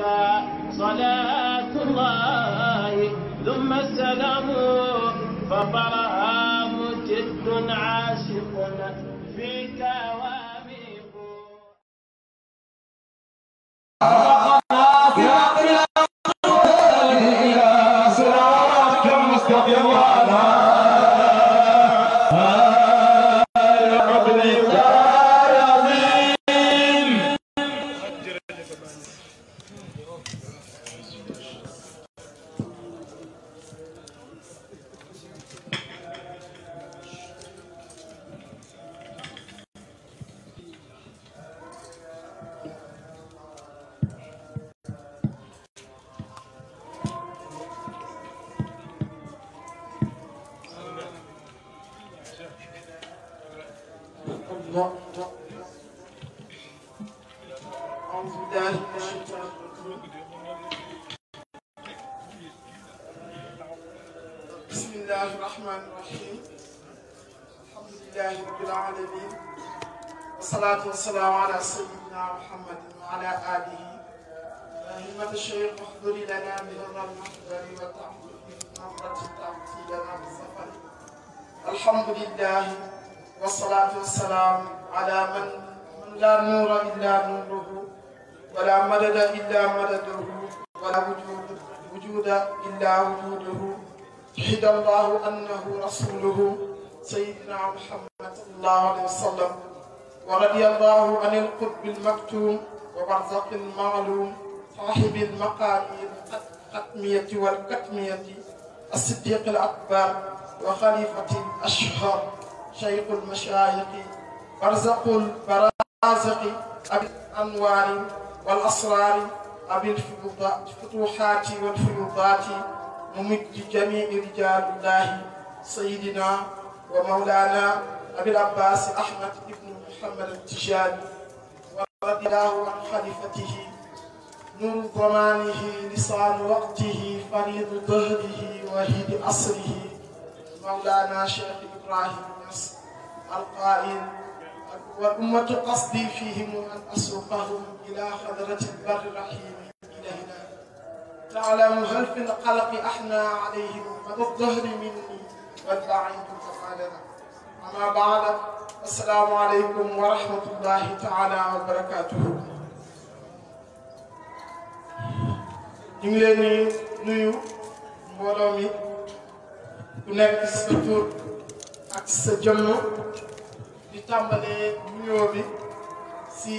عليك صلاة الله ثم السلام فبرهام جد عاشق فيك وامق الختمية والكتمية الصديق الأكبر وخليفة الأشهر شيخ المشايخ برزق البرازق أبي الأنوار والأسرار أبي الفتوحات والفيوضات ممد جميع رجال الله سيدنا ومولانا أبي العباس أحمد بن محمد التجاني ورضي الله عن خليفته نور ضمانه لسان وقته فريض ظهره وهيد عصره مولانا شيخ إبراهيم نصر القائل والأمة قصدي فيهم أن أسوقهم إلى خضرة البر الرحيم إلهنا تعلم هل في القلق أحنا عليهم من الظهر مني والبعيد فقالنا أما بعد السلام عليكم ورحمة الله تعالى وبركاته ñu ngi leen di nuyu ku nekk sa tur ak sa jëmm di tàmbalee nuyoo bi si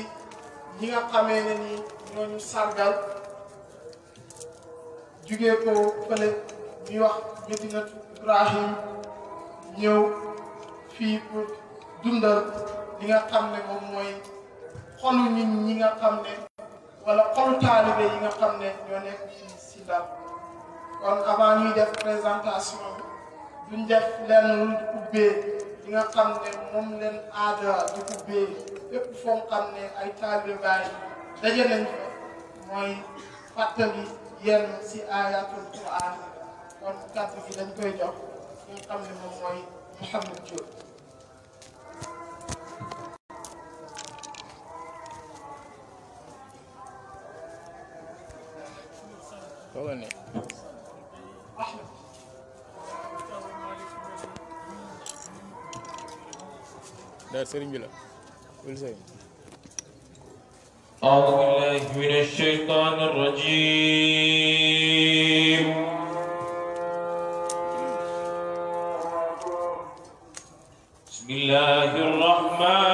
ñi nga xamee ne ni ñooñu sargal jugee ko fële ñuy wax Medinatu Ibrahim ñëw fii pour dundal li nga xam ne moom mooy xolu nit ñi nga xam ne wala xolu taalibe yi nga xam ne ñoo nekk fii si Ndar kon avant ñuy def présentation duñ def lenn lu ubbee yi nga xam ne moom leen aada di ubbee fépp foo xam ne ay taalibe baay daje nañ ko mooy fàttali yenn si aayatul Qur'an kon kàddu gi dañ koy jox yi nga xam ne moom mooy Mouhamed Diop toogal ne daar sëriñ bi la wul sëriñ أعوذ بالله من الشيطان الرجيم بسم الله الرحمن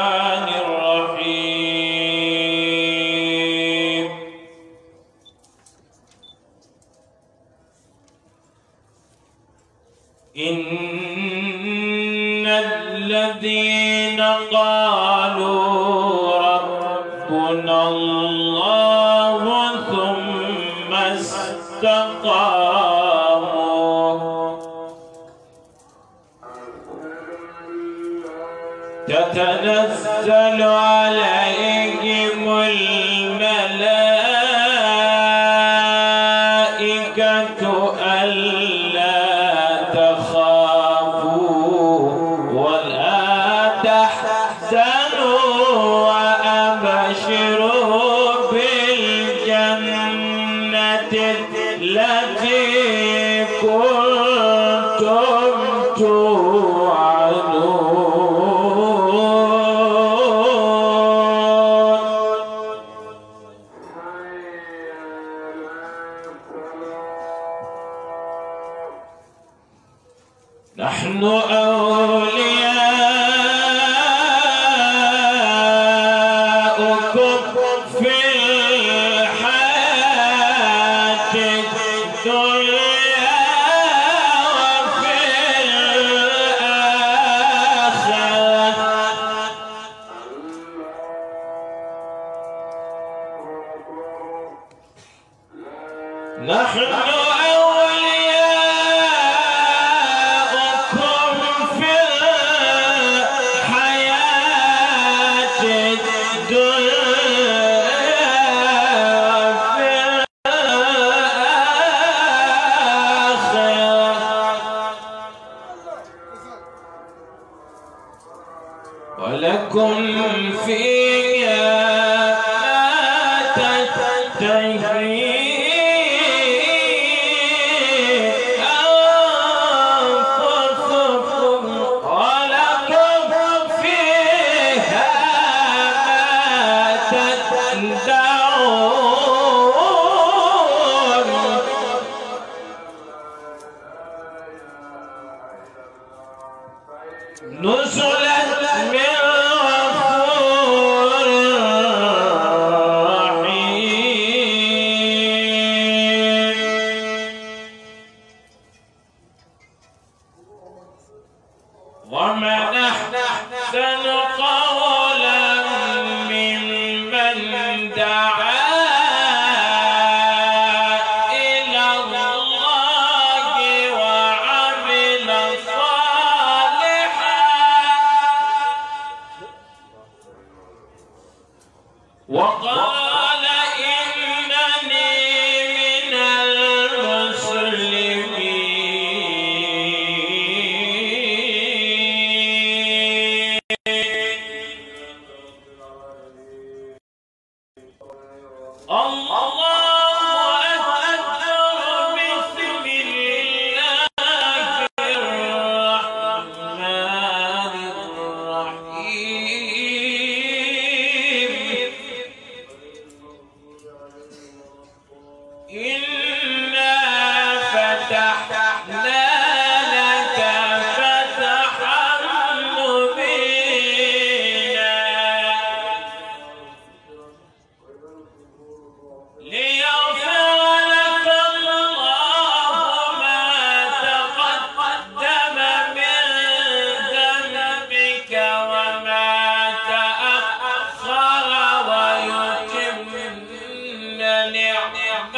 نعمة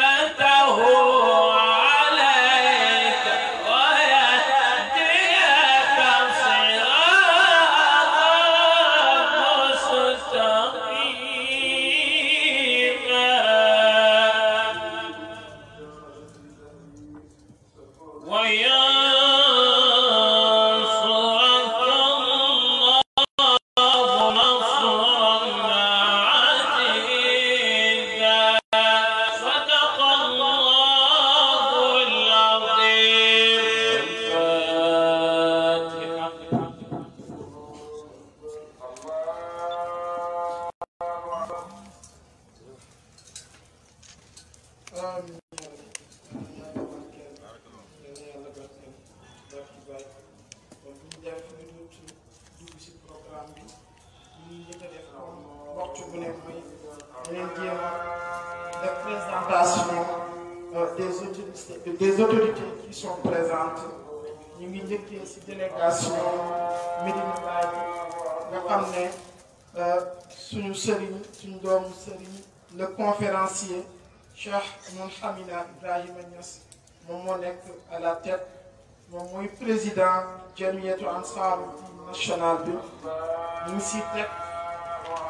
cite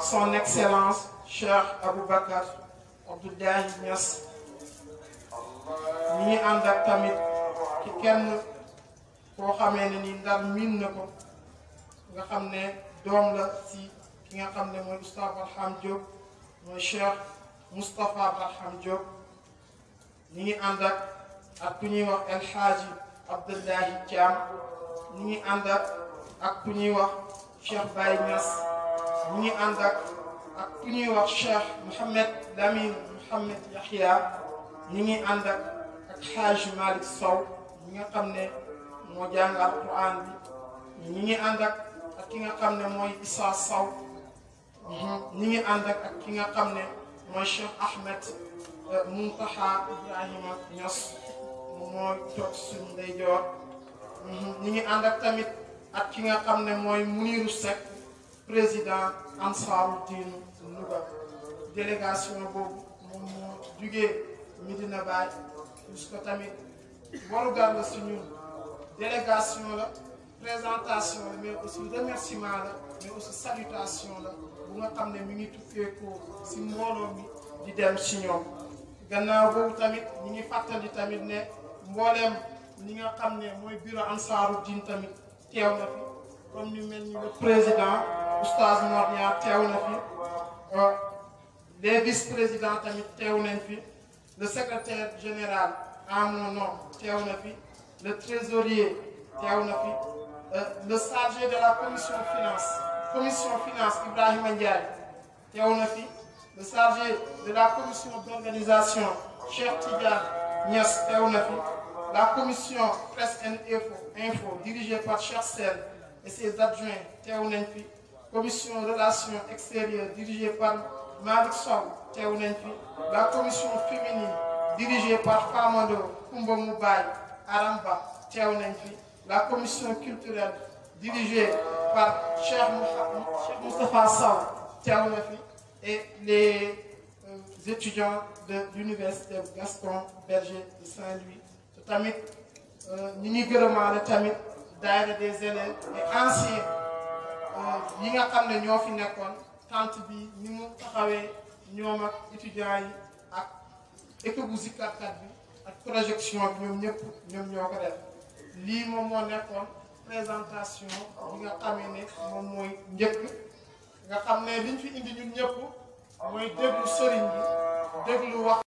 son excellence Cheikh Aboubacar Abdoulaye Niass mi ngi ànd ak tamit ci kenn koo xamee ne ni ndar miin na ko nga xam ne doom la si ki nga xam ne mooy Oustaz Barham Diop mooy Cheikh Moustapha Barham Diop ñi ngi ànd ak ku ñuy wax El Hadji Abdoulaye Thiam ñi ngi ànd ak ku ñuy wax Cheikh Baye Niass mu ngi ànd ak ak ku ñuy wax Cheikh Mouhamed Lamine Mouhamed Yahya ñu ngi ànd ak ak Xaaj Malick Sow ñi nga xam ne moo jàng alquran bi ñu ngi ànd ak ak ki nga xam ne mooy Issa Sow mhm. ñu ngi ànd ak ak ki nga xam ne mooy Cheikh Ahmed euh, Muntaha Ibrahima Niass moom mooy toog suñu ndeyjoor mhm. ñu ngi ànd ak tamit. ak ki nga xam ne mooy Mounirou Seck président Ansaroudine Louga délégation boobu moom moo jugee Medina Baye puisque tamit warugar la si ñun délégation la présentation la mais aussi remerciement la mais aussi salutation la bu nga xam ne mu ngi tukkeekoo si mbooloo mi di dem si ñoom gannaaw boobu tamit ñi ngi fàttali tamit ne mbooleem ñi nga xam ne mooy bureau Ansaroudine tamit teew na fi comme ñu mel ni le président oustaz Mor Niang na fi euh, les vice présidents tamit teew fi le secretaire général en mon nom teew na fi le trésorier teew na fi euh, le chargé de la commission finance commission finance Ibrahima Ndiaye teew na fi le chargé de la commission d'organisation Cheikh Tidiane Niass teew na fi La commission Presse Info, e Info dirigée par Chassel et ses adjoints Théonenfi, commission Relations extérieures dirigée par Malik Sow Théonenfi, la commission féminine dirigée par Famando Kumbo Moubaye Aramba Théonenfi, la commission culturelle dirigée par Cheikh Moustapha Sow Théonenfi et les euh, étudiants de l'université Gaston Berger de Saint-Louis tamit euh, ñi ngi gërëmaale tamit daayira des élèves et anciens euh, yi nga xam ne ñoo fi nekkoon tante bi ni mu taxawee ñoom ak étudiants yi ak équipe bu bi ak projection bi ñoom ñëpp ñoom ñoo ko def lii moom moo nekkoon présentation bi nga xamee ne moom mooy njëkk nga xam ne liñ fi indi ñun ñëpp mooy déglu sëriñ bi déglu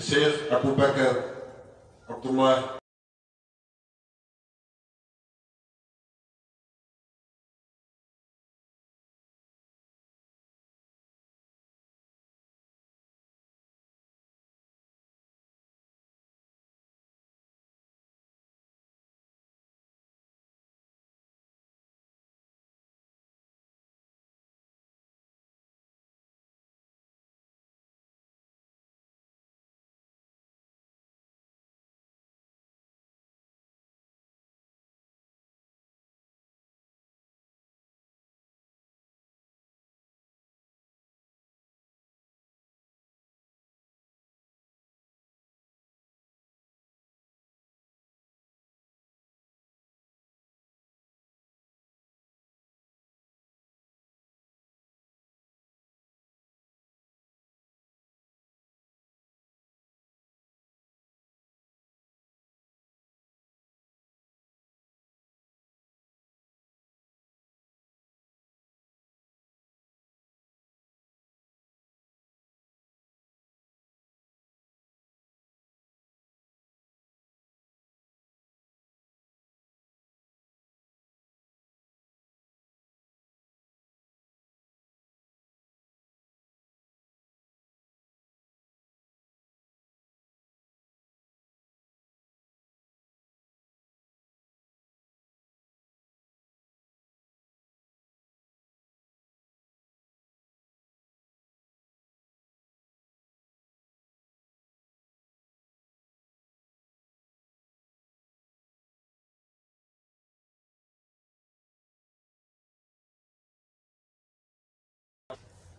Cheikh Aboubacar Abdoullah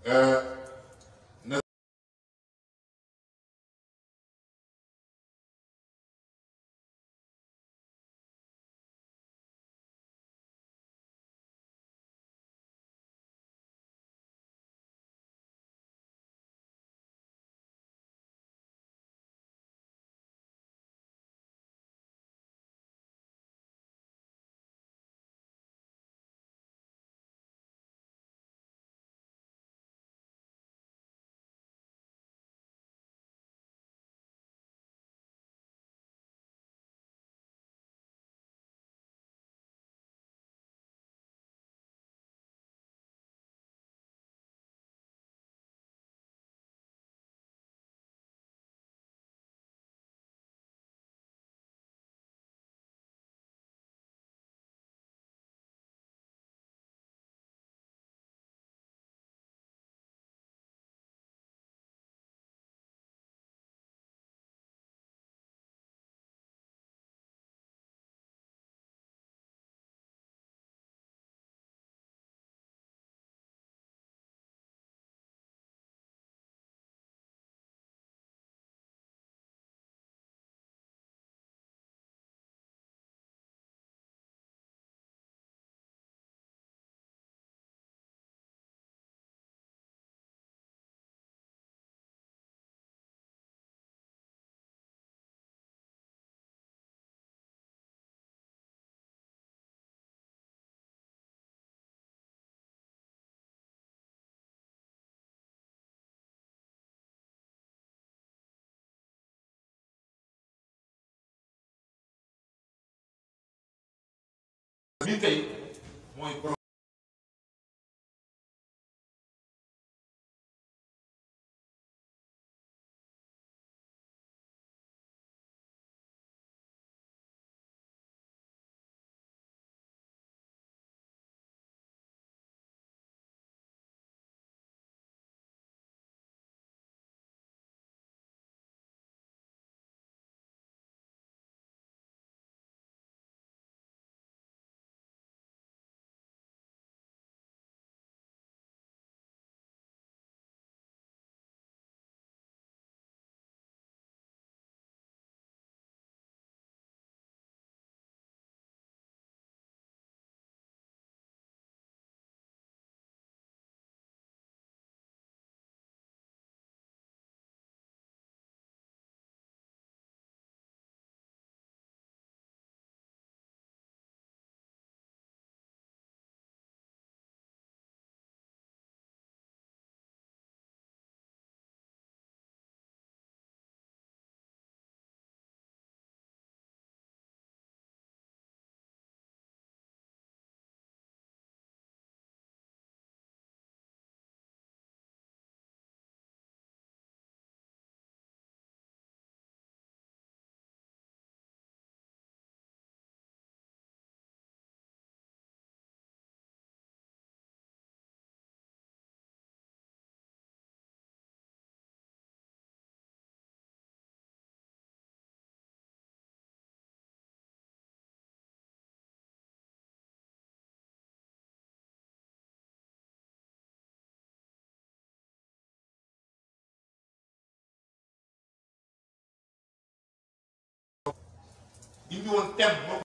Euh, ñun tey mooy indi woon thème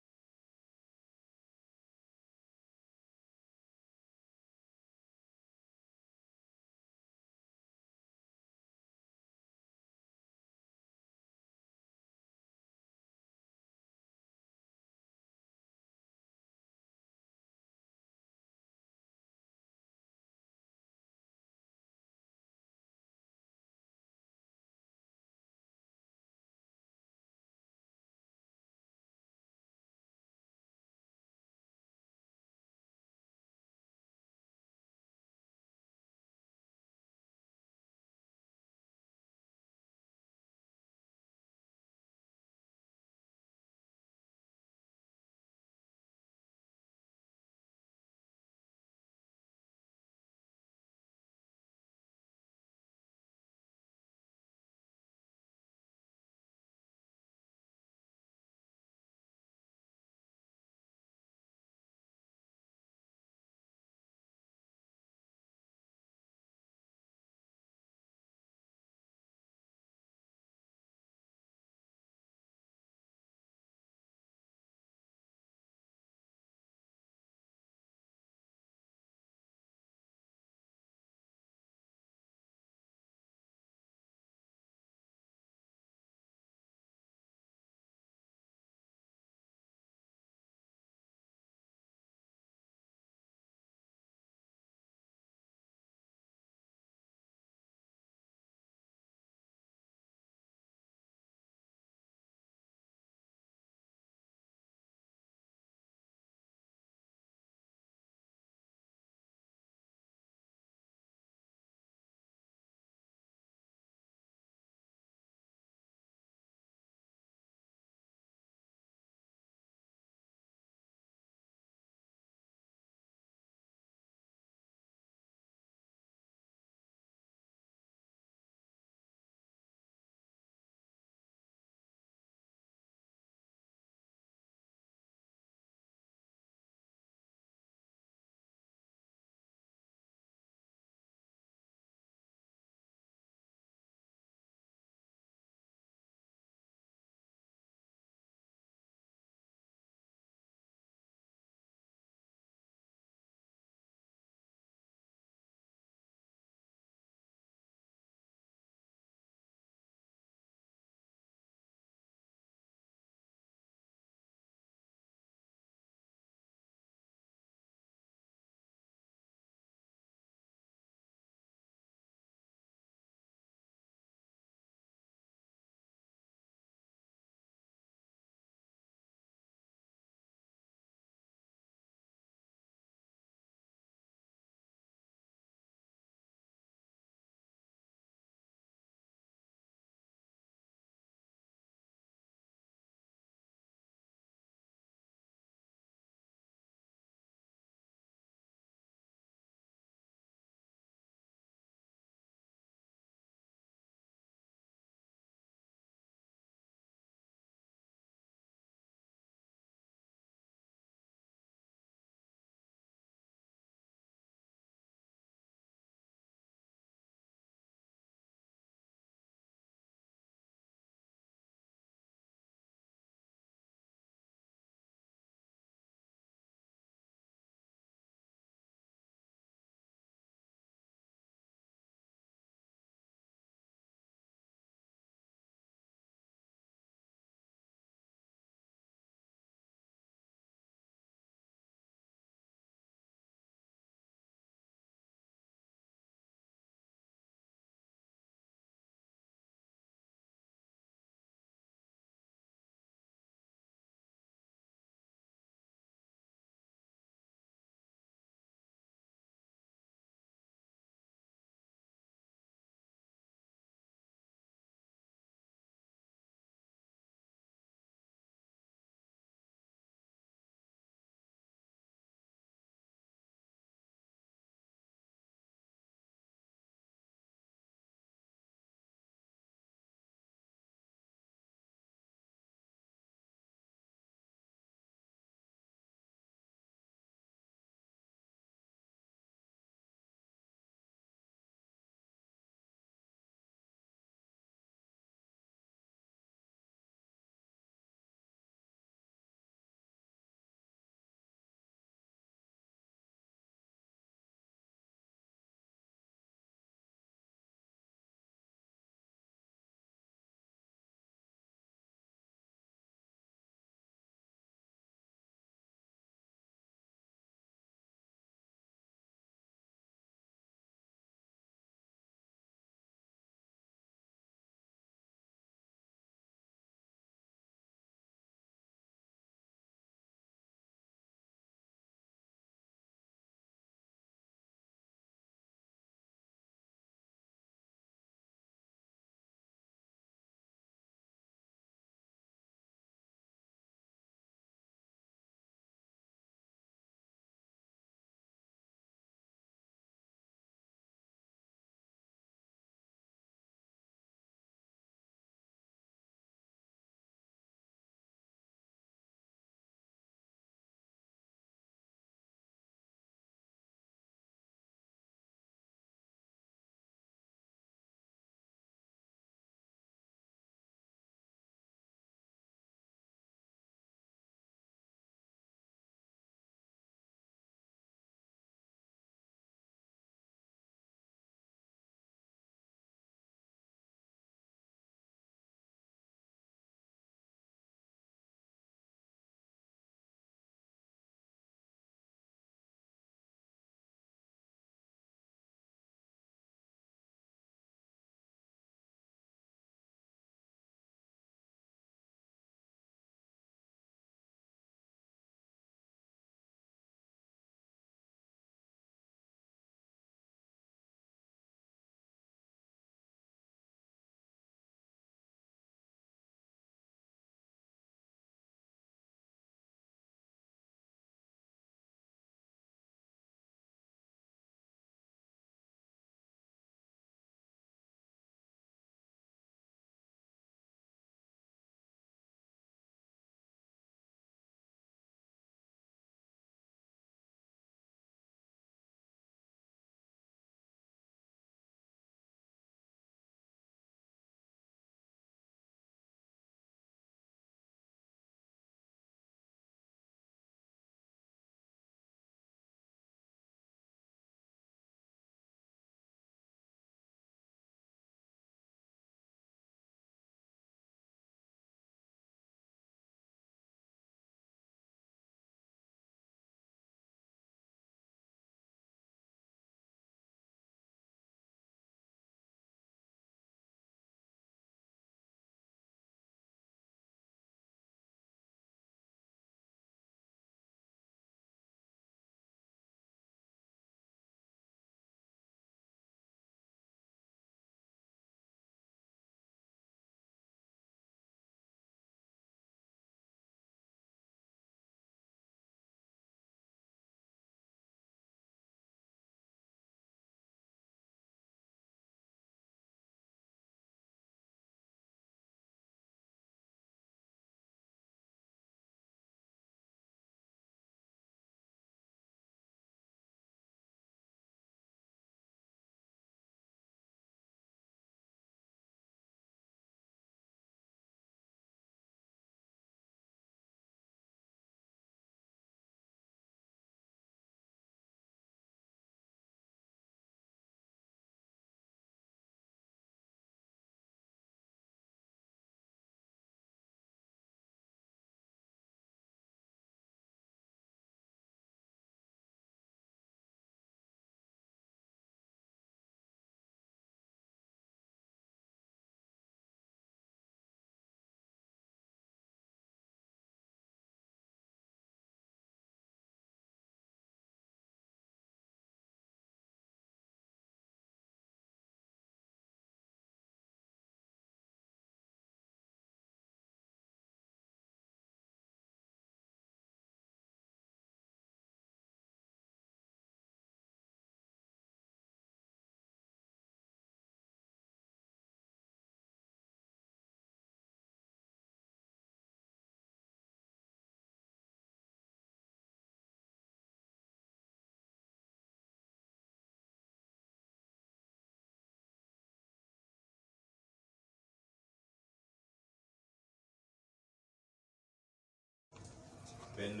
benn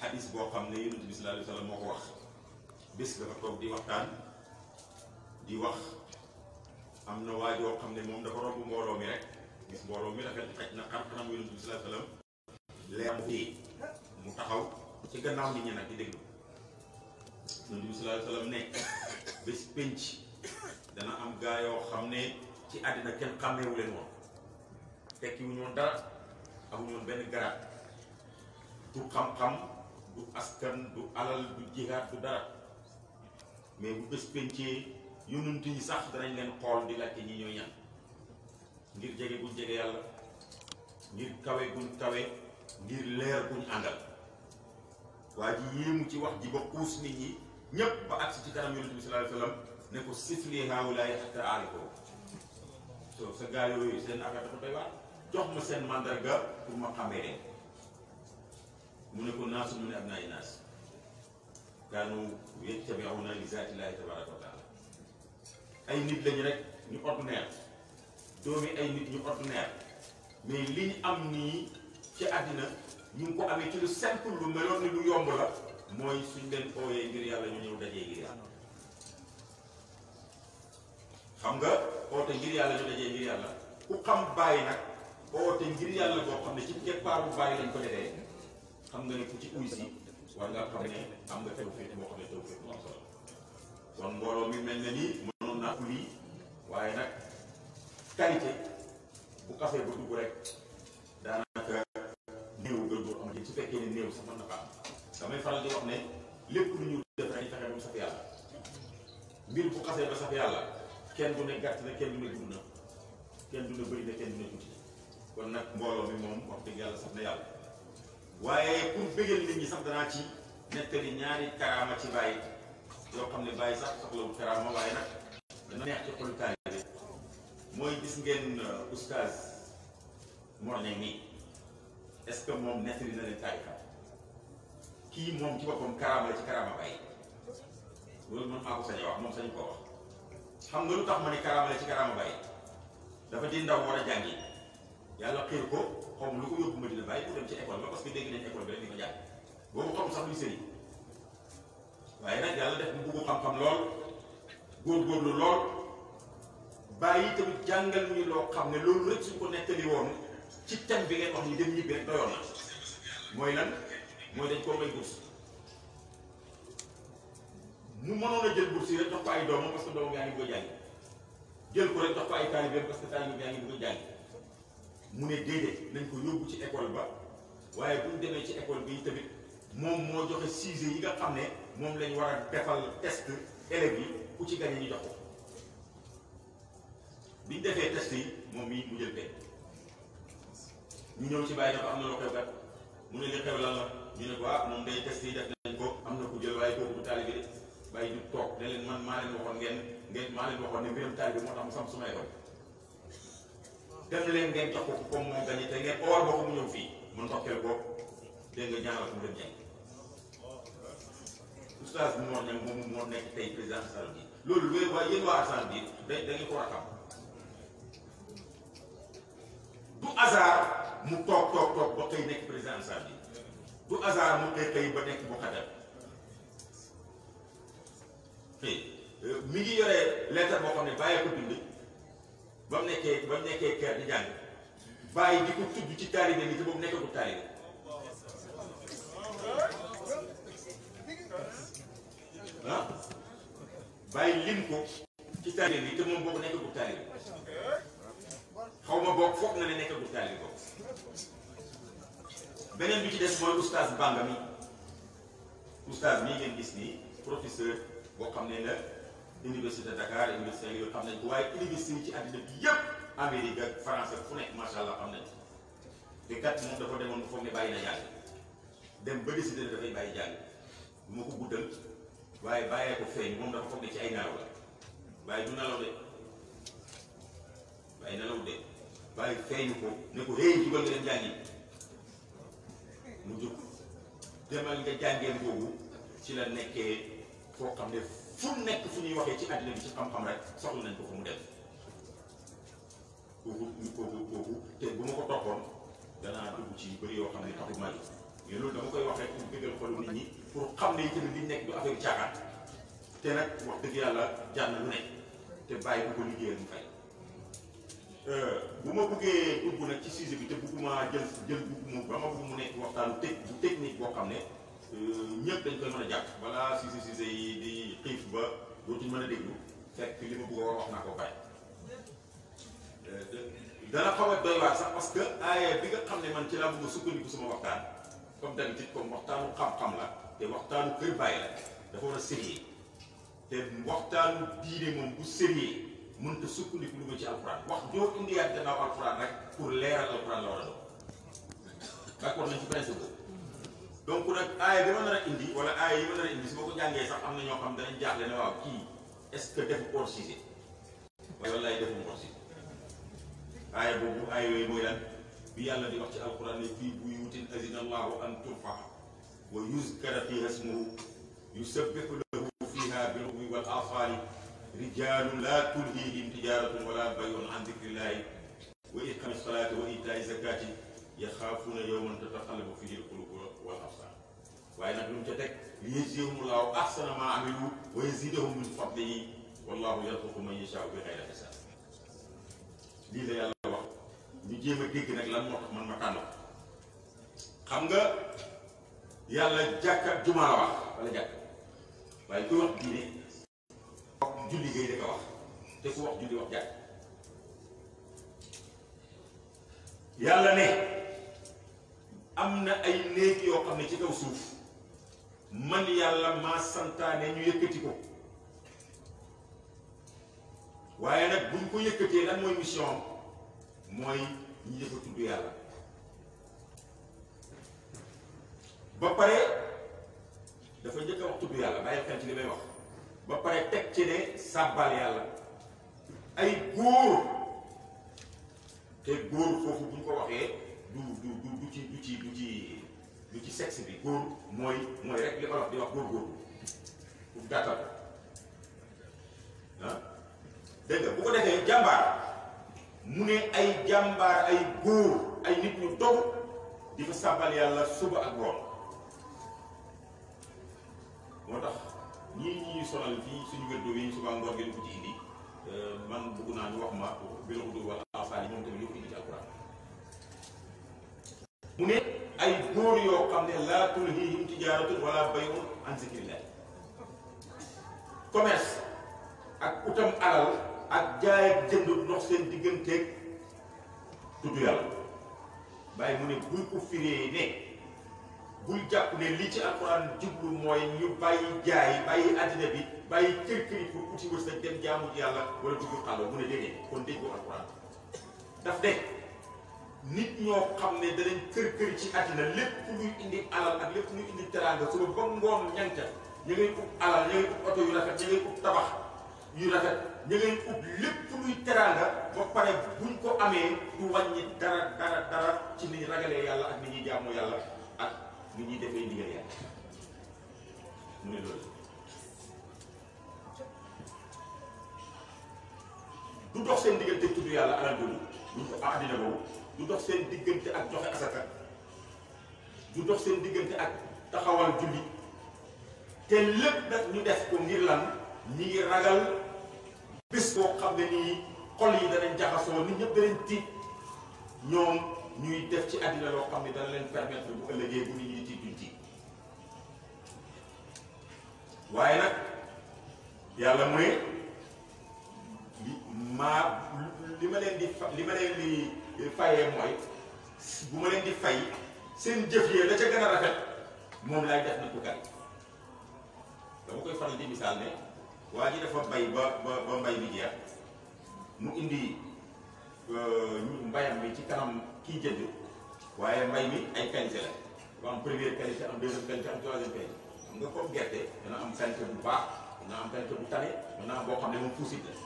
xadis boo xam ne yonent bi moo ko wax bés di wax am na waa joo xam ne moom dafa romb mbooloo mi rek gis mbooloo mi na xar xaram yonent bi mu taxaw ci gannaaw nit ñi nag di déglu yonent bi sallallahu alayhi wa ne bés pénc dana am gaa yoo xam ne ci àddina kenn xàmmeewu leen woon dara amuñu woon benn garaat du xam-xam du askan du alal du jihaat du dara mais bu bés pencee yonent yi sax danañ leen xool di laajte ñi ñooy ñan ngir jege buñ jege yàlla ngir kawe guñ kawe ngir leer guñ àndal waa ji yéemu ci wax ji xuus nit ñi ñépp ba agsi ci kanam yonent bi sallallahu alayhi wasallam ne ko sifli haawulaay hatta aarifoo soo sa gaa yooyu seen affaire dafa doy waar jox ma seen mandarga pour ma xamee leen mu ne ko naasu mu ne ab naay naas kaanu yattabi'una li zaatillahi tabaraka wa taala ay nit lañu rek ñu ordinaire doomi ay nit ñu ordinaire mais li am nii ci àddina ñu ko amee ci lu simple lu meloon ni lu yomb la mooy suñ leen ooyee ngir yàlla ñu ñëw dajee ngir yàlla xam nga oote ngir yàlla ñu dajee ngir yàlla ku xam bàyyi nag oote ngir yàlla boo xam ne ci keppaaru bàyyi lañ ko defee xam nga ne ku ci uy si war nga xam ne am nga tawfeex boo xam ne tawfeex bu am naa ko waaye nag qualité bu xasee ba dugg rek daanaka néew gën boo am ci su fekkee ne néew sax mën damay faral di wax ne lépp lu ñu def rek fexe ba mu saf yàlla mbir bu xasee ba saf yàlla kenn du ne gàtt na kenn du ne gudd kenn du ne bëri na kenn du ne tuuti kon nag mbooloo mi moom wax dëgg yàlla sax na yàlla waaye pour bëggal nit sax danaa ci nettali ñaari karaama ci bàyyi yoo xam ne bàyyi sax soxlawul karaama waaye nag dana neex ci xolu taalibe gis ngeen euh, ce que moom nettali na leen taarika kii moom ci boppam karaama la ci karaama bàyyi loolu man maa ko sañ a wax moom sañu ko wax xam nga lu tax ma ne karaama la ci karaama bàyyi dafa di war a jàngi yàlla xëy ko xaw ma lu ko yóbbu Madina Baye pour dem ci école ba parce dégg nañ école bi rek di ko jàng boobu xaw sax luy sëriñ waaye nag yàlla def mu bëggu xam-xam lool góorgóorlu lool bàyyi tamit jàngal ñu loo xam ne loolu rek suñ ko nettali woon ci thème bi ngay wax ni dem ñibbi rek na mooy lan mooy dañ koo may bourse mu mënoon a jël bourse yi rek jox ko ay doomam parce doomam yaa ngi bëgg a jàng jël ko rek jox ko ay taalibeem parce que a mu ne déedéet nañ ko yóbbu ci école ba waaye bu ñu demee ci école bi tamit moom moo joxe sujet yi nga xam ne moom lañ war a defal test élèves bi ku ci gagné ñu jox ko biñ defee test yi moom mii mu jël benn ñu ñëw ci bàyyi dafa am na loo xew kat mu ne li xew lan la ñu ne ko ah moom day test yi def nañ ko am na ku jël waaye kooku du taalibe de bàyyi du toog ne leen man maa leen waxoon ngeen maa leen waxoon ne mbiram taalibe moo tax mu sam suma école dem leen ngeen jox ko comme dañuy te ngeen oor boo ko mu ñëw fii mun tokkeel ko dégg nga ñaanal ko mu dem ñaŋ oustaz bi moo ñaŋ moom moo nekk tey président assemblée bi loolu lu waa yéen waa assemblée bi da da ko war du hasard mu toog toog toog ba xëy nekk président assemblée du hasard mu xëy xëy ba nekk bu xadam euh, mi ngi yore lettre boo xam ne bàyyi ko ba mu nekkee ba mu nekkee kër di jàng bàyyi di ko tudd ci taalibe bi te boobu nekkagul taalibe ah bàyyi lim ko ci bi te moom boobu xaw ma boog foog na ne nekkagul taalibe boobu beneen bi ci des mooy oustaz Banga mi oustaz mii ngeen gis nii professeur boo xam ne la. université Dakar université yooyu xam nañ ko waaye université yi ci àddina bi yëpp Amérique ak fu nekk macha xam nañ te kat moom dafa demoon ba foog ne bàyyi na jàng dem ba décidé ne dafay bàyyi waaye bàyyee ko feeñ moom ci ay naaw la waaye du nelaw ko ne ko hey jàngi mu jóg demal nga jàngeen boobu ci la nekkee foo xam ne. fu nekk fu ñuy waxee ci àddina bi ci xam-xam rek soxla nañ ko fa mu dem kooku kooku te bu ma ko toppoon danaa dugg ci bëri yoo xam ne taxul maa jóg mais loolu dama koy wax rek pour dëggal xolu nit ñi pour xam ne itamit li nekk du affaire caaxaan te nag wax dëgg yàlla jaar na lu nekk te bàyyi bu ko liggéeyal fay euh, bu ma bëggee dugg nag ci sujet bi te bëgguma jël jël bëgguma ba ma bëgg nekk waxtaanu teg bu technique boo xam ne Euh, ñëpp dañ koy mën a jàpp balaa si si yi di xiif ba dootuñ mën a déglu fekk li ma bëggoon wax naa ko bàyyi. Euh, dana xaw a doy sax parce que aaya bi nga xam ne man ci laa bëgg a sukkandiku sama waxtaan comme d'habitude comme waxtaanu xam-xam la te waxtaanu kër bàyyi la dafa war a sérieux te waxtaanu diine moom bu sérieux mënta sukkandiku lu ma ci alxuraan wax joo indiyaat gannaaw alxuraan rek pour leeral alxuraan la war a doon d'accord nañ ci principe donc nag aaya bi ma nar a indi wala aaya yi ma nar a indi su ma ko jàngee sax am na ñoo xam danañ jaaxle ne waaw kii est-ce que def hors sujet waaye wallaay defum hors sujet aaya boobu aaya yooyu mooy lan bi yàlla di wax ci alquran ne fii buyuutin azina allahu an turfa wa yuzkara fiha ismuhu yusabbihu lahu fiha bilghudwi wal asaali rijalun la tulhihim tijaratun wala bayun an dhikrillahi wa iqami salati wa itai zakati yaxaafuuna yawman tataqallabu fihi waaye nag lu mu ca teg li yajziyahum laahu ahsana maa amilu wa yazidahum min fadlihi wallahu yarzuqu man yashaa'u bi xayri hisaab lii la yàlla wax ñu jéem a dégg nag lan moo tax man ma tànn xam nga yàlla jàkk ak jumaa la wax wala jàkk waaye kuy wax julli wax jàkk yàlla ne am na ay néeg yoo xam ne ci kaw suuf man yàlla maa santaane ñu yëkkati ko waaye nag buñ ko yëkkatee lan mooy mission mooy ñu jëfa tudd yàlla ba pare dafa njëkk a wax tudd yàlla bàyyi xel ci li may wax ba pare teg ci ne sàbbal yàlla ay góor te góor foofu buñ ko waxee du du du du ci du ci du ci du ci sexe bi góor mooy mooy rek li olof di wax góor-góorlu pour gàttal ah bu ko defee jàmbaar mu ne ay jàmbaar ay góor ay nit ñu dogu di fa sàbbal yàlla suba ak ngoon moo tax ñii ñuy sonal fii suñu gëddoo yi suba ngoon ngeen ko ci indi euh, man bëgg naa ñu wax ma bi la ko dugg wala asaal moom tamit ñu ko indi mu ne ay góor yoo xam ne laa tulhihim tijaaratun wala bayun an zikrillah commerce ak utam alal ak jaay jënd dox seen digganteeg tudd yàlla bàyyi mu ne buy ko firee ne bul jàpp ne li ci alxuraan jublu mooy ñu bàyyi jaay bàyyi àddina bi bàyyi kër kër yi pour uti wërsëg dem jaamu yàlla wala dugg xàlloo mu ne déedéet kon dégg alxuraan daf de nit ñoo xam ne danañ kër kër ci àddina lépp luy indi alal ak lépp luy indi teraanga suba ba ngoon ñanta ñu ngay ub alal ñu ngay ub oto yu rafet ñu ub tabax yu rafet ñu ngay ub lépp luy teraanga ba pare buñ ko amee du wàññi dara dara dara ci ni ragalee yàlla ak ni ñuy jaamoo yàlla ak ni ñuy defee ndigal yàlla mu ne loolu du dox seen diggante yàlla boobu du dox seen diggante ak joxe asaka du dox seen diggante ak taxawal julli te lépp nag ñu def ko ngir lan ñi ngi ragal bés boo xam ne nii xol yi danañ jaxasoo nit ñëpp danañ tiit ñoom ñuy def ci àddina loo xam ne dana leen permettre bu ëllëgee bu nit ñi tiit duñ tiit waaye nag yàlla mu li maa li ma leen di fa li ma leen di fayee mooy bu ma leen di fay seen jëf yee la ca gën a rafet moom laay def na tukkat dama koy faral di misaal ne waa ji dafa bay ba ba ba mbay mi mu indi euh, mbayam mi ci kanam kii jënd waaye mbay mi ay qualité la am première qualité am deuxième qualité am troisième qualité xam nga comme gerte dana am qualité bu baax dana am qualité bu tane dana am boo xam ne moom fuusit la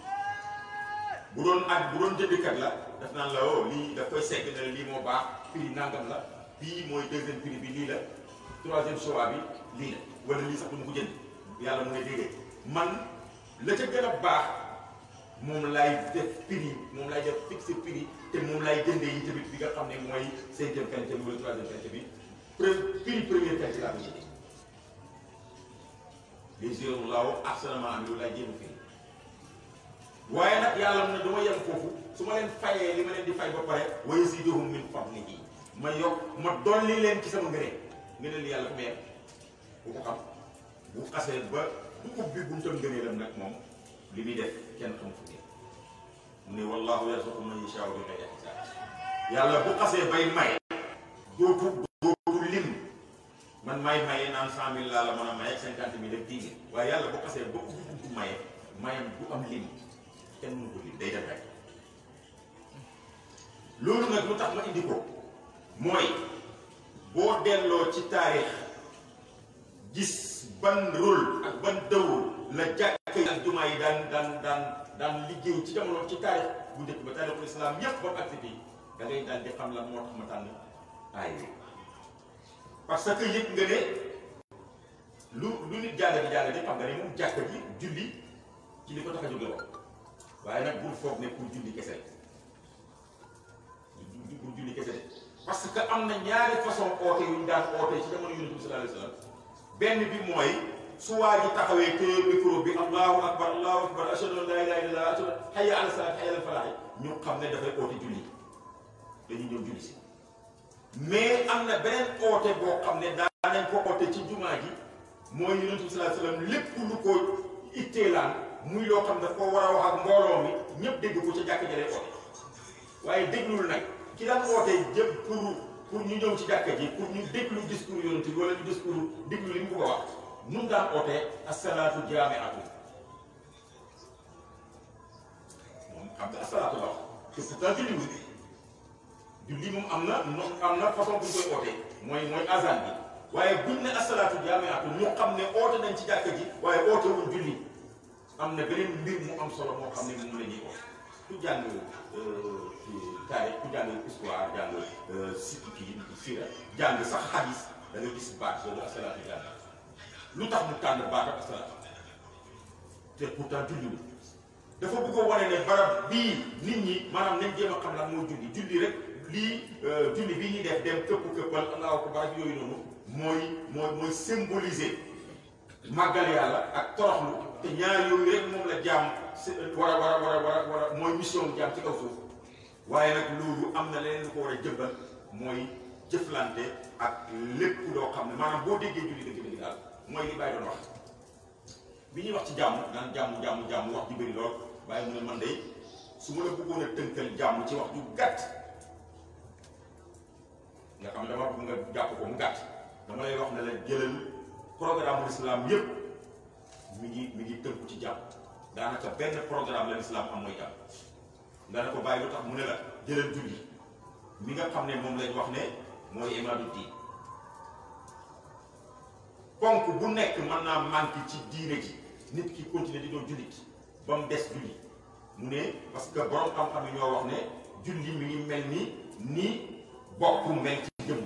bu doon ak bu doon jëndkat la daf naan la oh lii daf koy segg ne lii moo baax prix nangam la bii mooy deuxième prix bi lii la troisième choix bi lii la wala lii sax du ma ko jënd yàlla mu ngay man la ca gën a baax moom lay def prix moom lay def fixe prix te moom lay jëndee yi tamit bi nga xam ne mooy cinquième qualité bi wala troisième qualité bi prix première qualité laa ko jëndee les euros laaw ak seulement am lu lay jéem a waaye nag yàlla mu ne du yem foofu su ma leen fayee li ma leen di fay ba pare wa yaziduhum min fadlihi ma yokk ma dolli leen ci sama ngëneel ngëneel yàlla fu meer bu ko xam bu xasee ba li man yashaa'u bi ghayri hisaab yàlla bu xasee bay may dootu dootu lim man may maye naan cent mille laa la mën a maye cinquante mille ak dix waaye yàlla bu xasee ba ubbi buntu maye mayam du am lim kenn mënu ko lii day dem rek tax ma indi ko mooy boo delloo ci taarix gis ban rôle ak ban dawul la jàkka yi ak jumaa yi daan daan daan daan liggéey ci jamono ci taarix bu njëkk ba taarixul islam yépp ba mu agsi fii da ngay daal di xam lan moo tax ma tànn aay parce que yëg nga ne lu lu nit jàng di jàng di xam nga ne moom jàkka ji julli ci li ko tax a jóge woon waaye nag bul foog ne pour julli kese la pour julli kese de parce que am na ñaari façon oote yu ñu daan oote ci jamono yonent bi sallallahu alayhi wasallam benn bi mooy su waa ji taxawee téye micro bi allahu akbar allahu akbar ashhadu an la ilaha illallah ashhadu hayya ala salat hayya ala falah ñu xam ne dafay oote julli dañuy ñëw julli si mais am na beneen oote boo xam ne daanañ ko oote ci jumaa ji mooy yonent bi sallallahu alayhi wasallam lépp lu ko itteelaan muy loo xam ne dafa war a wax ak mbooloo mi ñëpp dégg ko ca jàkk ji oote waaye déglul nag ki daan oote jëpp pour pour ñu ñëw ci jàkka ji pour ñu déglu discours yonent bi wala ñu discours déglu li mu bëgg a wax nun daan ootee asalaatu jaamiatu moom xam nga asalaatu la wax te pourtant julliwul julli moom am na no am na façon bu ñu koy ootee mooy mooy azan bi waaye buñ ne asalaatu jaamiatu ñu xam ne oote nañ ci jàkka ji waaye oote wuñ julli am na beneen mbir mu am solo moo xam ne moom la ñuy wax ku jàng ci euh, taarix ku jàng histoire jàng euh, kii sira jàng sax xadis da gis baat boobu asalaatu jàng lu tax mu tànn baat ak asalaatu te pourtant julliwul dafa bëgg wane ne barab bii nit maanaam nañ jéem a xam lan moo julli julli rek lii euh, julli bi ñuy def dem këpp këppal allahu akbar yooyu noonu mooy mooy mooy màggal yàlla ak toroxlu te ñaar yooyu rek moom la jaam war a war a war a war a war a mooy mission jaam ci kaw suuf waaye nag loolu am na leneen lu ko war a jëbbal mooy jëflante ak lépp loo xam ne maanaam boo déggee julli dëgg dëgg daal mooy li Baye doon wax bi ñuy wax ci jàmm naan jàmm jàmm jàmm wax ju bëri lool Baye mu ne man de su ma la bëggoon a tënkal jàmm ci wax ju gàtt nga xam dama bëgg nga jàpp ko mu gàtt dama lay wax ne la jëlal programme l'islam yépp mu ngi mi ngi tënku ci jàpp daanaka benn programme la islam am mooy jàpp nga ne ko bàyyi lu tax mu ne la jëlal julli mi nga xam ne moom lañ wax ne mooy imaadu diin ponk bu nekk mën naa manqué ci diire gi nit ki continuer di doon jullit ba mu des julli mu ne parce que borom xam-xam yi ñoo wax ne julli mi ngi mel ni ni bopp mel ci jëmm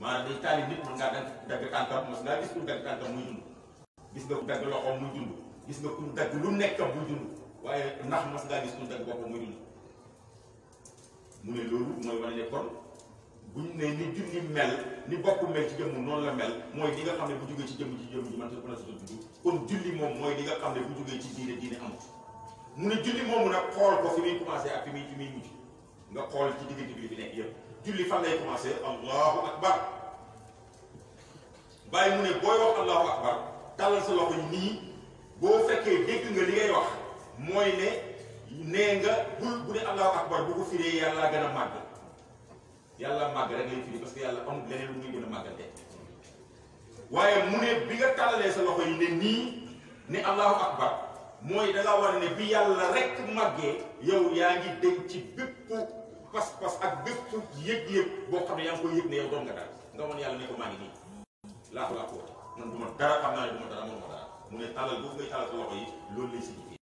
maanaam day taali nit mën ngaa dagg tànkam mos ngaa gis pour dagg tànkam muy dund gis nga ku dagg loxoom muy dund gis nga ku dagg lu nekkam muy dund waaye ndax mas ngaa gis ku dagg boppam muy dund mu ne loolu mooy wane ne kon buñ ne ni junni mel ni bopp mel ci jëmm noonu la mel mooy li nga xam ne bu jógee ci jëmm ci jëmm ji man mën a sa dund julli moom li nga xam ne bu jógee ci diine diine amut mu ne julli moomu nag xool ko fi muy commencé ak fi muy fi muy mujj nga xool ci diggante bi fi nekk yëpp julli fan lay commencé allahu akbar bàyyi mu ne booy allahu akbar tàllal sa loxo nii boo fekkee dégg nga li ngay wax mooy ne nee nga bul bu ne allahu akbar bu ko firee yàlla gën a màgg yàlla màgg rek lay firi yàlla amul leneen lu muy gën a màggante waaye mu ne bi nga tàllalee sa loxo yi ne nii ne allahu akbar mooy da nga war ne bi yàlla rek màggee yow yaa ngi dem ci bépp pas-pas ak bépp yëg-yëg boo xam ne yaa ngi koy yëg ne yow doon nga daal nga woon yàlla ne ko maa ngi nii laaxu laaxu man du dara xam naa ne du ma dara mënuma dara mu ne tàllal boobu ngay tàllal sa loxo yi loolu lay signifié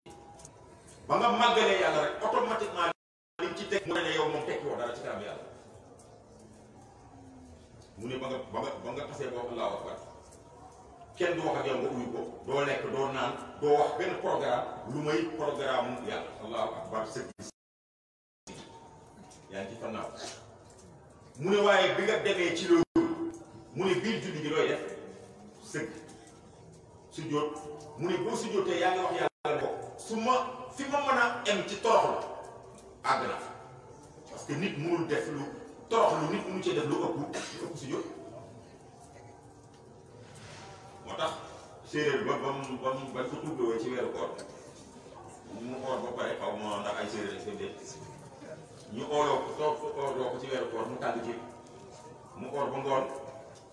ba nga màggalee yàlla rek automatiquement li ci mu ne ba nga ba nga ba nga tasee boo allahu akbar kenn du wax ak yow nga uyu ko doo lekk doo naan doo wax benn programme lu may programme yàlla allahu akbar sëgg yaa ngi ci fannaaw mu ne biir julli gi looy def sëgg su jóot boo su jóotee yaa ngi wax yàlla su ma fi ma mën a em ci toroxlu àgg na que nit mënul def lu toroxlu nit mënu cee def lu ëpp lu ëpp su tax séeréer ba ba mu ba ba ko tuddoo ci weeru koor mu oor ba pare xaw ma ndax ay séeréer lañ koy ñu ooloo ko ci weeru koor mu tàgg ci mu oor ba ngoon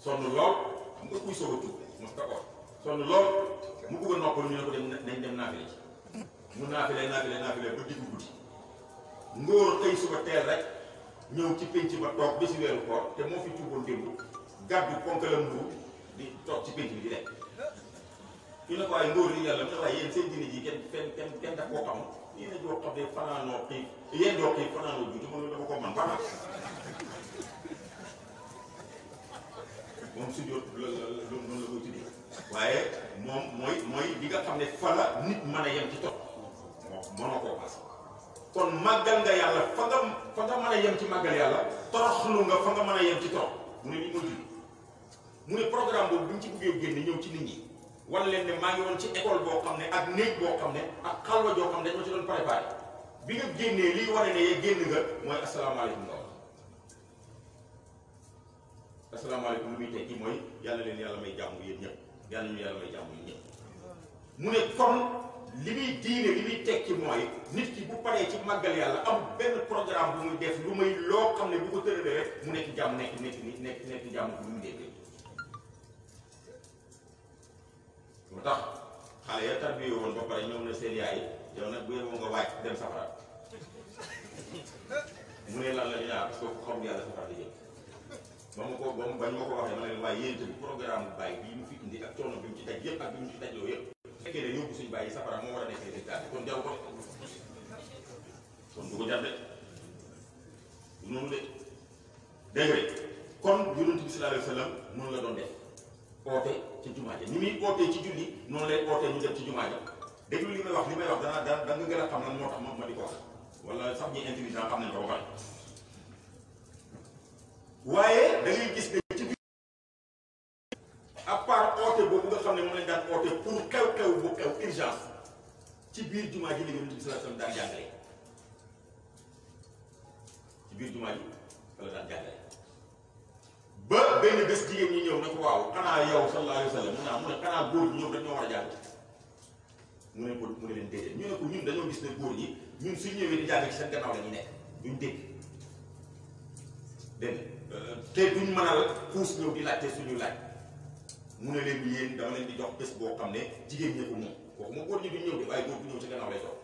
sonn lool mu ëpp kuy soog a mos ko oor sonn lool mu bëgg a noppalu ñu ne ko dem nañ dem naafile ci mu naa naafile naafile ba diggu guddi ngóor tey suba teel rek ñëw ci pénc ba toog ba si weeru koor te moo fi tuuboon démb gàddu ponkalam nduur di toog ci pénc bi di lekk ñu ne ko waaye ngóor yi yàlla mu ne waaye yéen seen diine ji kenn kenn kenn kenn da koo xam yéen a joo xam ne fanaanoo xiif yéen doo xiif fanaanoo juuti mënu dama ko man baax moom sujjóot la la noonu la koy tuddee waaye moom mooy mooy nga xam ne fa la nit mën a yem ci topp moo mënoo koo paas kon màggal nga yàlla fa nga fa nga mën a yem ci màggal yàlla toroxlu nga fa nga mu ne nit ñi mu ne programme boobu bi mu ci buggee génn ñëw ci nit ñi wan leen maa ngi woon ci école boo xam ne ak néeg boo xam ne ak xalwa joo xam ne dañoo ci doon préparé bi nga génnee liy waree ne yee génn nga mooy asalaamaaleykum asalaamaaleykum lu muy tekki mooy yàlla leen yàlla may jàmm yéen ñëpp yàlla yàlla may jàmm yéen ñëpp mu ne kon li muy diine li muy tekki mooy nit ki bu paree ci màggal yàlla am benn programme bu muy def lu may loo xam ne bu ko tëralee mu nekk jàmm nekk nekk nekk nekk jàmm bu mu déggee moo tax xale ya tarbiye woon dem safara mu ne lan la ñu naan parce que yàlla safara di jëm ba ma ko ba mu bañ ma ko waxee ma ne waaye yéen tamit programme bu bàyyi bii mu fi indi ak coono bi mu ci daj yëpp ak bi mu ci daj loo yëpp fekkee ne yóbbu suñu bàyyi safara moo war a nekk résultat kon jaw ko kon du ko jar du noonu la doon def oote ci jumaa ja ni muy ootee ci julli noonu lay ootee ñu dem ci jumaa ja li may wax li may wax dana da gën a xam lan moo tax ma ma di ko wax wala sax ñi intelligent xam nañ ko ba waaye da gis ne ci biir à part boobu nga xam ne moom lañ daan oote pour xew-xew bu xew urgence ci biir jumaa ji la Yonent bi sallallahu alayhi wasallam biir jumaa ji ba benn bés jigéen ñi ñëw na ko waaw xanaa yow sallallahu alayhi wasallam ne xanaa góor ñi a jàng mu ne ko mu ne leen déedéet ñu ne ko ñun dañoo gis suñ ñëwee jàng ci seen gannaaw la ñu nekk duñ te duñ mën a puus ñëw di laajte suñu laaj mu ne leen di yéen leen di jox bés boo xam ne jigéen ñëpp moom kooku moom góor ñi duñ ñëw de waaye góor bu ñëw ci gannaaw lay toog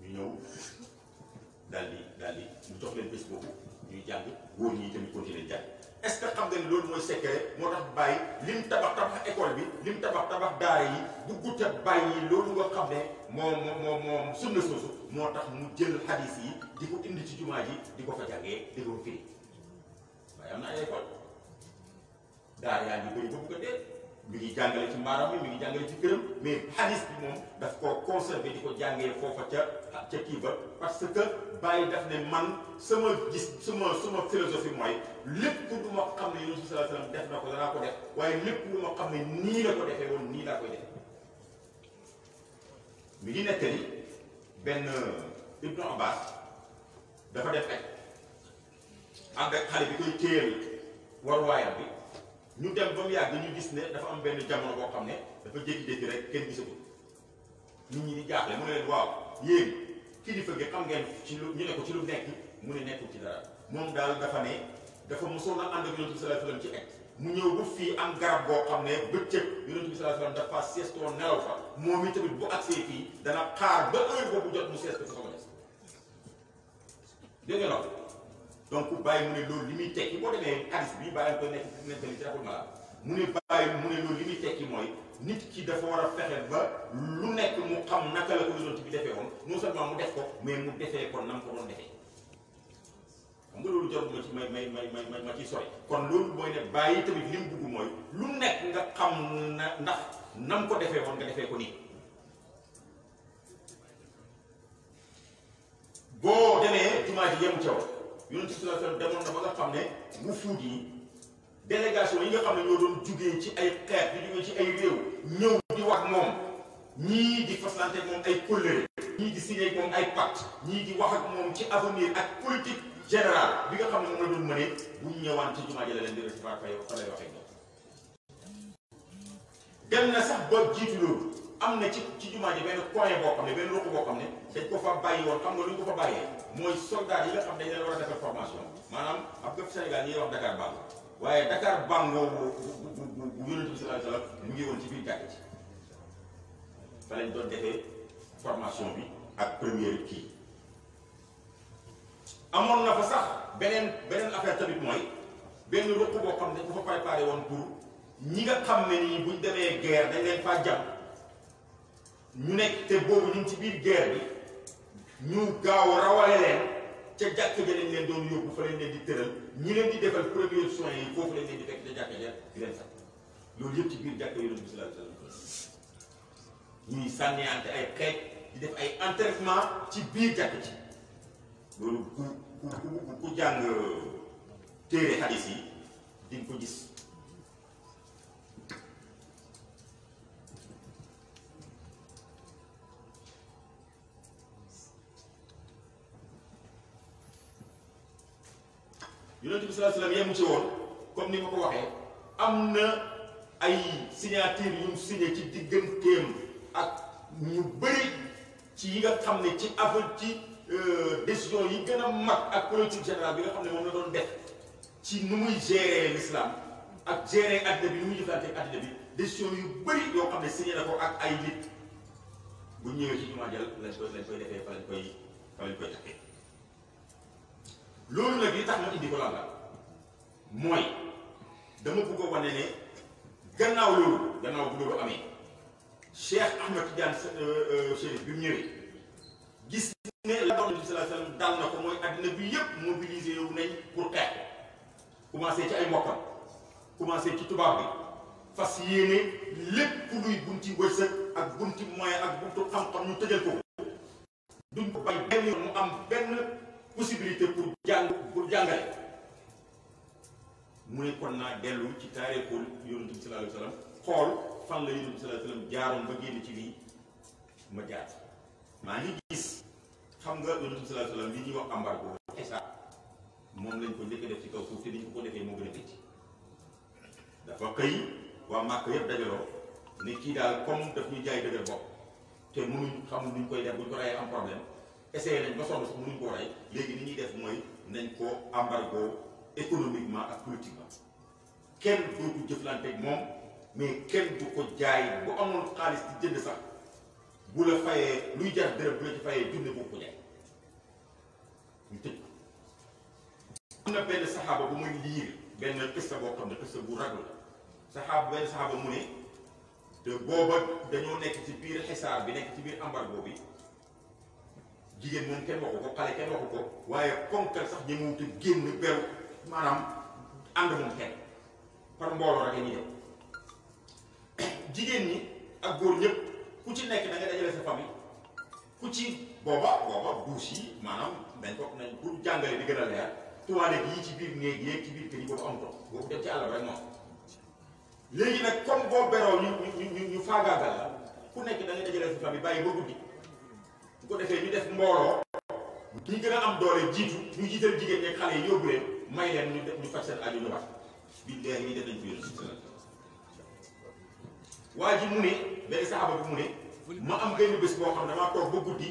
ñu ñëw daal di ñu jox leen bés boobu ñuy jàng góor ñi tamit continuer jàng. est-ce que xam nga ni loolu mooy secret moo tax bàyyi lim tabax tabax école bi lim tabax tabax daara yi bu gudd a bàyyi loolu nga xam ne moo moo moo sunna soosu moo tax mu jël hadis yi di ko indi ci jumaa ji di ko fa jàngee di ko firi waaye am na ay école daara yaa ngi bëri ba bugg a dee. mi ngi jàngale ci maaram mi mi ngi jàngale ci këram mais hadis bi moom daf koo conservé di ko jàngee foofa ca ca kii ba parce que bàyyi daf ne man sama gis sama sama philosophie mooy lépp lu ma xam ne yonent bi sallallahu alayhi def na ko danaa ko def waaye lépp lu ma xam ne nii la ko defee woon nii laa koy def mi ngi nettali benn Ibnu Abbas dafa def ak xale bi koy téyel war waayam bi ñu dem ba mu yàgg ñu gis ne dafa am benn jamono boo xam ne dafa jékki-jékki rek kenn gisagul nit ñi di jaaxle mu ne leen waaw yéen kilifa gi xam ngeen ci lu ñu ne ko ci lu nekk mu ne nekkul ci dara moom daal dafa ne dafa mosoon a ànd ak yonent bi sallallahu alayhi wasallam ci egg mu ñëw ba fii am garab boo xam ne bëccëg yonent bi sallallahu alayhi wasallam dafa seestoo nelaw fa moom it tamit bu agsee fii dana xaar ba heure boobu jot mu seestu ko soxla dégg nga noonu donc bàyyi mu ne loolu li muy tekki boo demee hadis bii bàyyi ko nekk nettali ci raxul mala mu ne bàyyi mu ne loolu li muy tekki mooy nit ki dafa war a fexe ba lu nekk mu xam naka la ko yonent bi defee woon non seulement mu def ko mais defee kon nam ko doon defee xam nga loolu ma ci may may may may ma ciy sooy kon loolu mooy ne bàyyi tamit li mu bugg mooy lu nekk nga xam na ndax nam ko defee woon nga defee ko nii boo demee jumaa ji yem ca yonent si la seen demoon na nga xam ne mu fuut yi délégation yi nga xam ne ñoo doon jugee ci ay xeet di jugee ci ay réew ñëw di wax moom ñii di faslante moom ay kóllëre ñii di signé moom ay pacte ñii di wax ak moom ci avenir ak politique générale bi nga xam ne moom la doon mënee bu ñëwaan ci jumaa jëlee leen di recevoir fay fa lay waxee dem na sax ba jiitu loolu am na ci ci jumaa ji benn coin boo xam ne benn ruq boo xam ne dañ ko fa bàyyi woon xam nga lu ñu ko fa bàyyee mooy soldat yi nga xam dañ leen war a defal formation maanaam ab gëpp Sénégal ñi wax Dakar Bango waaye Dakar Bango bu bu bu yonent bi sallallahu alayhi wa sallam mu ngi woon ci biir jàkk ci fa lañ doon defee formation bi ak première kii amoon na fa sax beneen beneen affaire tamit mooy benn dañ ko fa woon pour ñi nga xam ne nii buñ demee guerre dañ leen faa jàpp ñu nekk te boobu ñu ci biir guerre bi. ñu gaaw rawale leen ca jàkka ja lañ leen doon yóbbu fa lañ leen di tëral ñi leen di defal premier soin foofu leen di fekk ca jàkka ja di leen sax loolu yëpp ci biir jàkka yonent bi sallallahu alayhi wa ay xeej di def ay entraînement ci biir jàkka ci loolu ku ku ku jàng téere hadis yi di nga ko gis. yonent bi sallallahu alayhi wasallam yemu ci woon comme ni ma ko waxee am na ay signature yu mu ci digganteem ak ñu bëri ci yi nga xam ne ci affaire ci euh, décision yi gën a mag ak politique générale bi nga xam ne moom la doon def ci nu muy gérer l'islam ak gérer addina bi nu muy jëflanteeg addina bi décision yu bëri yoo xam ne signé na ko ak ay nit bu ñëwee ci jumaa jël lañ koy lañ koy defee fa lañ koy fa lañ koy takkee loolu nag li tax ma indi ko lan la mooy dama bëgg a wane ne gannaaw loolu gannaaw bu loolu amee Cheikh Ahmed Tidiane euh, euh, Chérif bi mu ñëwee gis ne la doon na ko mooy àddina bi yëpp mobilisé yow nañ pour xeex commencé ci ay mbokkam commencé ci tubaab bi fas yéene lépp luy bunti wërsëg ak bunti moyen ak buntu xam-xam ñu tëjal ko duñ ko bàyyi benn mu am benn possibilité pour jàng pour jàngale mu ne kon naa dellu ci taarixul yonent bi sallallahu alayhi xool fan la yonent bi sallallahu jaaroon ba génn ci lii ma jaar maa ngi gis xam nga yonent bi sallallahu li ñuy wax embargo état moom lañ ko njëkk a def ci kaw suuf te ni ñu ko defee moo gën a métti dafa xëy waa màkk yëpp dajaloo ne kii daal comme daf muy jaay dëgër bopp te mënuñ xamul nuñ koy def buñ ko rayee am problème essayé nañ ba sonn sax mënuñ koo rey léegi ni ñuy def mooy nañ koo embargo économiquement ak politiquement kenn dootu jëflanteeg moom mais kenn du ko jaay bu amoon xaalis di jënd sax bu la fayee luy jar dërëm bu la fayee junne bu ko jaay ñu tëj na benn saxaaba bu muy liir benn xista boo xam ne xista bu raglu la saxaaba benn saxaaba mu ne te booba dañoo nekk ci biir xisaar bi nekk ci biir embargo bi. jigéen moom kenn waxu ko xale kenn waxu ko waaye ponkal sax ñemewut a génn beru maanaam ànd moom kenn par mbooloo rek ñu dem jigéen ñi ak góor ñépp ku ci nekk da nga dajale sa famille ku ci booba booba douche yi maanaam dañ ko nañ pour jàngale di gën a leer toilette yi ci biir néeg ci biir kër yi boobu am ko boobu dem ci àll rek moom léegi nag comme boo beroo ñu ñu ñu faagaagal la ku nekk da nga dajale sa famille bàyyi ba guddi bu ko defee ñu def mbooloo ñu gën a am doole jiitu ñu jiital jigéen ñi xale yi yóbbu leen may leen ñu def ñu faj seen aju ñu wax biñ dee ñu waa ji mu ne benn saxaaba bi mu ne ma am benn bés boo xam ne damaa toog ba guddi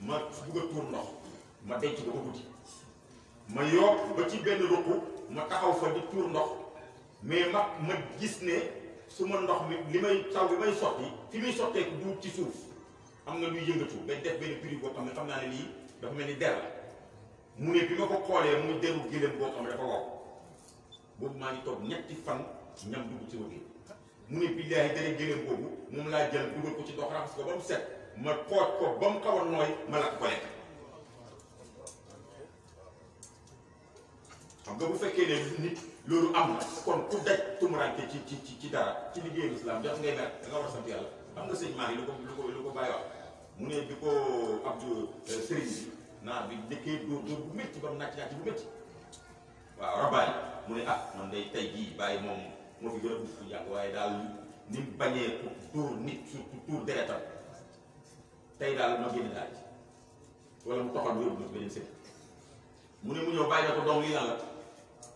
ma bugg a tuur ndox ma denc ko ba guddi ma yokk ba ci benn ruq ma taxaw fa di tuur ndox mais ma ma gis ne su ma ndox mi li may taw bi may sotti fi muy sotteeku duut ci suuf. am na luy yëngatu dañ def benn prix boo xam ne xam naa ne lii dafa mel ni der la mu ne bi ma ko xoolee muy deru gëlëm boo xam ne dafa wow boobu maa ngi toog ñetti fan ñam dugg ci wagé mu ne billaahi deru gëlëm boobu moom laa jël dugal ko ci ndox raxas ko ba mu set ma xooj ko ba mu xaw nooy ma lakk ko lekk xam nga bu fekkee ne nit loolu am na kon ku daj tumuraanke ci ci ci dara ci liggéeyu islam jox ngay mer da war a sant yàlla mu ne bi ko Abdou euh, Serigne bi naa bi njëkkee dóor dóor bu métti ba mu bu métti waaw mu ne ah man day tey jii bàyyi moom moo fi gën a fu jàng waaye daal ni mu bañee pour tuur nit surtout tuur deretam tey daal ma génn daal wala mu toxal wér ba beneen sëñ mu ne mu ñëw bàyyi na ko doom lii lan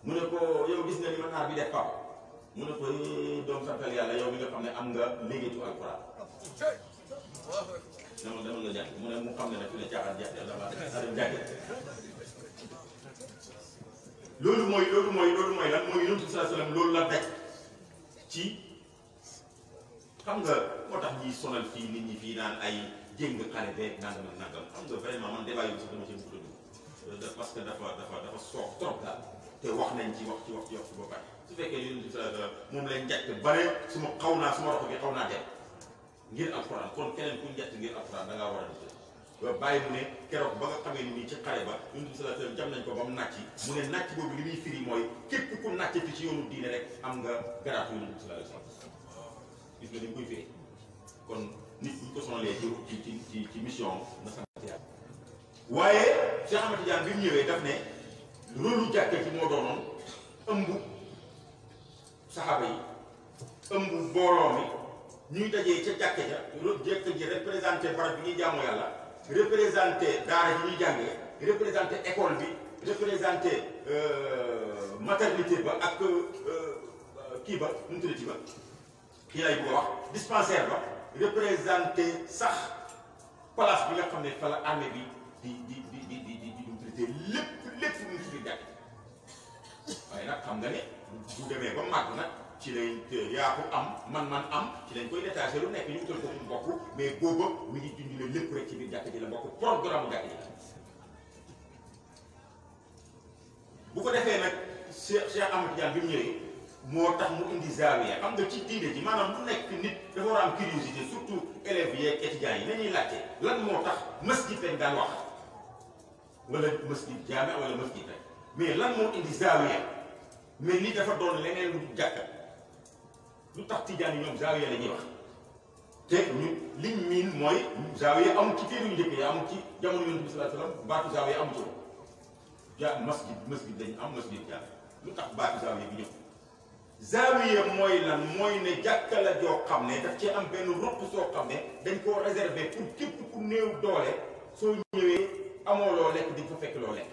mu ne ko yow gis nga li ma naar bi def pap mu ne ko eh, doom santal yàlla yow mi nga xam ne am nga léegi tu alquran dama nga jàkk mu ne mu xam ne nag fi ne caaxaan loolu mooy loolu mooy loolu mooy lan mooy yonent bi sallallahu alayhi wasallam loolu la daj ci xam nga moo tax ñuy sonal fii nit ñi fii naan ay jéng xale beeg nangam ak nangam xam nga vraiment man débat dama cee bëgg a dugg parce que dafa dafa dafa soox trop daal te wax nañ ci wax ci wax ci wax ba pare su fekkee yonent bi sallallahu alayhi wasallam moom lañ njëkk bare su ma xaw naa su ma roxo bi xaw naa dem ngir alxuraan kon keneen ku njett ngir alxuraan da ngaa war a di bàyyi mu ne keroog ba nga xamee ni ci xare ba yonent bi sallallahu nañ ko ba mu nàcc mu ne nàcc boobu li muy firi mooy képp ku nàcc ci yoonu diine rek am nga garaatu yonent ko sonalee mission na sant yàlla waaye Cheikh Ahmed bi mu ñëwee daf ne loolu jàkka ci moo doonoon ëmb saxaaba yi ëmb mbooloo ñuy dajee ca jàkka ja jàkka ji représenté barab bi ñuy jaamu yàlla représenté daara yi ñuy jàngee représenté école bi représenté euh, maternité ba ak euh, euh, kii ba nu ba kii lay bu wax dispensaire ba représenté sax place bi nga xam ne fa la armée bi di di di di di di di di lépp lépp mu ngi ci biir jàkka waaye nag xam nga ne bu demee ba màgg nag. ci lañ yaa ko am man-man am ci lañ koy détaché lu nekk ñu utal ko mu bokk mais booba mi ngi junj la lépp rek ci biir jàkk ji la bokk programme jàkk ji la bu ko defee nag Cheikh Cheikh Ahmed Tidiane bi mu ñëwee moo tax mu indi zaawiya am nga ci diine ji maanaam lu nekk nit dafa war a am curiosité surtout élèves yeeg étudiants yi nañuy laajte lan moo tax masjid lañ daan wax wala masjid jaame wala masjid rek mais lan moo indi zaawiya mais nit dafa lu tax tijaan yi ñoom zaawiya la wax te ñu liñ miin mooy zaawiya amul ci téeru njëkk yi am ci jamono yonent bi sallallahu alayhi wasallam baatu zaawiya amul ci ja masjid masjid dañu am masjid jàll lu tax baatu zaawiya bi ñëw zaawiya mooy lan mooy ne jàkka la joo xam ne daf cee am benn ruq soo xam ne dañ ko réserver pour képp ku néew doole soo ñëwee amoo loo lekk di fa fekk loo lekk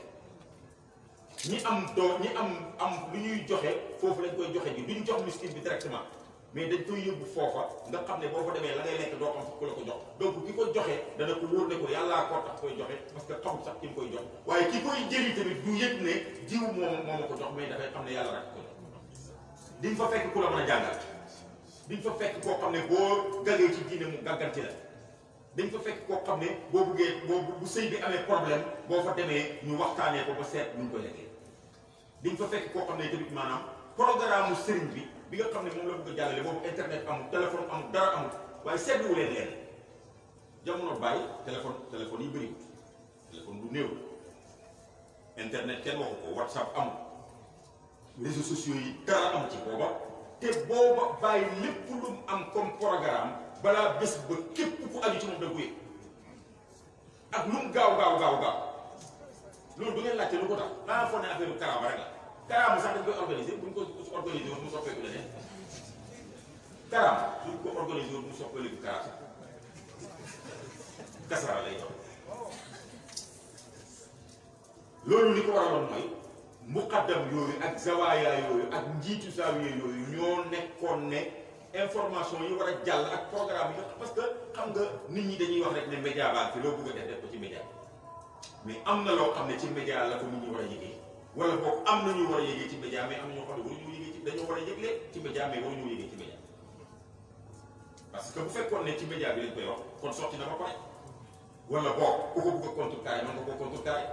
ñi am doo ñi am am lu ñuy joxe foofu lañ koy joxe ji duñ jox miskin bi directement mais dañ koy yóbbu foofa nga xam ne boo fa demee la ngay lekk doo xam ku la ko jox donc ki ko joxe dana ko wóor ne ko yàllaa koo tax koy joxe parce que xamul sax ki mu koy jox waaye ki koy jëli tamit du yëg ne jiw moom moo ma ko jox mais dafay xam ne yàlla rek ko di fa fekk ku la mën a di fekk koo xam ne boo galee ci diine mu dañ fa fekk koo xam ne boo buggee boo bu sëy bi amee problème boo fa demee ñu waxtaanee ko ba seet ñu koy lekkee dañ fa fekk koo xam ne tamit maanaam programme sëriñ bi bi nga xam ne moom la bëgg a jàllale boobu internet amul téléphone amul dara amul waaye seetlu leen leen jamono bàyyi téléphone téléphone yi bëri téléphone du néew internet kenn waxu ko whatsapp amul réseaux sociaux yi dara am ci booba te booba bàyyi lépp lu mu am comme programme balaa bés ba képp ku aju ci moom da ko ak lu mu gaaw gaaw gaaw gaaw loolu du ngeen laajte lu ko tax daa foog ne affaire bi karaama rek la. karaam sax dañ koy organiser bu ñu ko organiser woon mu soppeeku ñu ko organiser woon mu soppeeku karaam kasara lay doon loolu li ko waraloon mooy muqaddam yooyu ak zawaaya yooyu ak njiitu zawiya yooyu ñoo nekkoon ne information yi war a jàll ak programme parce que xam nga nit ñi dañuy wax rek ne média baa fi loo bëgg a def def ko ci média mais am na loo xam ne ci média la ko nit ñi war a yëgee wala boog am na ñu war a yëgee ci média mais am na ñoo xam ne waruñu yëgee ci dañoo war a yëgle ci média mais waruñu yëgee ci média parce que bu fekkoon ne ci média bi lañ koy wax kon sorti na ba pare wala boog ku ko bëgg a contrecarrer mën nga ko contrecarrer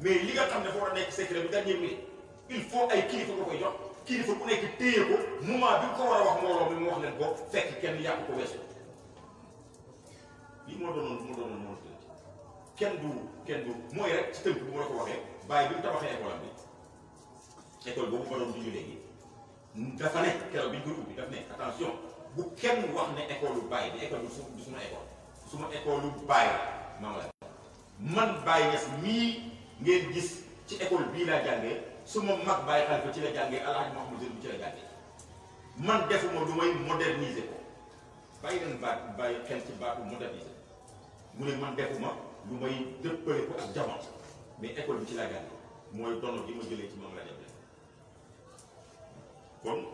mais li nga xam ne dafa war a nekk secret bi dernier minute il faut ay kilifa ko koy jox kilifa ku nekk téye ko moment bi nga ko war a wax mbooloo mi mu wax leen ko fekk kenn yàqu ko weesu lii moo doonoon moo doonoon moo kenn du kenn du mooy rek ci tënk bu ma la ko waxee bàyyi bi mu tabaxee école bi. école boobu ma doon tudd léegi dafa ne keroog bi ñu ko ubbi daf ne attention bu kenn wax ne école lu bàyyi di école su du suma école suma école lu bàyyi la man Baye Niass mii ngeen gis ci école bii laa jàngee su ma mag Baye Khalifa ci la jàngee Alhaji Mouhamadou bi ci la jàngee man defuma du may moderniser ko bàyyi leen baat bàyyi xel ci baatu moderniser mu ne man defuma lu may dëppale ak jamono mais école bi ci laa jàngee mooy dono gi ma jëlee ci moom la kon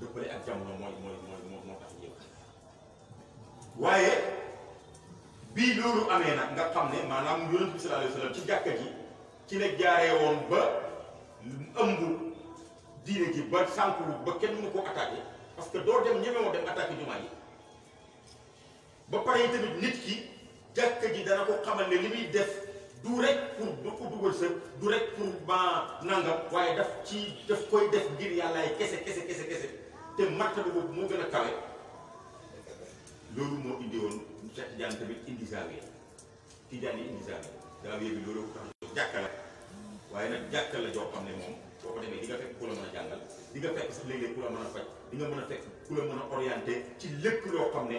dëppale ak jamono mooy mooy mooy moo tax ñëw waaye bii loolu amee nag nga xam ne maanaam yonent ci jàkka ji ci la jaaree woon ba ëmb diine ji ba sànku ba kenn mënu ko attaqué parce que doo dem ñememoo dem attaqué jumaa yi ba pare yi tamit nit ki jàkka ji dana ko xamal ne li muy def. du rek pour du ko dugal sa du rek pour ba nangam waaye daf ci daf koy def ngir yàllaay kese kese kese kese te martaba boobu moo gën a kawe loolu moo indi woon Cheikh Tidiane tamit indi zaawiya Tidiane yi indi zaawiya zaawiya bi loolu tax jàkka la waaye nag jàkka la joo xam ne moom boo ko demee di fekk ku la mën a jàngal di nga fekk sax léeg ku la mën a faj di nga mën a fekk ku la mën a orienté ci lépp loo xam ne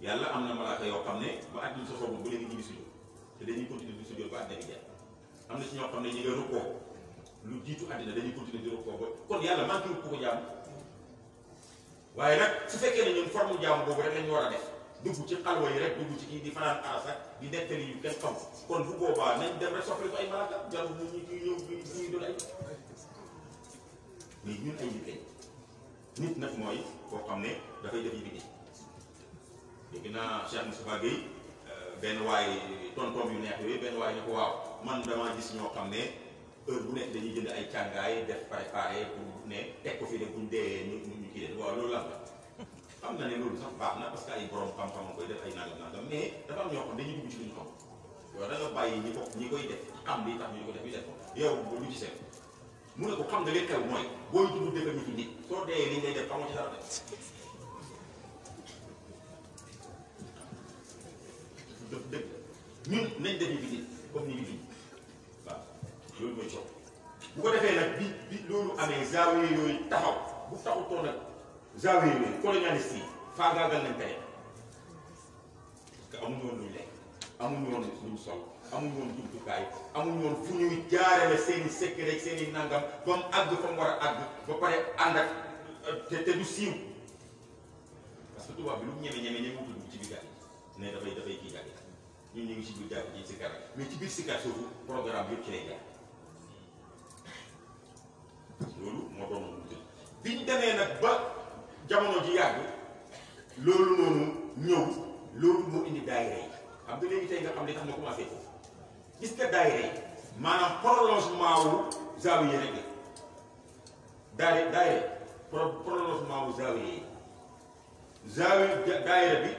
yàlla am na malaaka yoo xam ne bu àddina bi bu ba léegi ñu ngi sujjóot te dañuy continuer di sujjóot ba àddina bi jeex am na ci ñoo xam ne ñu ngi rukkoo lu jiitu àddina dañuy continuer di rukkoo ba kon yàlla manqué wut ku jaamu waaye nag su fekkee ne ñun forme jaamu boobu rek lañu war a def dugg ci xalwa yi rek dugg ci kii di fanaan aras ak di nettali yu kenn xam kon bu boobaa nañ dem rek soxla ko ay malaaka jarul ñu ñu ñu ñëw ñu ñu doon ay mais ñun mooy koo xam ne dafay def dégg naa Cheikh Moustapha Guèye euh, benn waay tontom yu neex yooyu benn waay ne ko waaw man damaa gis ñoo xam ne heure bu nekk dañuy jënd ay càngaay def préparé pour ne teg ko fi de buñ ñu de waaw loolu lan na ne loolu sax na parce que ay borom xam-xam koy def ay nangam nangam mais dafa am ñoo xam dañuy dugg ci luñ xam yow da nga bàyyi ñi ko ñi koy def xam li tax ñu ko def ñu def ko yow ba lu ci seen mu ne ko xam nga li xew mooy booy dugg dëkk nit soo dee liñ lay def xamoo ci dara dëgg dëgg ñun nañ def liggéey comme ni ñu ngi waaw loolu mooy coow bu ko defee nag bi bi loolu amee zaawiye taxaw bu taxutoon nag zaawiye yooyu colonialiste yi ba fa mu war a ba pare ànd ak te te du siiw parce tubaab bi lu mu ñeme ñeme ñeme wutul ci biir gàll ne dafay dafay kii gàll. ñii ñu ngi si biir jàpp ñii sikar ci biir sikar soofu programme yëpp ci lay jàpp loolu moo doon wute biñ demee nag ba jamono ji yàgg loolu noonu ñëw loolu moo indi daayira yi xam nga léegi tey nga xam ne tax na commencé foofu gis nga daayira yi maanaam prolongement wu zaawiye rek la daayira daayira prolongement wu zaawiye yi zaawiye daayira bi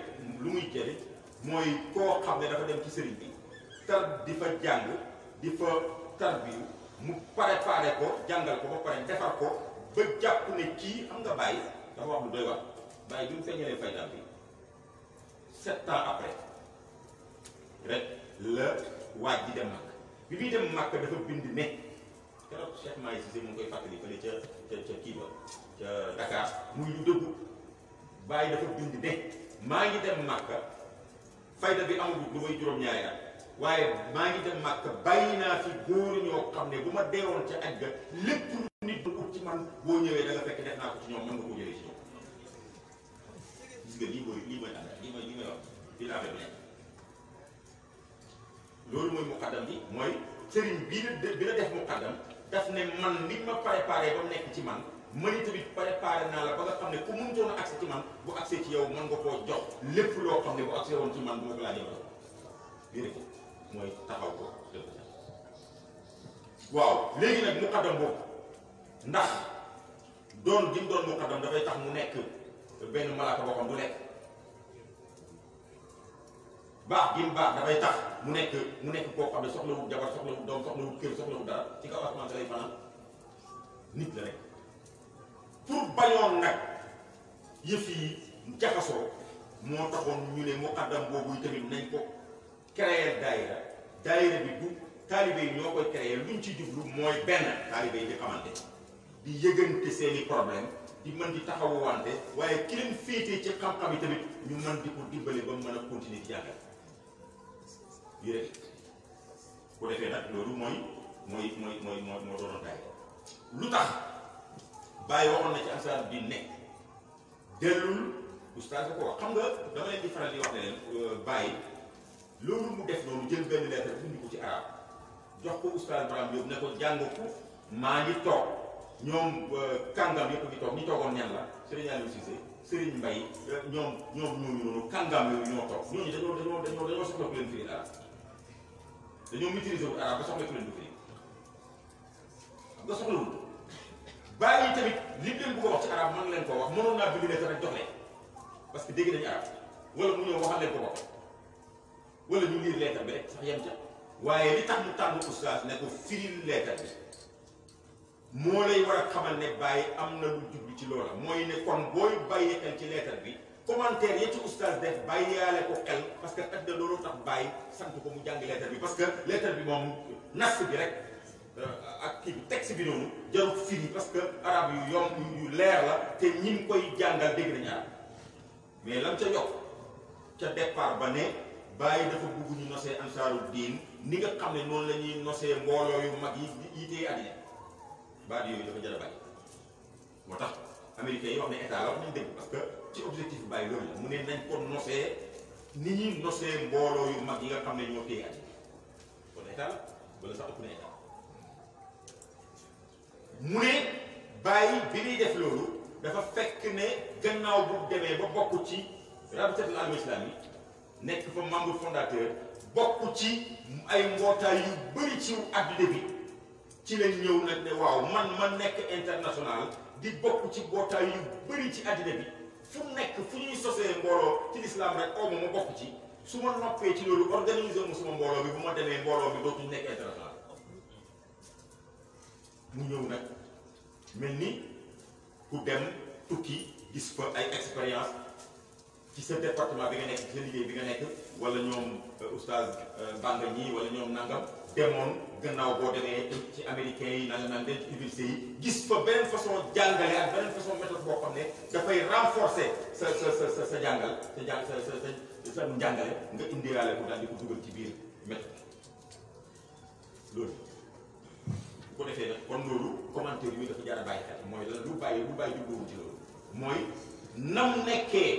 lu muy jëlee. mooy koo xam ne dafa dem ci sëriñ bi tar di fa jàng di fa tarbiyu mu préparé ko jàngal ko ba pare defar ko ba jàpp ne kii am nga bàyyi dafa wax lu doy wax bàyyi bi mu feeñalee faydaam bi sept ans après rek la waaj di dem màkk bi muy dem màkk dafa bind ne keroog Cheikh Mahi Cissé mu ngi koy fàttali fële ca ca ca kii ca Dakar muy lu dëggu bàyyi dafa bind ne maa ngi dem màkk fayda bi amul lu muy juróom-ñaari at waaye maa ngi dem màkk bàyyi naa fi góor ñoo xam ne bu ma deewoon ci aj ga lépp nit doon ut ci man boo ñëwee da nga fekk def naa ko ci ñoom mën nga ko jëlee ci ñoom gis loolu mooy bi mooy sëriñ bi la bi la def muqaddam daf ne man nit ma préparé ba mu nekk ci man man tamit préparé naa la ba nga xam ne ku mënutoon a accès ci man bu accès ci yow jox lépp loo xam ne bu accès ci man bu ma ko laajee ma lii ko mooy taxaw ko def waaw léegi nag muqaddam boobu ndax doon gi mu doon muqaddam dafay tax mu nekk benn malaaka boo xam du lekk baax gi mu baax dafay tax mu nekk mu nekk koo xam ne soxlawul jabar soxlawul doom soxlawul kër soxlawul dara ci kaw asamaan lay fanaan nit la rek pour bañoon nag yëf yi jaxasoo moo taxoon ñu ne muqaddam boobu tamit nañ ko créer daayira daayira bi du taalibe ñoo koy créer luñ ci jublu mooy benn taalibe yi di xamante di yëgante seeni problème di mën di taxawuwante waaye ki leen féetee ci xam-xam yi tamit ñu mën di ko dimbale ba mën a continuer di jàngal yi rek bu defee nag loolu mooy mooy mooy mooy moo doonoon daayira lu tax bàyyi waxoon na ci ansaan bi ne dellul ustaas ko wax xam nga dama leen di faral di ne euh, bàyyi loolu mu def noonu jël benn lettre bind ko ci arab jox ko ustaas Braham Diop ne ko jàng maa ngi toog ñoom euh, kàngam yëpp ngi toog ñi toogoon ñan la Serigne Aliou Cissé Serigne Mbaye euh, ñoom ñoom ñooñu noonu kàngam yooyu ñoo dañoo dañoo dañoo soxla ku leen firi arab dañoo maîtriser soxla ku leen du firi nga soxlawul bàyyi tamit lim leen bu ko wax ci arab man leen koo wax mënoon naa bind lettre rek jox leen parce que dégg nañu arab wala mu ñëw waxal leen ko bopp wala ñu liir lettre bi rek sax yem ca waaye li tax mu tànn oustaz ne ko firil lettre bi moo lay war a xamal ne bàyyi am na lu jublu ci loola mooy ne kon booy ci lettre bi commentaire ya ci oustaz def bàyyaale ko parce que kat da loolu tax bàyyi ko mu jàng lettre bi parce que lettre bi moom nas bi rek euh, ak kii bi teg si noonu jarul firi parce que arab yu yomb yu leer la te ñi ngi koy jàngal dégg nañu arab mais lam ca yokk ca départ ba ne bàyyi dafa bugg ñu nosee ansaaru diin ni nga xam ne noonu la ñuy nosee mbooloo yu mag yi yitee àddina baat yooyu dafa tax américains yi wax ne état la wax nañ dégg parce que ci objectif bàyyi loolu la mu ne nañ ko ni ñuy nosee mbooloo yu mag la wala sax ëpp na état mu ne bàyyi bi muy def loolu dafa fekk ne gannaaw bu demee ba bokk ci rabitatul alam islami nekk fa membre fondateur bokk ci ay mbootaay yu bëri ci adduna bi ci lañ ñëw nag ne waaw man ma nekk international di bokk ci mbootaay yu bëri ci adduna bi fu nekk fu ñuy sosee mbooloo ci lislaam rek oo ma ma bokk ci su ma noppee ci loolu organiser mu suma mbooloo bi bu ma demee mbooloo bi dootuñ nekk international mu ñëw nag mel ni ku dem tukki gis ko ay expérience ci sa département bi nga nekk ci sa liggéey bi nga nekk wala ñoom euh, oustaz euh, bànd ñii wala ñoom nangam demoon gannaaw boo demee ci américain yi nanga nan den ci université yi gis fa beneen façon jàngale ak beneen façon méthode boo xam ne dafay renforcer sa sa sa sa jàngal sa jàng nga indiwaale ko daal di ko dugal ci biir méthode loolu ko defee kon loolu commentaire yooyu dafa jar a bàyyi xel mooy la lu bàyyi lu bàyyi jubluwul ci loolu mooy nam nekkee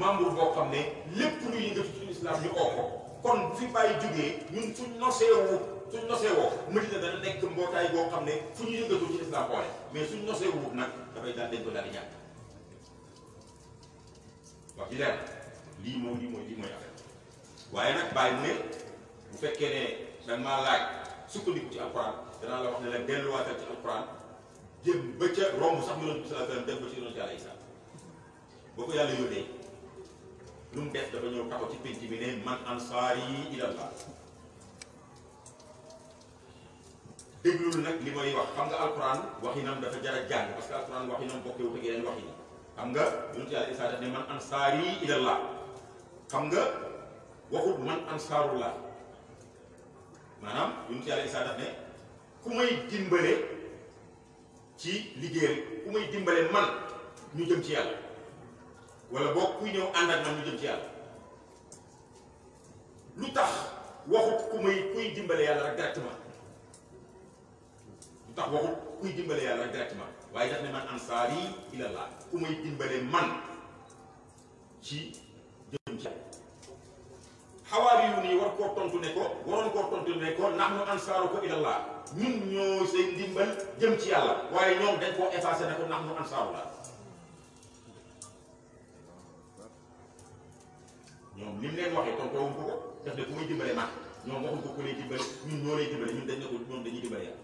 membre boo xam ne lépp luy yëngatu ci bi ñu oo ko kon fi bàyyi jógee ñun suñ noseewu suñ noseewoo Madina dana nekk mbootaay boo xam ne fu ñu yëngatu ci islam boole mais suñ noseewut nag dafay daal dañ ko daal di ñàkk wax ji leer lii moom lii mooy lii mooy affaire waaye nag bàyyi mu ne bu fekkee ne danga maa laaj sukkandiku ci alquran danaa la wax ne la delluwaatal ci alquran jëm ba ca romb sax mu doon bisala boo ko yàlla yónnee lu mu def dafa ñëw taxaw ci pénc bi ne man ansaari ilallah déglul nag li may wax xam nga alquran waxinam dafa jar a jàng parce que alquran waxinam bokkewut ak yeneen waxi xam nga yonent yàlla Isaa daf ne man ansaari ilallah xam nga waxut man ansaarullah maanaam yonent yàlla Isaa daf ne ku may dimbale ci liggéey ku may dimbale man ñu jëm ci yàlla wala boo kuy ñëw ànd ak man ñu jëm ci yàlla lu tax waxut ku may kuy dimbale yàlla rek directement lu tax waxut kuy dimbale yàlla rek directement waaye daf ne man ansaari ilallah ku may dimbale man ci xawaari yu nii war koo tontu ne ko waroon koo tontu ne ko nahnu ansaaruka laa ñun ñoo say ndimbal jëm ci yàlla waaye ñoom dañ koo effacé ne ko nahnu ansaarullah ñoom lim leen waxee tontu wuñ ko def ne ku muy dimbale man ñoom waxuñ ko ku lay dimbale ñun ñoo lay dimbale ñun dañ ne ko ñoom dañuy dimbale yàlla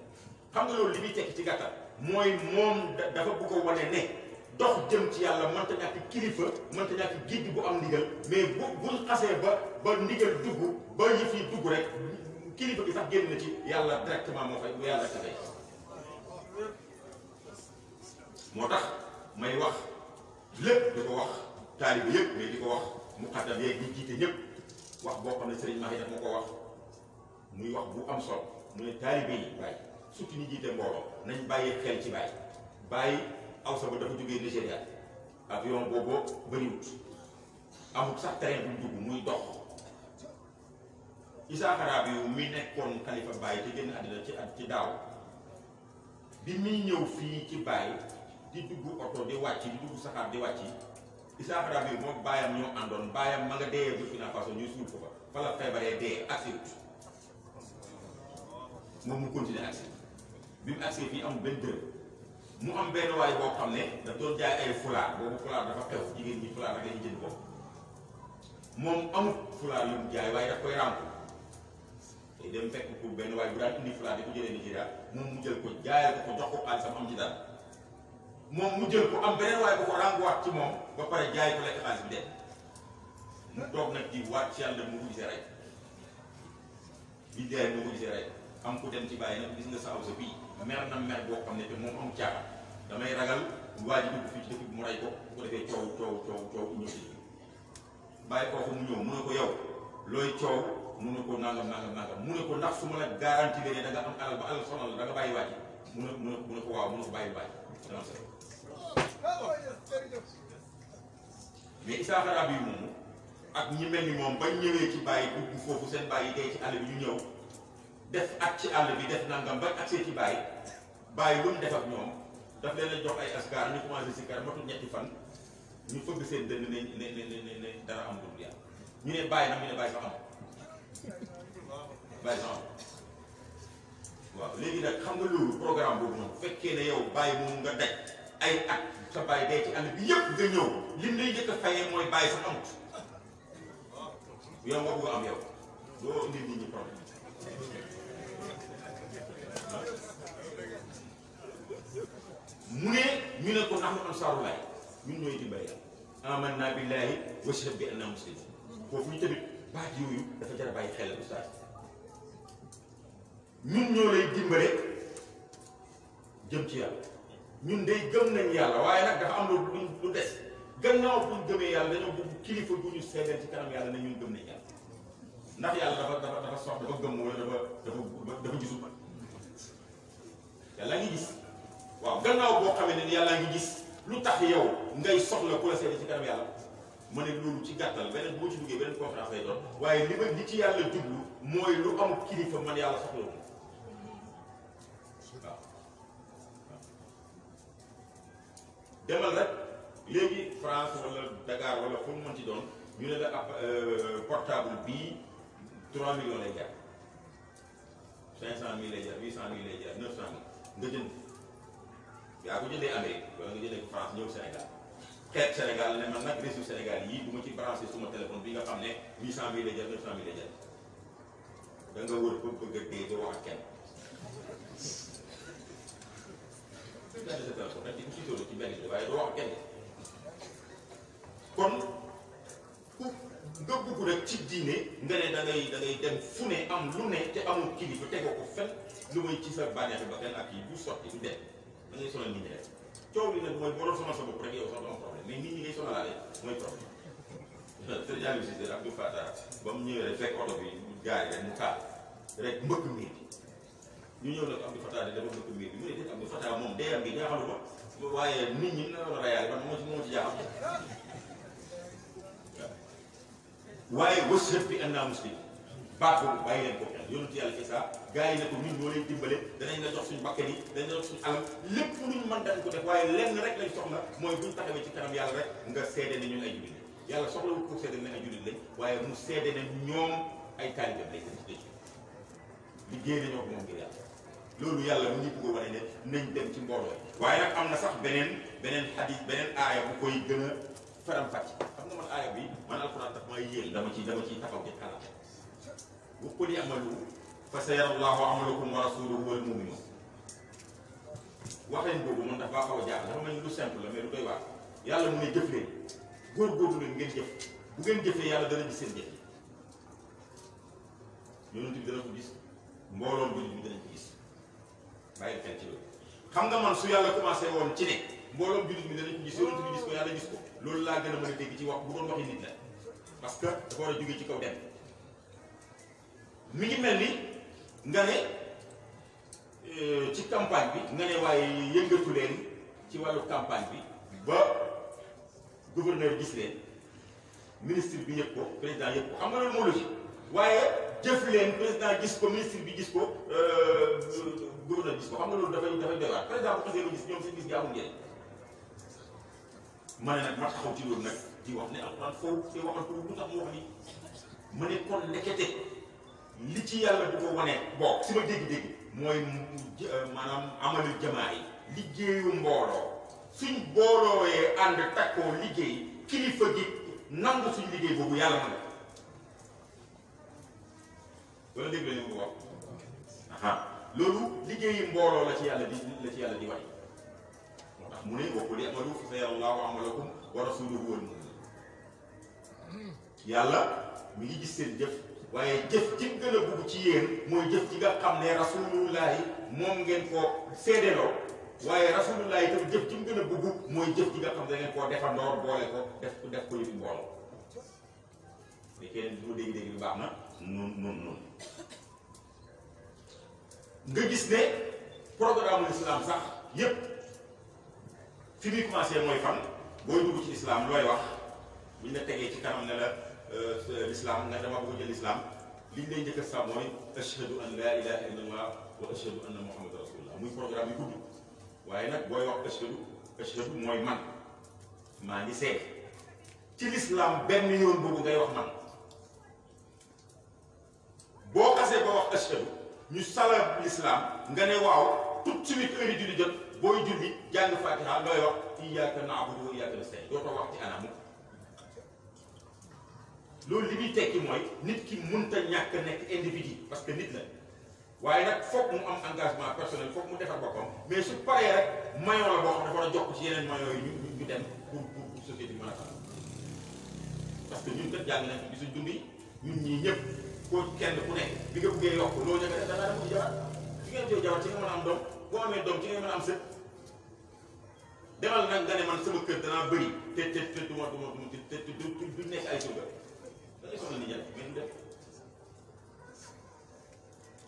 xam nga loolu li muy tekki ci gàttal mooy moom dafa bëgg a wane ne dox jëm ci yàlla mënta ñàkk kilifa mënta ñàkk giddi bu am ndigal mais bu buñ xasee ba ba ndigal dugg ba yëf yi dugg rek kilifa bi sax génn na ci yàlla directement moo fay bu yàlla tafay moo tax may wax lépp di ko wax taaliba yëpp mais di ko wax muqaddam yeeg ñi jiite ñëpp wax boo xam ne sëriñ Mahi daf ma ko wax muy wax bu am solo mu ne taaliba yi bàyyi surtout ñi jiite mbooloo nañ bàyyi xel ci bàyyi aw sa ba dafa jógee Nigéria avion boobu bëriwut amul sax train bu dugg muy dox Issa Karab muy nekkoon Khalifa Baye te génn àddina ci at ci daaw bi muy ñëw fii ci Baye di dugg oto di wàcc di dugg saxaar di wàcc Issa Karab yu moom baayam ñoo àndoon baayam ma nga dee Burkina Faso ñuy suul fa la feebaree dee accident moom mu continuer accident bi mu accident fii amul benn dërëm mu am benn waay boo xam ne daf doon jaay ay fulaar boobu fulaar dafa xew jigéen ñi fulaar rek lañu jënd ko moom amul fulaar yu mu jaay waaye daf koy ràmp te dem fekk pour benn waay bu daan indi fulaar di ko jëlee Nigéria moom mu jël ko jaayal ko ko jox ko xaalisam am ci dara moom mu jël ko am beneen waay bu ko ràmbuwaat ci moom ba pare jaay ko lekk xaalis bi dem mu toog nag di waat ci yàlla mu ko gisee rey bi dee mu ko gisee rey am ci bàyyi nag bii mer na mer boo xam ne te moom am caaxaan damay ragal waa ji dugg fii mu rey ko bu ko defee coow coow coow coow ñëw bàyyi kooku mu ne ko yow looy coow mu ne ko nangam nangam nangam mu ne ko la garanti ne da nga am ba alal sonal la da nga waaw mu ne ko bàyyi waa ji dana sori mais Isaaxa Rabi moomu ak ñi mel ni moom ba ñëwee ci bàyyi dugg foofu seen bàyyi dee ci àll bi ñu ñëw. def ak ci àll bi def nangam ba ak see ci bàyyi bàyyi lu def ak ñoom daf leen a jox ay askar ñu commencé si kar matul ñetti fan ñu fëgg seen dënn ne ne ne ne dara am dul yàlla ñu ne bàyyi nag ñu ne bàyyi xam nga loolu programme boobu noonu nga ay at sa bàyyi a amut yow nga bugg am yow doo indi nit ñi problème mu ne ñu ne ko nahnu ansaarullaah ñun ñooy dimbali aamannaa billaahi wa bi annaa muslimuun foofu ñu tamit baat yooyu dafa jar a bàyyi xel ustaas ñun ñoo lay dimbale jëm ci yàlla ñun day gëm nañ yàlla waaye nag dafa am lu lu des gannaaw buñ gëmee yàlla dañoo bëgg kilifa bu ñu seedeel ci kanam yàlla ne ñun gëm nañ yàlla ndax yàlla dafa dafa dafa sox dafa gëm wala dafa dafa dafa gisul yàlla ngi gis waaw gannaaw boo xamee ne yàlla ngi gis lu tax yow ngay soxla ku la seede ci kanam yàlla ma ne loolu ci gàttal beneen boo ci duggee beneen conférence lay doon waaye li ma li ci yàlla jublu mooy lu am kilifa man yàlla soxla ko waaw demal rek léegi France wala Dakar wala fu mu ci doon ñu ne la ab euh, portable bii 3 millions lay jar 500 mille lay jar 800 mille lay jar 900 mille. nga jënd yaa ko jëndee Amérique wala nga jëndee France ñëw Sénégal xeet Sénégal ne man nag réseau Sénégal yii bu ma ci branché suma téléphone bi nga xam ne huit cent mille lay jël neuf cent wër ba bëgg a dee doo wax ak kenn. daal di sa téléphone rek di ko ci benn waaye doo wax ak kenn kon. nga bugg rek ci diine nga ne da ngay dem fu ne am lu ne te amul kilifa tegoo ko fen lu may ci sa bànneex ba kenn ak yi bu sotti du dem da ngay sonal nit ñi rek coow li nag mooy boo doon problème mais nit ñi ngay sonalaale mooy problème. sëñ Aliou Cissé Abdou Fatah ba mu ñëwee rek fekk oto bi gaari rek mu taal rek mbëkk miir bi ñu ñëw nag Abdou Fatah di dama mbëkk miir bi mu ne déet Abdou Fatah moom dee am gi jaaxalu ko waaye nit ñi na la rayaal man moo waaye washhad bi annaa muslimuun baaxul bàyyi leen ko xel yonent yàlla Isaa gars yi ne ko ñun ñoo lay dimbale danañ la jox suñu bakkan yi danañ la jox suñu alal lépp luñ mën dañ soxla mooy buñ taxawee ci kanam yàlla rek nga seede ne ñun ay jullit lañ yàlla soxlawul pour seede ne ay jullit lañ waaye mu seede ne ñoom ay taalibeem lañ ko ci liggéey nañoo ko moom ngir yàlla loolu yàlla mu ñu bëgg wane ne nañ dem ci mbooloo waaye nag am na sax beneen beneen hadith beneen aaya bu koy gën a faram-fàcce xam man aaya bi man alxuraan daf may yéel dama ci dama ciy taxaw ci kanam wa qul i'malu fa sayara Allahu amalakum wa rasuluhu wal mu'minun waxeen boobu man dafa xaw a jaaxal dafa mel ni lu simple la mais lu doy waar yàlla mu ne jëf leen góorgóorlu leen ngeen jëf bu ngeen jëfee yàlla dana gis seen jëf yi yonent bi dana ko gis mbooloom bi bi dana ko gis xel ci loolu xam nga man su yàlla commencé woon ci ne mbooloom jullit mi danañ ko gis yonent bi ko yàlla gis ko loolu laa gën a mën a dégg ci wax bu doon waxi nit la parce que dafa war a jóge ci kaw dem mi ngi mel ni nga ne euh, ci campagne bi nga ne waaye yëngatu leen ci wàllu campagne bi ba gouverneur gis leen ministre bi yëpp ko président yëpp ko xam nga loolu moo logique waaye jëf leen président gis ko ministre bi gis ko euh, gouverneur gis ko xam nga loolu dafay dafay doy waar président bu xasee ba gis ñoom seen gis gi amul njëriñ ma ne nag ma taxaw ci loolu nag di wax ne alxuraan foofu te waxal ko lu tax mu wax ni ma kon ndekete li ci yàlla di ko wane bokk si mooy euh, maanaam amalu jamaa yi liggéeyu mbooloo suñ boolooyee ànd takkoo liggéey kilifa gi nangu suñ liggéey boobu yàlla mën na dégg la ñu wax aha loolu liggéeyu mbooloo la ci yàlla di la ci yàlla di wax mu ne wa qul i'malu fa sayarallahu amalakum wa rasuluhu wal mu'minun yàlla mu ngi gis seen jëf waaye jëf ci gën a bugg ci yéen mooy jëf ci nga xam ne rasulullahi moom ngeen koo seedeloo waaye rasulullahi tam jëf ci gën a bugg mooy jëf ci nga xam ne ngeen koo defandoor boole ko def ko def ko yëpp mbooloo mais kenn du dégg-dégg bi baax na noonu noonu noonu nga gis ne programme l'islam sax yépp fi muy commencé mooy fan booy dugg ci islam looy wax buñ la tegee ci kanam ne la euh, euh, nga dama bëgg jël islam liñ lay njëkk a sax mooy ashhadu an la ilaha illallah wa ashhadu anna muhammadan rasulullah muy programme yu gudd waaye nag booy wax ashhadu ashhadu mooy man maa ngi seet ci l'islam benn yoon boobu ngay wax man boo xasee ba wax ashhadu ñu sala l'islam nga ne waaw tout de suite heure yi julli jot booy julli jàng fatiha looy wax iyyaaka na'budu wa iyyaaka nasta'iin doo ko wax ci anamu loolu li muy tekki mooy nit ki munta ñàkk nekk individu parce que nit la waaye nag foog mu am engagement personnel foog mu defar boppam mais su rek maillon la boo xam dafa war a jox ci yeneen maillon yi ñu ñu dem pour pour société bi a taxaw parce que ñun kat jàng nañ fi suñ dund yi ñii ñëpp ko kenn ku nekk bi nga bëggee yokk loo jëkkër da ngaa dem ci jabar bi boo amee doom ci nga mën a am sët demal nag nga ne man sama kër danaa bëri te te te du ma du te du du nekk ay surga nijaay mais du def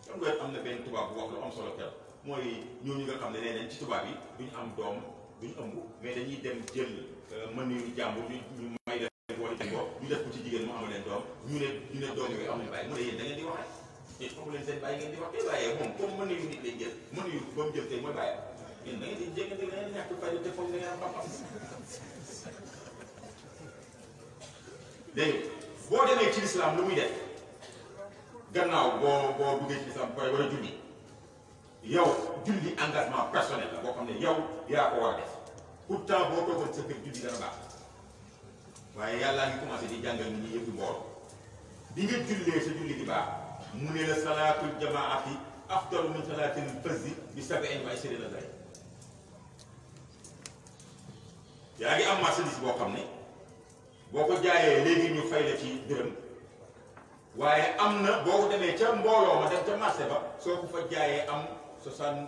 xam am na benn tubaab bu wax lu am solo keroog mooy ñooñu nga xam ne nee ci tubaab yi duñ am doom duñ ëmb mais dañuy dem jël euh, mën yu jàmbur ñu ñu may def wala ñu def ko jigéen mu am leen doom ñu ne ñu ne doom yooyu amuñu bàyyi mu ne yéen da di waxee. yéen foofu leen seen bàyyi ngeen di wax te eh, waaye moom comme mën nañu nit lañ jël mën nañu ba mu jël tey mooy bàyyi yéen di jéggante da boo xam ne yow yaa ko war a def pourtant boo toogoon sa kër julli dana baax waaye yàllaa ngi commencé di jàngal nit yëpp mbool di nga jullee sa julli di baax mu ne la salaatul jamaati afdalu min salaatil fajri bi sab'in wa ishrina daraja yaa ngi am marchandise boo xam ne boo ko jaayee léegi ñu fay la ci dërëm waaye am na boo ko demee ca mbooloo ma dem ca marché ba soo ko fa jaayee am soixante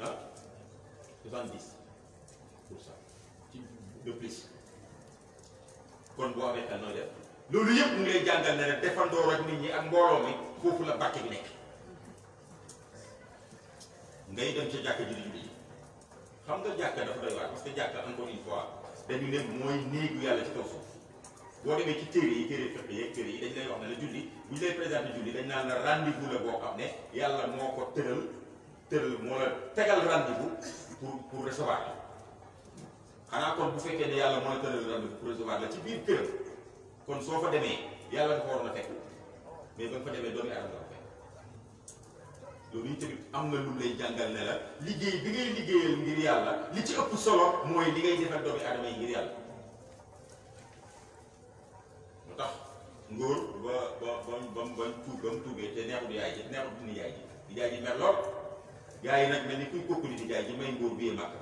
ah soixante pour cent ci de kon boo amee xel nooy def loolu yëpp mu jàngal ne la defandoo ak nit ñi ak mbooloo mi foofu la bàkke bi nekk ngay dem ca jàkka ji di julli xam nga jàkka dafa doy waar parce que jàkka encore une fois dañu ne mooy néegu yàlla ci kaw suuf boo demee ci téere yi téere fekk yeeg téere yi dañ lay wax ne la julli bu ñu lay présenté julli dañ naan la rendez la boo xam ne yàlla moo ko tëral tëral moo la tegal rendez pour pour recevoir xanaa kon bu fekkee ne yàlla moo la tëral rendez ci biir kon soo fa demee yàlla nga ko waroon a fekk mais ba nga fa demee doomi aadama nga ko fekk loolu yi tamit am na lu lay jàngal ne la liggéey bi ngay liggéeyal ngir yàlla li ci ëpp solo mooy li ngay defal doomi aadama yi ngir yàlla moo tax ngóor ba ba ba ba tuub ba mu te neexut yaay ji neexut ni ji di ji mer lool gars yi nag mel ni kuy kokkuli di jaay ji may ngóor biyee màkk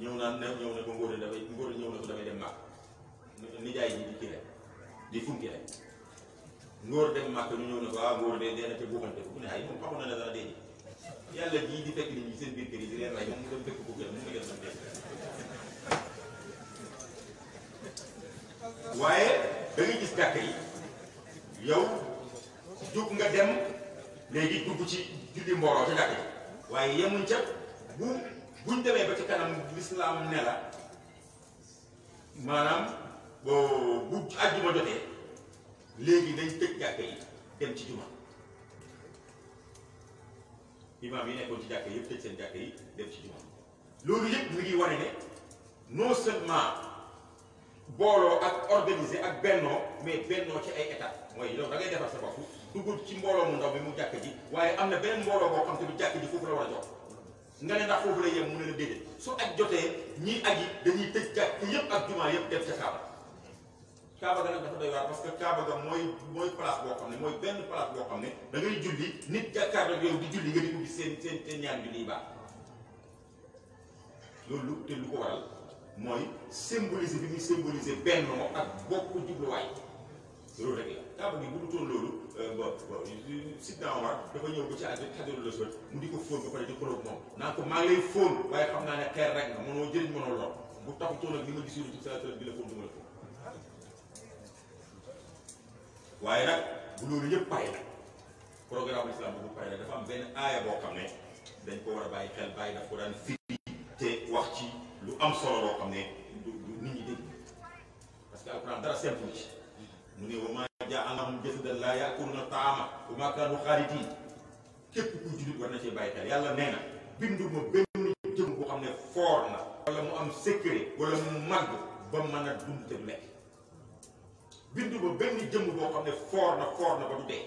ñëw naan ñëw na ko ngóor dafay ngóor ñëw na ko damay dem màkk nijaay ji di kii rek day funki rek ngóor dem màkk ñu ñëw ne ko ah ngóor de dee na te buuxante ko mu ne ay moom waxoon na ne dana dee yàlla jii di fekk nit ñi seen biir kër yi di leen rey moom mu dem fekk ko gën mu ngi dem na dee waaye da ngay gis jàkk yi yow jóg nga dem léegi dugg ci julli mbooloo ci jàkk yi waaye yemuñ ca bu buñ demee ba ci kanam lislaam ne la maanaam bu bu àjjuma jotee léegi dañ tëj jàkka yi dem ci juma imaam yi nekkoon ci jàkka yëpp tëj seen jàkka yi dem ci juma loolu yëpp mi ngi wane ne non seulement booloo ak organisé ak bennoo mais bennoo ci ay état mooy yow da ngay defar sa bopp dugg ci mbooloo mu ndaw bi mu jàkk ji waaye am na beneen mbooloo boo xam te du jàkk ji foofu la war a jox nga ne ndax foofu la yem mu ne la déedéet su ak jotee ñii yi dañuy tëj jàkk yëpp ak jumaa yëpp def ca Kaaba ga nag dafa doy waar parce que Kaaba ga mooy mooy place boo xam ne mooy benn place boo xam ne da julli nit jàkkaarloo di julli nga di ubbi seen seen seen ñaan bi lii baax loolu te lu ko waral mooy symboliser bi muy symboliser benn moom ak bokk jubluwaay loolu rek la Kaaba gi bu dutoon loolu ba ba Sidna Omar dafa ñëw ba ci àgg xajaru la sot mu di ko fóon ba pare di xoloog moom naa ko maa lay fóon waaye xam naa ne xeer rek nga mënoo jëriñ mënoo waaye nag bu loolu yëpp pay nag programme islam am benn boo xam ne dañ ko war a bàyyi xel bàyyi daf ko daan firi te wax ci lu am solo loo xam ne du nit ñi dégg parce que alquran dara simple ci mu ne wa maa ja'alnahum jasadan laa ya'kuluuna ta'aama wa maa kaanu xaalidiin képp ku jullit war na cee bàyyi xel yàlla nee na bindu ma benn jëm boo xam ne foor na wala mu am secret wala mu màgg ba mën a dund te lekk bind ba benn jëmm boo xam ne foor na foor na ba du dee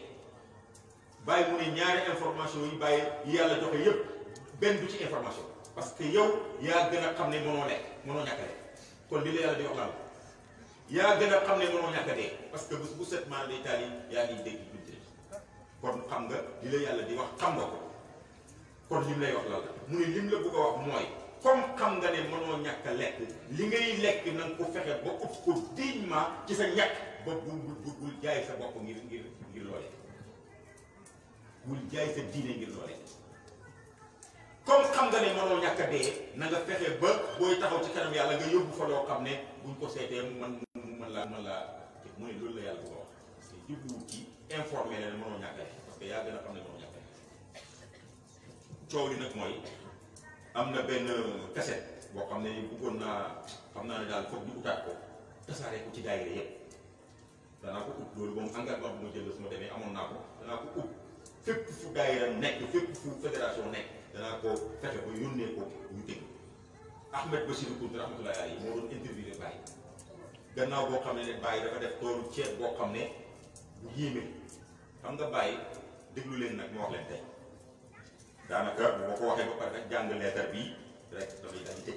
bàyyi mu ne ñaari information yi bàyyi yi yàlla joxe yépp benn du ci information parce que yow yaa gën a xam ne mënoo lekk mënoo ñàkk a xam ne dee parce que bés bu set maanaam day taal kon xam nga li yàlla di wax xam nga lim lay wax la mu ne lim la bëgg a wax mooy comme xam nga ne mënoo ñàkk lekk li ngay lekk na nga ko ba ut ko dignement ci sa ñàkk. bopp bul bul bul jaay sa bopp ngir ngir ngir loole bul jaay sa diine ngir loole comme xam nga ne mënoo ñàkk a dee na nga fexe ba booy taxaw ci kanam yàlla nga yóbbu fa loo xam ne buñ ko seetee mu mën mu mën laa mën laa mu ne loolu la yàlla bu ko wax parce que jubluwut ci informé la ne mënoo ñàkk a dee parce que yaa gën a xam ne mënoo ñàkk a dee coow li nag mooy am na benn kaset boo xam ne bëggoon naa xam naa ne daal foog ñu utaat ko tasaaree ko ci daayira yëpp. danaa ko ut loolu moom engagement bu jël su ma amoon naa ko danaa ko ut fépp fu daayira nekk fépp fu fédération nekk danaa ko fexe ko yónnee ko ñu dégg Ahmed Bassirou Kounta rahmatullahi alayhi moo doon interviewé Baye gannaaw boo xam ne ne Baye dafa def toolu ceeb boo xam ne bu yéeme xam nga Baye déglu leen nag moo wax leen tey daanaka bu ma ko waxee ba pare rek jàng leetar bi rek damay daal di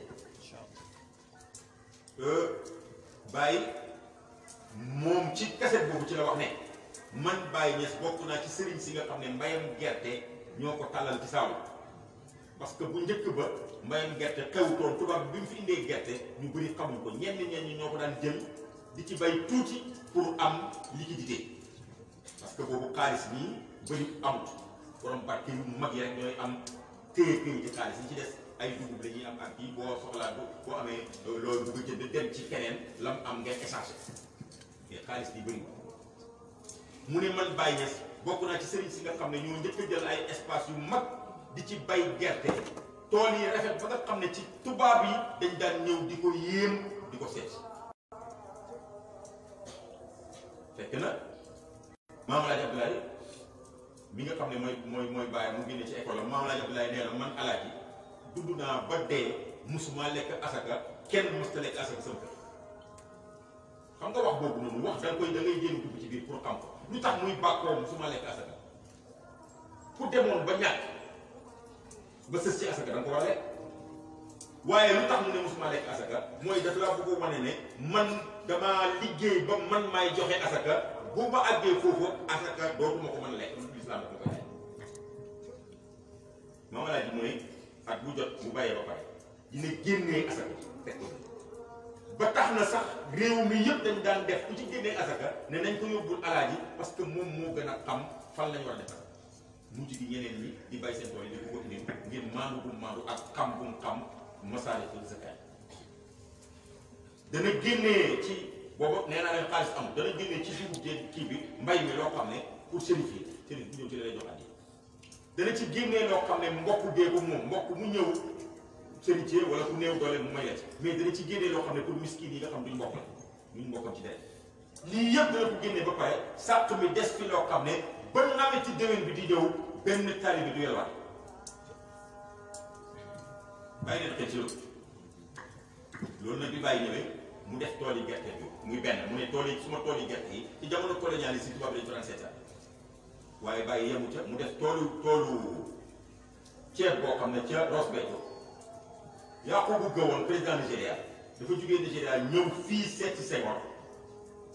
tëj moom ci kaset boobu ci la wax ne man Baye Niass bokk naa ci sëriñ si nga xam ne mbayam gerte ñoo ko tàllal ci saalu parce que bu njëkk ba mbayam gerte xewutoon tubaab bi mu fi indee gerte ñu bëri xamuñ ko ñenn ñenn ñi ñoo ko daan jël di ci bay tuuti pour am liquidité parce que boobu xaalis nii bëri amut borom barke yu mag yi rek ñooy ci yi ci des ay dugub la am ak kii boo soxlaa boo amee euh, loolu bu nga jënd dem ci keneen lam am ngay échanger xaalis bi bëri mu ne man Baye Niass bokk naa ci sëriñ si nga xam ne ñoo njëkk a jël ay espace yu mag di ci bay gerte tool yi rafet ba nga xam ne ci tubaab yi dañ daan ñëw di ko yéem di ko seet fekk na maam Alaaji Abdoulaye mi nga xam ne mooy mooy mooy Baye mu génne ci école am maam Alaaji Abdoulaye nee na man Alaaji dudd naa ba dee musuma lekk asaka kenn musta lekk asaka sama xam nga wax boobu noonu wax da koy da ngay jéem ci biir pour xam ko lu tax muy bàkkoom su lekk asaka ku demoon ba ñàkk ba sës ci asaka da nga ko a lekk waaye lu tax mu ne musuma lekk asaka mooy daf laa bëgg a wane ne man dama liggéey ba man may joxe asaka bu ma àggee foofu asaka dootuma ko mën a lekk lu mu ne at bu jot bu bàyyee ba pare dina génnee asaka teg ko ba tax na sax réew mi yëpp dañ daan def ku ci génnee asaka ne nañ ko yóbbul alaaji parce que moom moo gën a xam fan lañ war a defar mujj gi ñeneen ñi di bay seen tool yi ko indi ngir maandu bu maandu ak xam bu mu xam masaalikul zakaat dana génnee ci boobu nee naa leen xaalis amul dana génnee ci dugub jéeg kii bi mbay mi loo xam ne pour sérif yi sérif bu ñëw ci la lay jox addi dana ci génnee loo xam ne mbokk beeku moom mbokk mu ñëw héritier wala ku néew doole mu may la mais dana ci génnee loo xam ne pour miskin yi nga xam duñ bokk la duñ bokkoon ci day lii yëpp dana ko génnee ba pare sàq mi des fi loo xam ne ba nawet ci déwén bi di ñëw benn tali bi du yelwaat bàyyi leen mu def tool gerte bi muy benn mu ne tool yi suma tool yi gerte yi ci jamono coloniale si tubaab yi dañu 37 waaye bàyyi yemu ca mu def toolu toolu ceeb boo xam ne ca Ross Béthio Yakubu Gowon président Nigéria dafa jugee Nigéria ñëw fii seet ci Senghor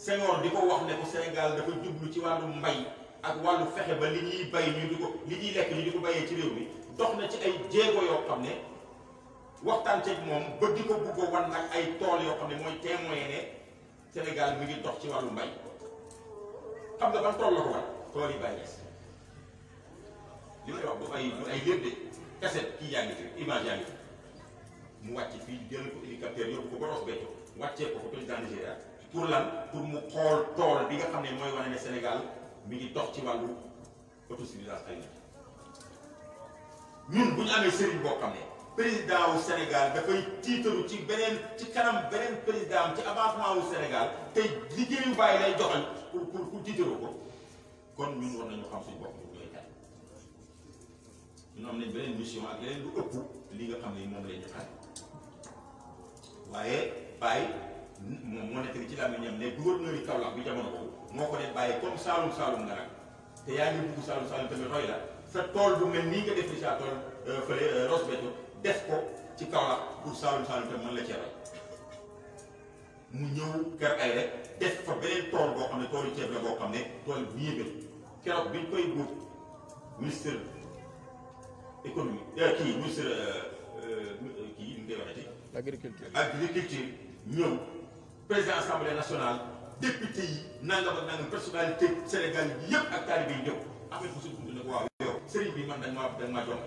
Senghor di ko wax ne ko Sénégal dafa jublu ci wàllu mbay ak wàllu fexe ba li ñuy bay ñu di ko li ñuy lekk ñu di ko bayee ci réew mi dox na ci ay jéego yoo xam ne waxtaan ceeg moom ba di ko bugg wan nag ay tool yoo xam ne mooy témoin ne senegal mi ngi dox ci wàllu mbay xam nga ban tool la ko wan tool yi bàyyi li may ay ay de kaset kii yaa ngi fi image yaa ngi mu wàcc fii jël ko hélicoptère yóbbu ko ba Ross wàccee ko fa président Nigéria pour lan pour mu xool tool bi nga xam ne mooy wane ne Sénégal mi ngi dox ci wàllu autosuffisance alimentaire ñun bu ñu amee sëriñ boo xam ne président Sénégal dafay tiitaru ci beneen ci kanam beneen président ci wu Sénégal te liggéeyu bàyyi lay joxal pour ko kon nañu xam suñu bopp ñu koy ñun am nañ beneen mission ak leneen lu ëpp li nga xam ne moom la ñu waaye Baye moom moo nekk ci làmmiñam ne gouverneur yi Kaolack bi jamono boobu moo ko def bàyyi comme Saalum Saalum nga nag te yaa ngi bugg Saalum Saalum tamit roy la sa tool bu mel nii nga def sa tool euh, fële euh, Ross Béthio def ko ci Kaolack pour Saalum Saalum tamit mën la cee roy mu ñëw kër ay rek def fa beneen tool boo xam ne toolu ceeb la boo xam ne tool bu yëgal keroog biñ koy góob euh, kii ministre kii li ñu l' agriculture agriculture ñoom président assemblée nationale député yi nangam ak nangam personnalité Sénégal yi yëpp ak taalibe yi ñëw Ahmed Bousso Kounta ne ko waaw yow sëriñ bi man da maa da maa jox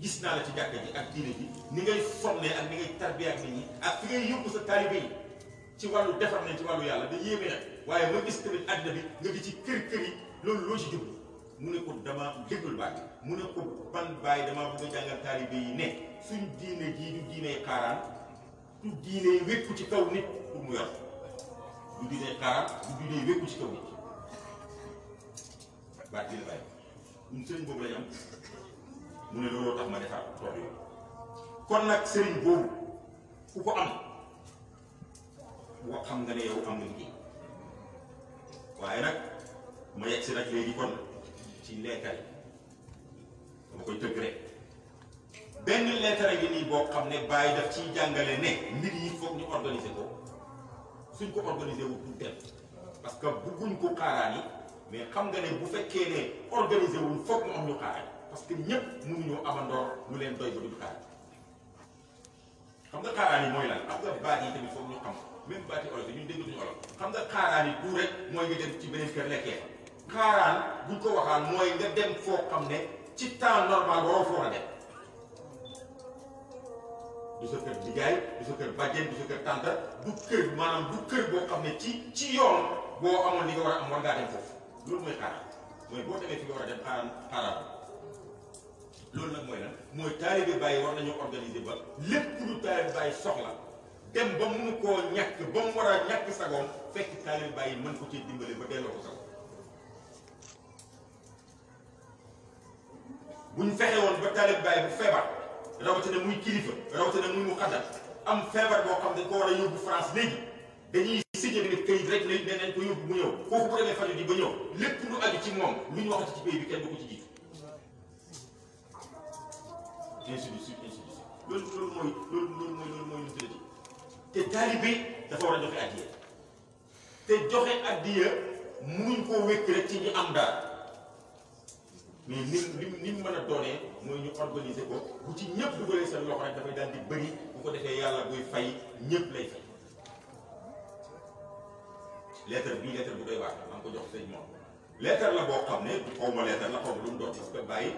gis naa la ci jàkka ji ak diine ji ni ngay formé ak ni ngay tarbiya ak nit ak fi ngay yóbbu sa taalibe yi ci wàllu defar nañ ci wàllu yàlla da yéeme nag waaye ma gis tamit àddina bi nga di ci kër kër yi loolu loo ci jublu mu ne ko dama déggul baay mu ne ko ban baay damaa bëgg a jàngal taalibe yi ne suñ diine jii du diiney xaaraan du diiney wékku ci kaw nit pour mu yor du diiney xaaraan du diiney wékku ci kaw nit baat bi la bàyyi ñun sëriñ boobu lañ am mu ne looloo tax ma defar tool yooyu kon nag sëriñ boobu ku ko am boo xam nga ne yow am nga liggéey waaye nag ma yegg si nag léegi kon ci leetar yi dama koy tëgg rek benn leetar gi nii boo xam ne bàyyi daf ci jàngale ne mbir yi foog ñu organiser ko suñ ko organiser wu parce que bugguñ ko xaaraan yi mais xam nga ne bu fekkee ne organiser wul foog mu am ñu xaaraan parce que ñëpp mënuñoo amandoor lu leen doy ba duñ xaaraan xam nga xaaraan yi mooy lan xam nga baat yi tamit foog ñu du rek mooy nga dem ci beneen kër lekkee fa xaaraan buñ ko waxaan mooy nga dem foo xam ne ci temps normal waroo foo a dem du sa kër liggéey du sa kër bàjjen du sa kër tànta du kër maanaam du kër boo xam ne ci ci yoon boo amoon li nga war a am war ngaa dem foofu loolu mooy xaaraan mooy boo demee fi nga war a dem xaaraan xaaraan loolu nag mooy lan mooy taalibe bàyyi war nañoo organiser ba lépp lu taalibe bàyyi soxla dem ba mënu koo ñàkk ba mu war a ñàkk sagoom fekk taalibe bàyyi mën ko delloo bu ñu fexe woon ba taalib baay bu feebar rawatina muy kilifa rawatina muy mu xaddal am feebar boo xam ne ko war a yóbbu France léegi dañuy signé bi këyit rek ne nee nañ ko yóbbu mu ñëw kooku bu demee faju ji ba ñëw lépp lu aju ci moom lu ñu waxati ci pays bi kenn du ko loolu mooy loolu mooy loolu mooy luttale ji te taalibe dafa war a joxe addiya te joxe addiya mënuñ koo wékk rek ci ñu am daal mais ni mu man a doonee mooy ñu organiser ko bu ci ñëpp dugalee seen loxo rek dafay daal di bëri bu ko defee yàlla buy fay ñëpp lay fay. lettre la boo xam ne xaw ma lettre la xaw ma lu mu doon parce que bàyyi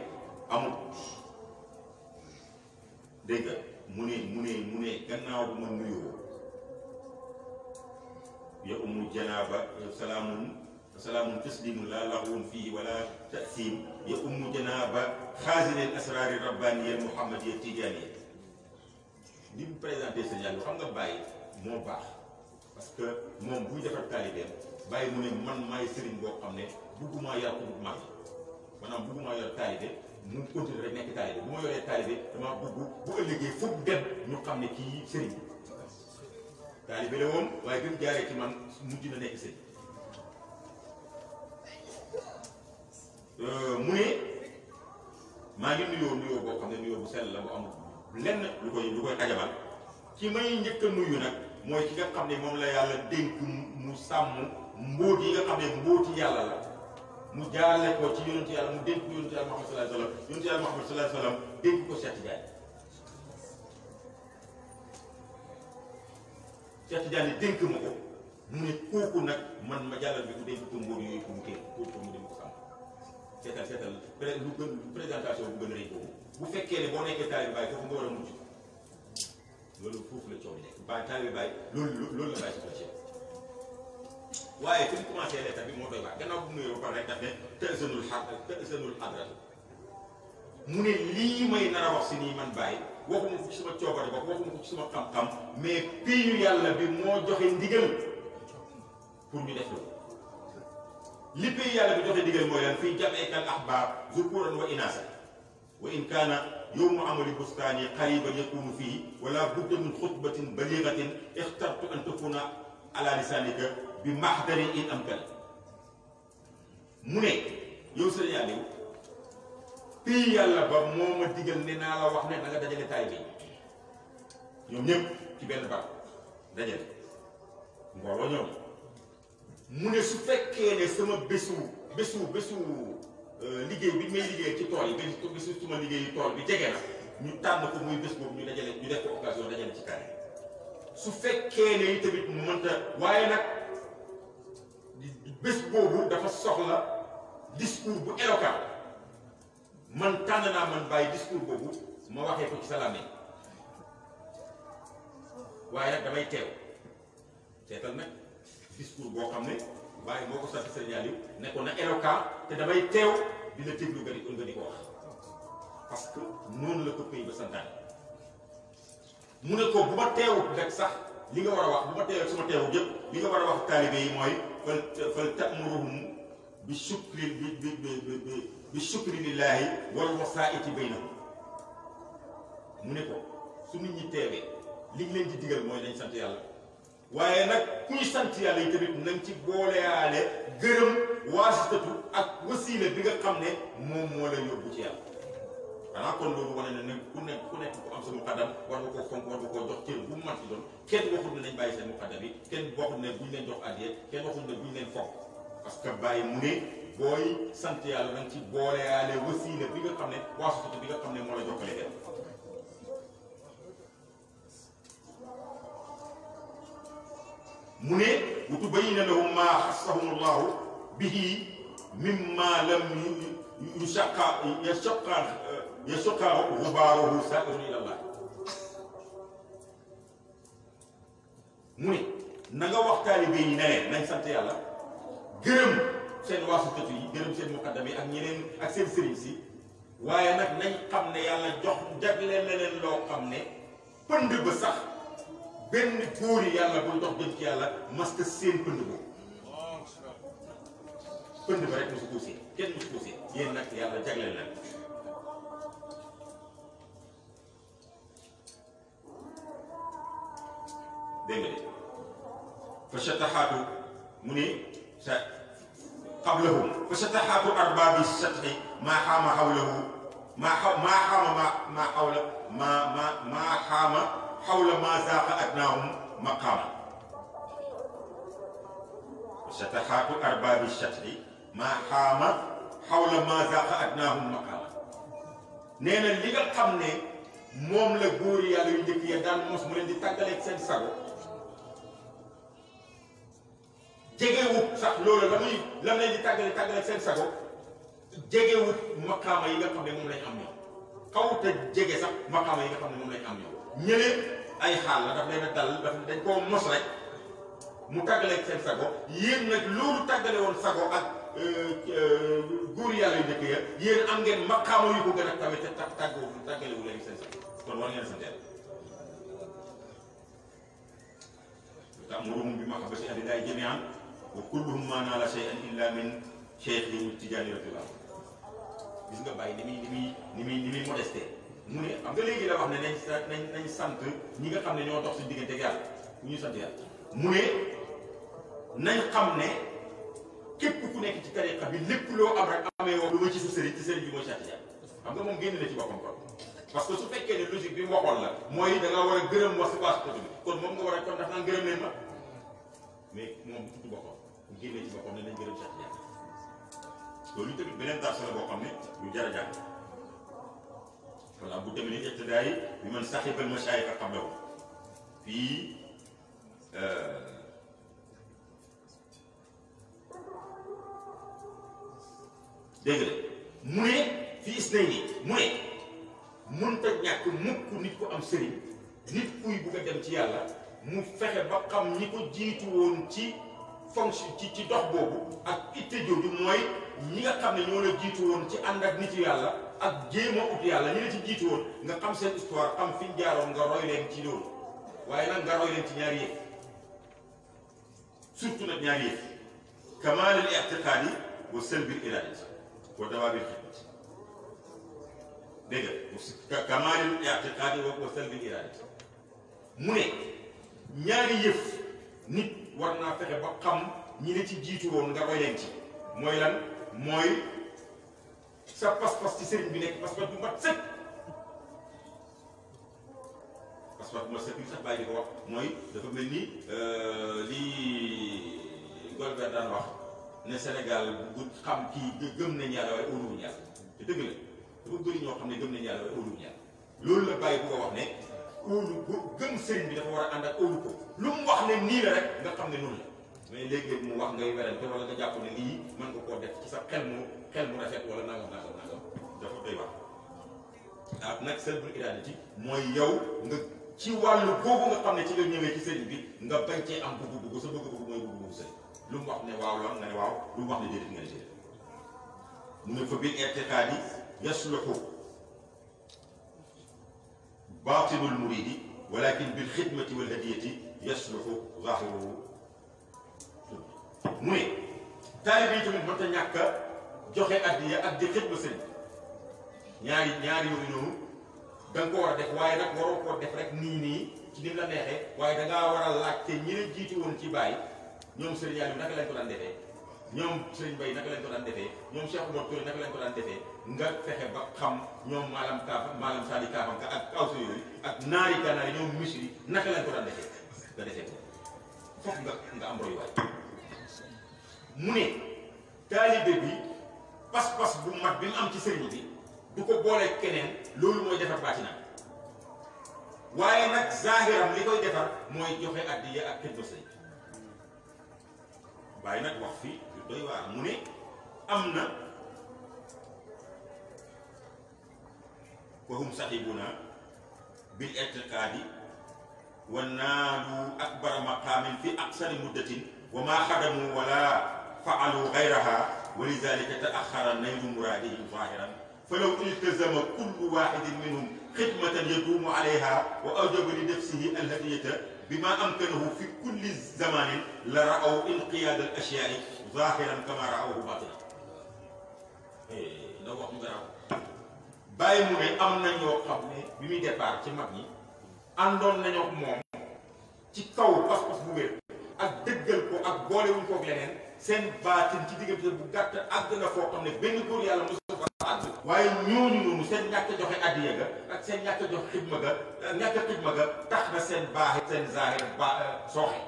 amul dégg nga mu ne mu ne mu ne gannaaw bu ma nuyoo ya umu janaaba salaamun وسلام تسليم لا لغو فيه ولا تأثيم يؤم جناب خازن الأسرار الربانية المحمدية التجانية li mu présenté sëñ Aliou xam nga Baye moo baax parce que moom buy defar taalibeem Baye mu ne man maay sëriñ boo xam ne bëgguma yar ko mag maanaam bëgguma yor taalibe mu continuer rek nekk taalibe bu ma yoree taalibe dama bëgg bu ëllëgee foog dem ñu xam ne kii sëriñ taalibe la woon waaye gën jaaree ci man Euh, mu ne maa ngi nuyoo nuyoo boo xam ne nuyoo bu sell la bu amul lenn lu koy lu koy ajabal ki may njëkk a nuyu nag mooy ki nga xam ne moom la yàlla dénk mu sàmm mbóot yi nga xam ne mbóoti yàlla la mu jaarale ko ci yonent yàlla mu dénk ko yonent yàlla Muhammad sallallahu alayhi wa sallam yonent yàlla Muhammad sallallahu alayhi wa sallam dénk ma ko mu ne kooku nag man ma jàllal bi mu dénk ko mbóot yooyu pour mu téye pour mu dem seetal seetal lu gën bu gën a rëy bu fekkee ne boo nekkee taalibe Baay foofu nga war a mujj loolu foofu la coow bi nekk ba taalibe Baay loolu loolu la Baay soxla ci waaye fi mu commencé lettre bi moo doy waar mu ba pare rek daf ne tësanul xar lii may nar a wax si nii man Baay waxuma ko ci sama coobare bopp waxuma ko ci sama xam-xam mais pii ñu yàlla bi moo joxe ndigal pour ñu def loolu li pay yàlla bi joxe digal mooy lan fii jameekal ahbaar zukuran wa inaasa wa in kaana yowmu amali bustaani qariban yakunu fii wala budda min xutbatin baligatin ixtartu an takuna ala lisanika bi mahdari in amkan mu ne yow sëñ Aliou pay yàlla ba moo ma digal ne naa la wax ne na dajale taay bi ñoom ci benn barab dajale mbooloo ñoom mu ne su fekkee ne sama bésu bésu bésu euh, liggéey bi may liggéey ci tool yi bésu suma liggéey tool bi jege na ñu tànn ko muy bés boobu ñu dajale ñu def ko occasion dajale ci kare su fekkee ne tamit mu mënta waaye nag bés boobu dafa soxla discours bu éloquent man tànn naa man bàyyi discours boobu ma waxee ko sa làmmiñ waaye nag damay teew discours boo xam ne bàyyi moo ko sant sëñ Aliou ne ko na éloquent te damay teew di la déglu nga di nga di ko wax parce que noonu la ko pays ba santaane mu ne ko bu ma teewut rek sax li nga war a wax bu ma teewut suma teewut yëpp li nga war a wax taalibe yi mooy fal fal ta'muruhum bi shukri bi bi bi bi shukri lillaahi wal wasaa'iti baynahum mu ne ko su nit ñi teewee li leen di digal mooy nañ sant yàlla waaye nag kuy yi yàlla yi tamit nañ ci booleyaale gërëm waasitatu ak wasiila bi nga xam ne moom moo la yóbbu ci yàlla xanaa kon loolu wane na ne ku nekk ku nekk ku am sa muqaddam war nga koo fonk war nga koo jox cër bu man ci doon kenn waxul ne nañ bàyyi seen muqaddam yi kenn waxul ne buñ leen jox addiya kenn waxul ne buñ leen fonk parce que bàyyi mu ne booy sant yàlla nañ ci booleyaale wasiila bi nga xam ne waasitatu bi nga xam ne moo la jokkale kenn mu ne wa tubayyina lahum maa xassahum allahu bihi mimma lam mu ne na wax taalibe yi na nañ sant yàlla gërëm seen waasitatu yi gërëm seen muqaddam yi ak ñeneen ak seen sëriñ si waaye nag nañ xam ne yàlla jox jagleel na loo xam ne pënd ba sax benn tuuri yàlla buy dox jëm ci yàlla mas ka seen pënd boobu pënd ba rek mosu ko see kenn mosu ko see yéen nag yàlla jagleel na dégg nga de fa shatahaatu mu ne sa qablahum fa shatahaatu arbaabi shatahi maa xaama xawlahu maa xaw maa xaama maa maa xawla maa maa maa xaama xawla la zaaqa adnaahum maqaama sataxaatu arbaabi satri ma xaama xawla ma zaaqa adnaahum maqaama nee li nga xam ne moom la góor yàlla yu njëkk ya daan mos mu leen di tàggaleeg seen sago jegewut sax loolu la muy la leen di tàggale seen sago jegewut maqaama yi nga xam ne moom lañ am ñoom xawut a jege sax maqaama yi nga xam ne moom lañ am ñoom ay xaal la daf leen a dal daf dañ koo mos rek mu tàggaleeg seen sago yéen nag loolu tàggale woon sago ak euh, euh, góor yàlla yu njëkk ya yéen am ngeen maqaama yu ko gën a kawe te tag tàggoo tàggale wu leen seen sago kon war ngeen sant yàlla lu tax muruhum bi mahabbati ahlillahi jamii'an wa kulluhum maa naala shay'an illa min cheikh yi Tijaani radiyallaahu gis nga bàyyi ni muy ni muy ni muy ni muy modesté mu ne xam nga léegi la wax ne nañ sa nañ nañ sant ñi nga xam ne ñoo dox si diggante ak yàlla bu ñu sant yàlla mu ne nañ xam ne képp ku nekk ci tariqa bi lépp loo am rek amee wax lu ma ci sa sëriñ ci sëriñ bi mooy sant yàlla xam nga moom génn na ci boppam kon parce su fekkee ne logique bi mu waxoon la mooy da nga war a gërëm wax si baas ko kon moom nga war a kon ndax naan gërëm leen ma mais moom ci boppam génn ci boppam ne nañ gërëm sant yàlla loolu tamit beneen tâche la boo xam ne lu jar wala bu demee ni iqtidaay bi man saxibal mashaayix qablahu fii euh, dégg nga mu ne fii is nañ ni mu ne mënta ñàkk mukk nit ku am sëriñ nit kuy bugg a dem ci yàlla mu fexe ba xam ñi ko jiitu woon ci fonction ci ci dox boobu ak itte jooju mooy ñi nga xam ne ñoo la jiitu woon ci ànd ak nit yàlla ak jéem a ut yàlla ñu ne ci jiitu woon nga xam seen histoire xam fi ñu nga roy leen ci loolu waaye nag nga roy leen ci ñaari yëf surtout nag ñaari yëf kamaal al i'tiqaadi wa salbil iraadati wa mu ne ñaari yëf nit war naa fexe ba xam ñi ne ci jiitu woon nga roy leen ci mooy lan mooy sa pas-pas ci sëriñ bi nekk pas-pas bu mat sëkk pas-pas bu mat sëkk bi sax bàyyi di ko wax mooy dafa mel ni euh, lii Golbert daan wax ne Sénégal bu xam kii gëm nañ yàlla waaye óoluwuñ yàlla la dafa bëri ñoo xam ne gëm nañ yàlla waaye loolu la bàyyi bu ko wax ne óolu bu gëm sëriñ bi dafa war a ànd ak óolu ko lu mu wax ne nii la rek nga xam ne noonu la mais léegi léeg mu wax ngay werante wala nga jàpp ne lii mën koo def ci sa xel mu xel mu rafet wala nangam nangam dafa koy wax ak nag selbul iraada ci mooy yow nga ci wàllu boobu nga xam ne ci nga ñëwee ci bi nga bañ cee am bëgg-bëgg sa bëgg-bëgg mooy lu mu wax ne waaw la nga ne waaw lu mu wax ne déedéet nga ne déedéet mu ne fa bil irtiqaadi yasluxu baatilul muridi walakin bil xidmati wal hadiyati yasluxu zaahiruhu mu ne taalibe tamit mënut ñàkk joxe joxe addiya ak di xëj ba ñaari ñaari yooyu noonu da nga ko war a def waaye nag waroo koo def rek nii nii ci ni la neexee waaye dangaa ngaa war a laajte ñi la jiitu woon ci bàyyi ñoom sëriñ Aliou naka lañ ko daan defee ñoom sëriñ Bay naka lañ ko daan defee ñoom lañ ko daan defee nga fexe ba xam ñoom maalam Kaaf maalam Sadi Kaafanka ak awsa yooyu ak naari ganaar ñoom misri naka lañ ko daan defee nga defee ko foofu nga nga am royuwaay mu ne taalibe bi pas-pas bu mag bi mu am ci sëriñ bi du ko boolee keneen loolu mooy defar baatinam waaye nag zaahiram li koy defar mooy joxe addiya ak këj sëriñ waaye nag wax fii lu doy waar mu ne am na wahum sahibuna bil itiqaadi wa naalu akbara maqaamin fi aqsari muddatin wa maa xadamu wala faalu gayraha wa lidalika taaxara naylu muraadihim zahiran falaw iltazama kullu waxidin minhum xidmatan yaduumu alayha wa awjaba li nafsihi alhadiyata bima amkanahu fi kulli zamanin la raaw inqiyaad al ashyaai zahiran kama raawahu batinan eh, ndax wax mu garaaw bàyyi mu ne am na ñoo xam ne bi muy départ ci mag ñi àndoon nañoo moom ci kaw pas-pas bu wér ak dëggal ko ak boolewuñ koog leneen seen baatin ci diggante bu gàtt àgg na foo xam ne benn góor yàlla mosul waaye ñooñu noonu seen ñàkk joxe addiya ga ak seen ñàkk joxe xidma ga ñàkk xidma ga tax na seen baax seen zaahir ba euh, sooxe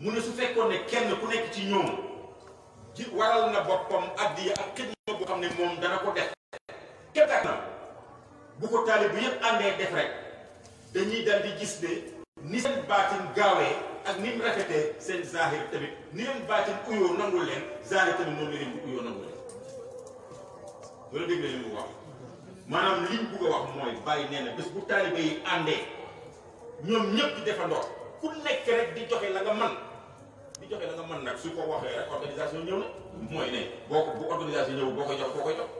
mu ne su fekkoon ne kenn ku nekk ci ñoom ci waral na boppam addiya ak xidma boo xam ne moom dana ko def képp na bu ko taalib bi yëpp àndee def rek dañuy dal di gis ne ni seen baatin gaawee ak ni mu rafetee seen zahir tamit ni leen baatin uyoo nangul leen zahir tamit moom la leen di uyoo nangul leen loolu dégg nga mu wax maanaam li mu bugg a wax mooy bàyyi nee na bés bu taalibe yi àndee ñoom ñëpp di defandoo ku nekk rek di joxe la nga man di joxe la nga mën nag su ko waxee rek organisation ñëw na mooy ne boo ko bu organisation ñëw boo ko jox boo ko jox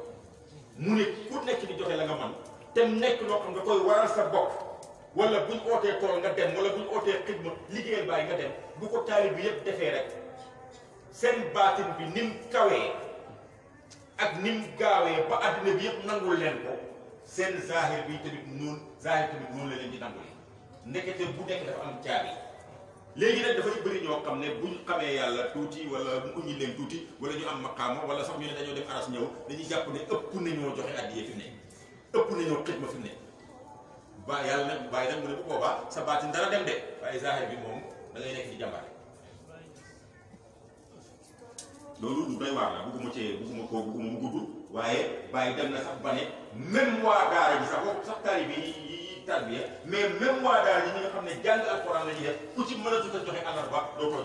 mu ne ku nekk di joxe la nga man te nekk loo xam nga koy waral sa bopp wala buñ ootee tool nga dem wala buñ ootee xidma liggéeyal bàyyi nga dem bu ko taalib bi yëpp defee rek seen baatin bi nim kawee ak nim gaawee ba àddina bi yëpp nangul leen ko seen zahir bi tamit noonu zahir tamit noonu la leen di nangul ndekete bu nekk dafa am caabi léegi nag dafay bari ñoo xam ne buñ xamee yàlla tuuti wala mu uñi leen tuuti wala ñu am maqaama wala sax ñu ne dañoo def aras ñëw dañuy jàpp ne ëpp nañoo joxe addiye fi mu ne ëpp nañoo xidma fi ne ba yàlla nag bàyyi nag mu ne bu boobaa sa baatin dara dem de waaye zahir bi moom da ngay nekk di jàmbaare loolu lu doy waar la bugguma cee bugguma koo bugguma mu gudd waaye bàyyi dem na sax ba ne même waa daara bi sax boobu sax tari bi yi tarbiya mais même waa daara yi ñi nga xam ne jàng alxuraan la ñuy def ku ci mën a tuta joxe àllarba doo ko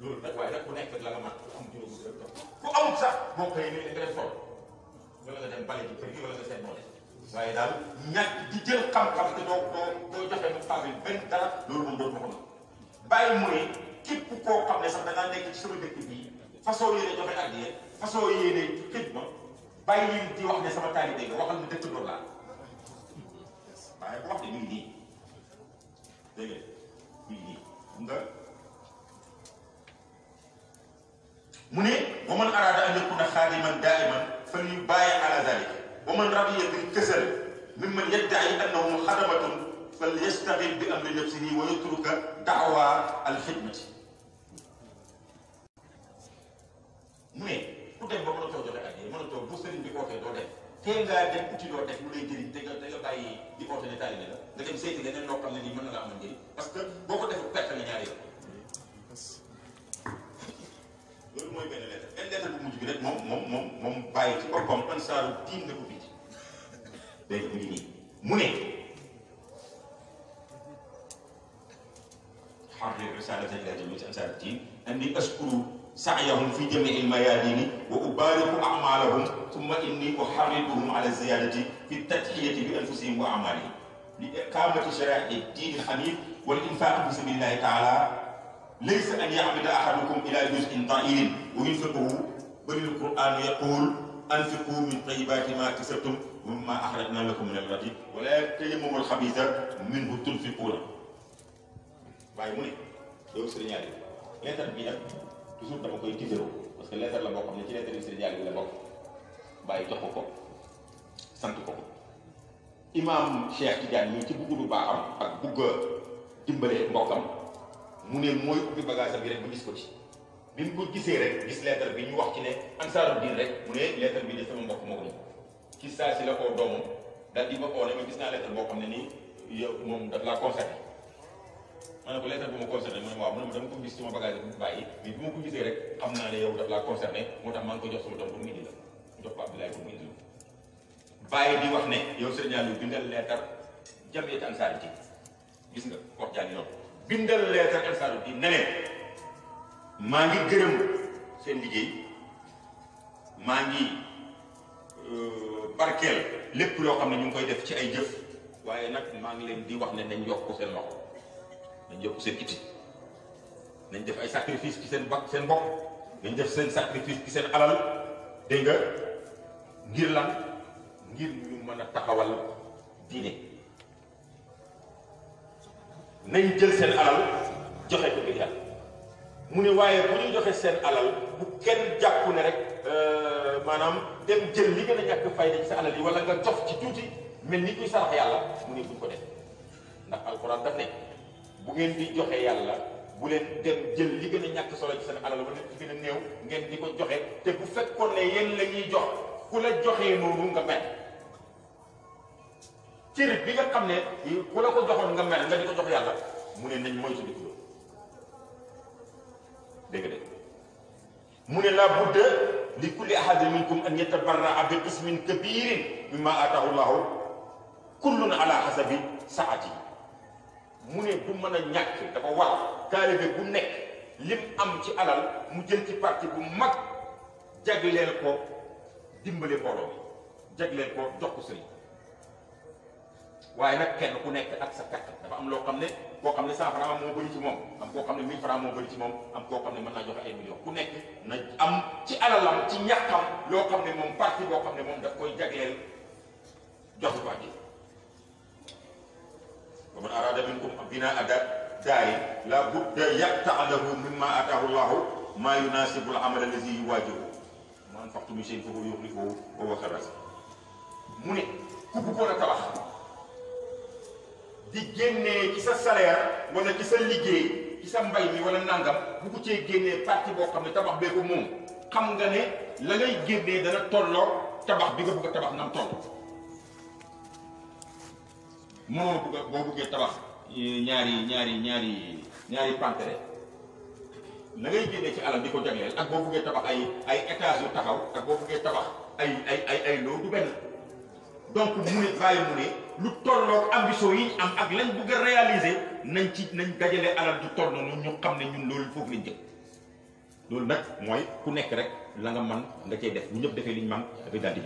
loolu nag waaye nag ku nekk la nga mën ku am juróom ku sax boo koy ne def sol dem bale waaye daal ñàkk di jël xam-xam te doo doo doo joxe mu faaw benn dara loolu moom dootu ko bàyyi mu ne képp koo xam ne sax da nekk sama dëkk bii façon yéene joxe addiya façon yéene xëj ma bàyyi leen ne sama taalibe nga waxal ne dëkk loolu laa waaye bu ngi nii dégg wa man radiya bil kasal mimman yadda'i annahu xadamatun falyastaxil bi amri nafsihi wa yatruka da'wa alxidmati mu ne ku dem ba mën a toog joxe ak yéen mën a toog bu sëriñ bi ootee doo def tee dem uti doo def lu lay jëriñ te nga te nga bàyyi di ne la nga dem seeti leneen loo xam ne nii mën na la amal njëriñ parce que boo ko defee perte nga ñaari yoon loolu mooy benn lettre benn lettre bu mujj bi rek moom moom day mu ngi nii mu ne xarrir risalata illati min ansaratin anni askuru saayahum fi jamii lmayadini wa ubariku amalahum summa inni uharriduhum ala ziyadati fi tadxiyati bi anfusihim wa amalihim li iqamati sharai dini lxamid wal infaqi fi sabilillahi taala laysa an yacbida ahadukum ila juzin tahirin wa yunfiquhu bal alquran yaqul anfiqu min tayyibati ma kasabtum wa mimma akhrajna lakum min al-ardi wa la tajammamu al-khabitha minhu tunfiquna waaye mu ne loolu sëriñ Aliou leetar bii nag toujours dama koy tiitaroo parce leetar la boo xam ne ci leetar yi la bokk bàyyi jox ko ko sant ko ko imaam Cheikh Tidiane ñii ci bugg lu baaxam ak bugg a dimbalee mbokkam mu ne mooy ubbi bagage am yi rek bu gis ko ci bi mu ko gisee rek gis lettre bi ñu wax ci ne ansaaru diin rek mu ne lettre bi de sama mbokk moom ci saa si la oo doomam daal di ma oo ne ma gis naa lettre boo xam ne nii yow moom daf laa concerné ne ko lettre bu ma concerné ma ne waaw mu ne ma dama ko gis sama bagage bi bàyyi mais bi ma xam naa ne yow daf laa moo tax maa ko jox sama doom pour mu indi la jox ko Abdoulaye pour mu indi la bàyyi di wax ne yow sëriñ Aliou bindal leetar jamiyat ansaari diin gis nga wax jaa ngi noonu bindal leetar ansaari diin neneen maa ngi gërëm seen liggéey maa ngi euh, barkeel lépp loo xam ne ñu ngi koy def ci ay jëf waaye nag maa ngi leen di wax ne nañ yokk seen loxo nañ yokk seen itti nañ def ay sacrifice ci seen ba seen bopp nañ def seen sacrifice ci seen alal dégg nga ngir lan ngir ñu mën a taxawal diine nañ jël seen alal joxe ko ngir yàlla mu ne waaye bu ñu joxe seen alal bu kenn jàpp ne rek euh, maanaam dem jël li gën a ñàkk fayda ci sa alal yi wala nga jox ci tuuti mel ni kuy sarax yàlla mu ne buñ ko def ndax alxuraan daf ne bu ngeen di joxe yàlla bu leen dem jël li gën a ñàkk solo ci seen alal wala li gën a néew ngeen di ko joxe te bu fekkoon ne yéen la ñuy jox ku la joxee noonu nga mel cër bi nga xam ne ku la ko joxoon nga mel nga di ko jox yàlla mu ne nañ moytu di dégg nga mu ne la budda li kulli ahadin minkum an yatabarraa bi qismin kabirin mimma ataahu llahu kullun ala hasabi saati mu ne du mën a ñàkk dafa war taalibe bu nekk lim am ci alal mu jël ci parti bu mag jagleel ko dimbale mbooloo bi jagleel ko jox ko sëriñ waaye nag kenn ku nekk ak sa kàttan dafa am loo xam ne koo xam ne cent franc moo bëri ci moom am koo xam ne mille franc moo bëri ci moom am koo xam ne mën naa joxe ay millions ku nekk na am ci alalam ci ñàkkam loo xam ne moom parti boo xam ne moom daf koy jagleel joxe ko addi wa man minkum bina ada daari la budda yaqtaa lahu mimma ataahu llahu maa yunaasibu al-amal allazi yuwaajibu man faxtu min shay'in fa huwa yuxlifuhu wa huwa xayru raasiqiin mu ne ku bëggoon a tabax di génnee ci sa salaire wala ci sa liggéey ci sa mbay mi wala nangam bu ko cee génnee partie boo xam ne tabax bee ko moom xam nga ne la ngay génnee dana tolloo tabax bi nga bëgg tabax nam toll mënoo bëgg a boo bëggee tabax eh, ñaari ñaari ñaari ñaari pantere la ngay génnee ci alal di ko jagleel ak boo bëggee tabax ay ay étage yu taxaw ak boo bëggee tabax ay ay ay ay loo du benn donc mu ne bàyyi mu ne lu tolloog ambition yi ñu am ak lañ bëgg réaliser nañ ci nañ dajale alal ju toll noonu ñu xam ne ñun loolu foofu lañ jëm loolu nag mooy ku nekk rek la nga man nga cay def bu ñëpp defee liñ man dafay daal di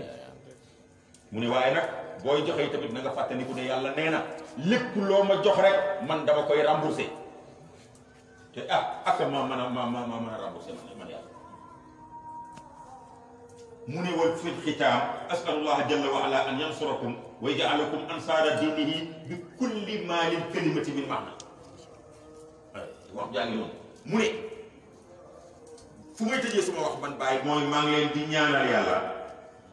mu ne waaye nag booy joxe tamit na nga fàttaliku ne yàlla nee na lépp loo ma jox rek man dama koy rembourser te ah ak ma mën a ma ma ma mën a rembourser man man mu ne wal fil xitaam asalullah jalla wa ala an yansurakum wa yaj'alakum ansaara diinihi bi kulli maa lil kalimati min maana wax jaa ngi noonu mu ne fu may tëjee suma wax man bàyyi mooy maa ngi leen di ñaanal yàlla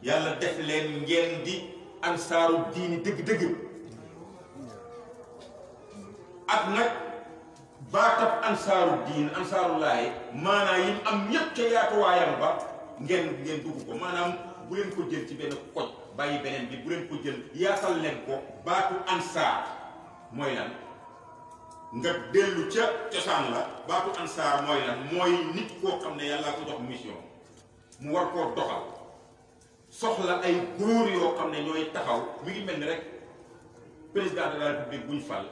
yàlla def leen ngeen di ansaaru diini dëgg-dëgg ak nag baatab ansaaru diin ansaarullaahi maanaa yim am ñëpp ca yaatuwaayam ba ngeen ngeen dugg ko maanaam bu leen ko jël ci benn koj bàyyi beneen bi bu leen ko jël yaasal leen ko baatu ansaar mooy lan nga dellu ca cosaan la baatu ansaar mooy lan mooy nit koo xam ne yàlla ko jox mission mu war koo doxal soxla ay góor yoo xam ne ñooy taxaw mi ngi mel ni rek président de la buñ fal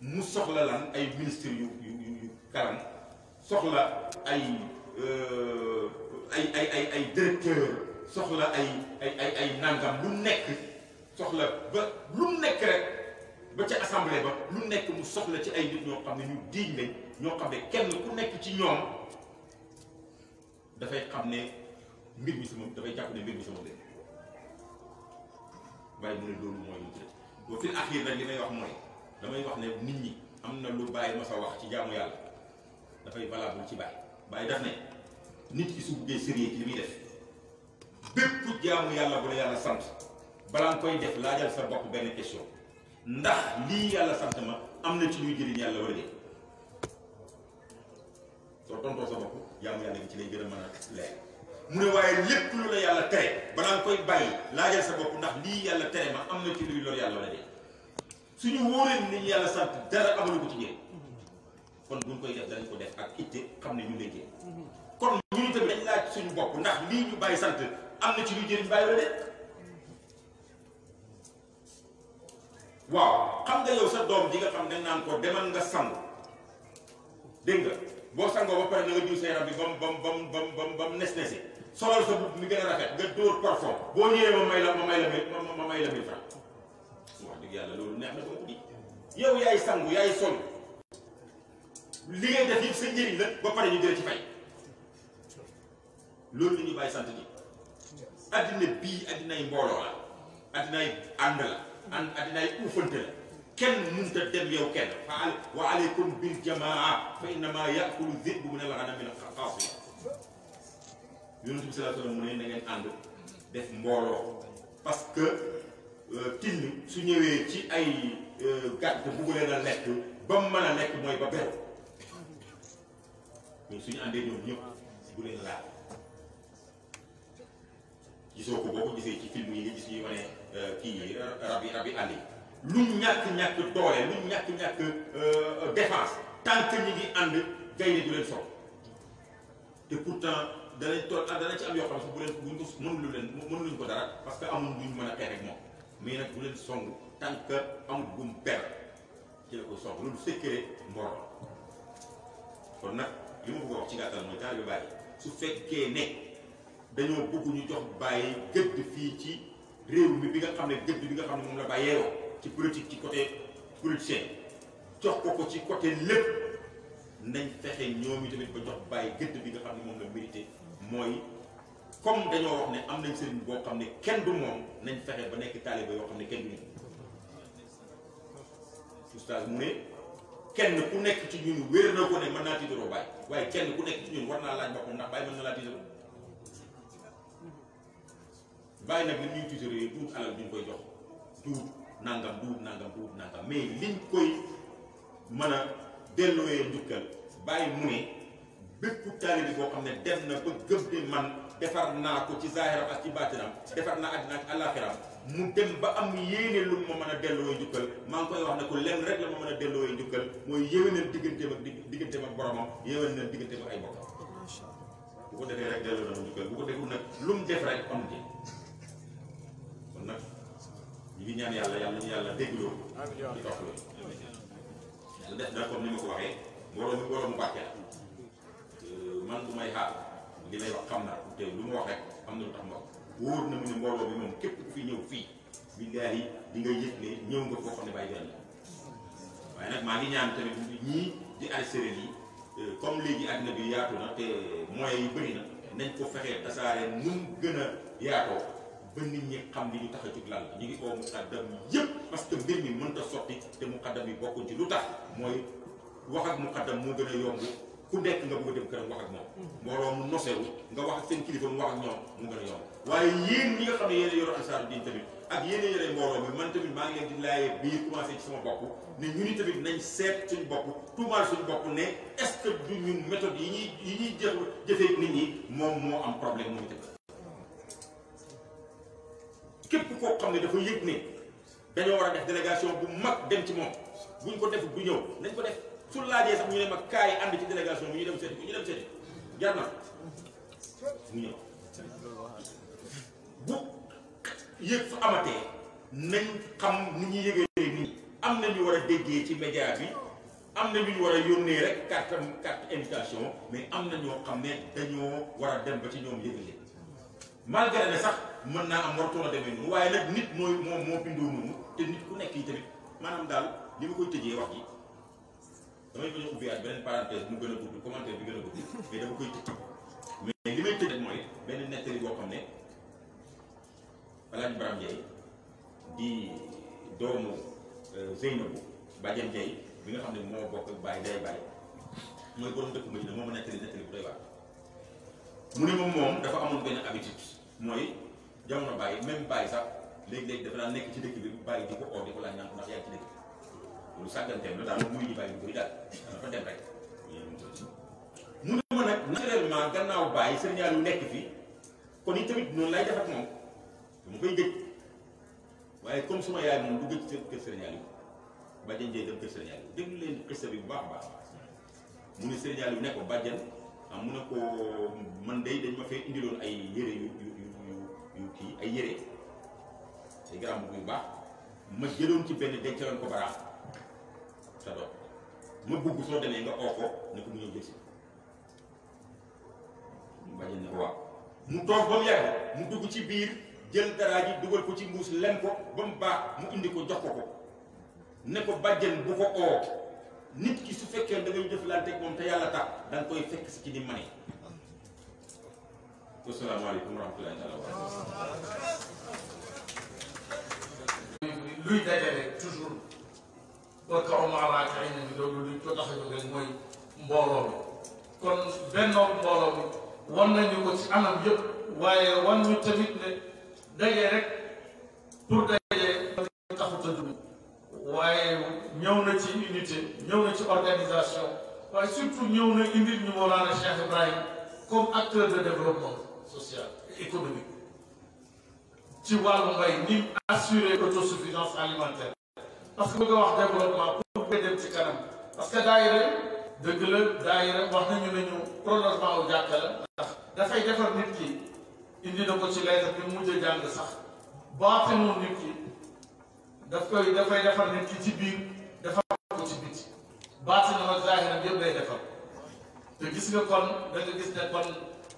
mu soxla lan ay ministre yu yu yu karam soxla ay euh, ay ay ay ay directeur soxla ay ay ay ay nangam lu nekk soxla ba lu nekk rek ba ca assemblée ba lu nekk mu soxla ci ay nit ñoo xam ne ñu diiñ lañ ñoo xam ne kenn ku nekk ci ñoom dafay xam ne mbir mi sama dafay jàpp ne mbir mi sama lépp waaye mu ne loolu mooy lu jël boo fi axiir nag li may wax mooy damay wax ne nit ñi am na lu bàyyi ma sa wax ci jaamu yàlla dafay valable ci bàyyi bàyyi daf ne nit ki su buggee sérieux ci li muy def bépp jaamu yàlla bu la yàlla sant balaa nga koy def laajal sa bopp benn question ndax lii yàlla sant ma am na ci luy jëriñ yàlla wala déet soo tontoo sa bopp yàlla gi ci lay gën a mu ne waaye lu yàlla tere balaa nga koy bàyyi laajal sa ndax lii yàlla tere am na ci luy suñu wóoree ni yàlla sant dara amalu ko ci njëriñ kon buñ koy def danañ ko def ak itte xam ne ñu léegi ñun tamit dañ laaj suñu bopp ndax lii ñu bàyyi sant am na ci lu jëriñ bàyyi la de waaw xam nga yow sa doom ji nga xam dañ naan ko demal nga sangu dégg nga boo sangoo ba pare na nga jiw sa yaram bi ba mu ba mu ba mu ba mu ba mu nes nesi solal sa bub mi gën a rafet nga dóor parfum boo ñëwee ma may la ma may la mil ma may la mil franc wax dëgg yàlla loolu neex na ko di yow yaay sangu yaay sol li ngay def yëpp sa njëriñ la ba pare ñu jëlee ci fay. loolu la ñu bàyyi sant ni addina bii addinaay mbooloo la addinaay ànd la ànd addinaay uufante la kenn mënut a dem yow kenn fa al wa aleykum bil jamaa fa innama yakulu zib min al mu ne na ngeen ànd def mbooloo parce que euh, tinn su ñëwee ci ay euh, gàtt bugg leen a lekk ba mën a lekk mooy ba beru mais suñu àndee ñoom ñëpp bu leen laal gisoo ko boo ko gisee ci film yi nga gis ñuy wane euh, kii euh, rabi rabi àll yi lu ñàkk-ñàkk doole lu ñàkk-ñàkk euh, défense tant que ñu ànd gaynde du leen soxla te pourtant danañ toll ah, danañ ci am yoo xam bu leen buñ ko mënul leen ko dara parce que amul mën a xeex ak moom bu leen per ci la ko song loolu secret mboro kon nag li ma bëgg a ci gàttal mooy taalibe Baay su fekkee ne dañoo bëgg ñu jox bàyyi gëdd fii ci réew mi bi nga xam ne gëdd bi nga xam ne moom la bàyyeeroo ci politique ci côté politicien jox ko ko ci côté lépp nañ fexe ñoom yi tamit ba jox bàyyi gëdd bi nga xam ne moom la mérité mooy comme dañoo wax ne am nañ sëriñ boo xam ne kenn du moom nañ fexe ba nekk taaliba yoo xam ne kenn du ñun oustaz mu ne kenn ku nekk ci ñun wér na ko ne mën naa tiitaroo bàyyi waaye kenn ku nekk ci ñun war naa laaj na laa bàyyi nag li ñuy tiitaree yooyu duut alal bi ñu koy jox duut nangam duut nangam duut nangam mais liñ koy mën a delluwee njukkal bàyyi mu ne bépp bi boo xam ne dem na ba gëm ne man defar naa ko ci zaahiram ak ci baatinam defar naa àddina ak àllaaxiram mu dem ba am yéene lu ma mën a delloo njukkal maa ngi koy wax ne ko len rek la ma mën a delloo njukkal mooy yéwénal digganteem ak digganteem ak boromam yéwénal digganteem ak ay bokkam bu ko ñu ñaan yàlla yàlla ñu yàlla déggloo ci topp loolu def na comme ni ma ko waxee mbooloo mu bàcce la euh, man bu may xaar li may wax xam naa te lu ma wax rek am na lu tax ma wax na mu ne mbooloo bi moom képp ku fi ñëw fii billaahi di nga yëg ne ñëw nga foo xam ne bàyyi la waaye nag maa ngi ñaan tamit ñii di ay yi euh, comme léegi àddina bi yaatu na te moyens yi bëri na nañ ko fexee tasaare mun gën a yaatoo ba nit ñi xam li ñu tax a jug lan ñu ngi oo muqaddam yëpp parce que mbir mi mënta sotti te muqaddam yi bokkuñ ci lu tax mooy wax ak muqaddam moo gën a yomb ku nekk nga bëgg a dem këram wax ak moom. mbooloo mu nosewu nga wax ak seen kilifa mu wax ak ñoom mu gën a yomb waaye yéen ñi nga xam ne yéen a yor ansaaru diin tamit ak yéen a yore mbooloo man tamit maa ngi leen di laajee biir commencé ci sama bopp ne ñu ni tamit nañ seet suñu bopp tuumaal suñ bokk ne est ce que du ñun méthode ñuy yi ñuy jëf jëfee nit ñi moo am problème moom képp koo xam ne dafa yëg ne dañoo war a def délégation bu mag dem ci moom buñ ko def bu ñëw nañ ko def su laajee sax ñu ne ci délégation bu ñu dem seeti bu ñu dem seeti jar na mu ñëw bu yëg su amatee nañ xam ni ñuy yëgee nii am na ñu war a déggee ci média bi am na ñu war a yónnee rek carte carte invitation mais am na ñoo xam ne dañoo war a dem ba ci ñoom yëgale malgré ne sax mën naa am wartoon a demee noonu waaye nag nit mooy moom moo bindoo noonu te nit ku nekk yi tamit maanaam daal li ma koy tëjee wax ji damay bañ a ubbi at beneen parenthèse mu gën a gudd commentaire bi gën a gudd mais dama koy tëj mais li may tëj mooy benn nettali boo xam ne Alaaji Baram Ndiaye di doomu euh, Zeynabu Badiane Ndiaye bi nga xam ne moo bokk ak Baye Ndiaye Baye mooy borom dëkk Madina moom a nettali nettali bu doy waar mu ne ma moom dafa amoon benn habitude mooy jamono bàyyi même bàyyi sax léegi-léegi dafa daan nekk ci dëkk bi bàyyi di ko oo di ko laaj naan ko ndax yaa ngi ci dëkk bi loolu sàgganteem la bu koy daal dafa mu ma gannaaw bàyyi sëriñ nekk fi kon yi tamit noonu lay def ak moom dama koy gëj waaye comme suma yaay moom du gëj ci kër sëriñ Aliou bàjjan jee dem kër sëriñ Aliou leen xista bi bu baax a baax mu ne sëriñ Aliou ko bàjjan mu ne ko man day dañ ma fee indiloon ay yére yu yu yu yu kii ay yére ay garam bu baax ma jëloon ci benn dencaloon ko baraam sa doom ma bugg soo demee nga oo ko ne ko mu ñëw jël si mu bañ ne ko mu toog ba mu yàgg mu dugg ci biir jël dara ji dugal ko ci mbuus lem ko ba mu baax mu indi ko jox ko ko ne ko bàjjen bu ko oo nit ki su fekkee da ngay jëflanteeg moom te yàlla tax da koy fekk si ci ni mane asalaamaaleykum wa rahmatullaahi taala toujours ba kaw maanaam xëy na ni loolu luñ ko tax a rek mooy mbooloo kon bennoo mbooloo mi wan nañu ko ci anam yëpp waaye wan ñu tamit ne daje rek waaye ñëw na ci unité ñëw na ci organisation waaye surtout ñëw na indil ñu Mawlana Cheikh Ibrahim comme acteur de développement social et économique ci wàllu mbay ni assurer autosuffisance alimentaire parce que bëgg a wax développement pour nga dem ci kanam parce que daayira dëgg la daayira wax nañu ne ñu prolongement wu jàkka la dafay defar nit ki indi na ko ci lettre bi mujj a sax baaxee nit ki. daf koy dafay defar nit ci biir defar ko ci biti baatinam na zaahiram yëpp lay defar te gis nga kon da nga gis ne kon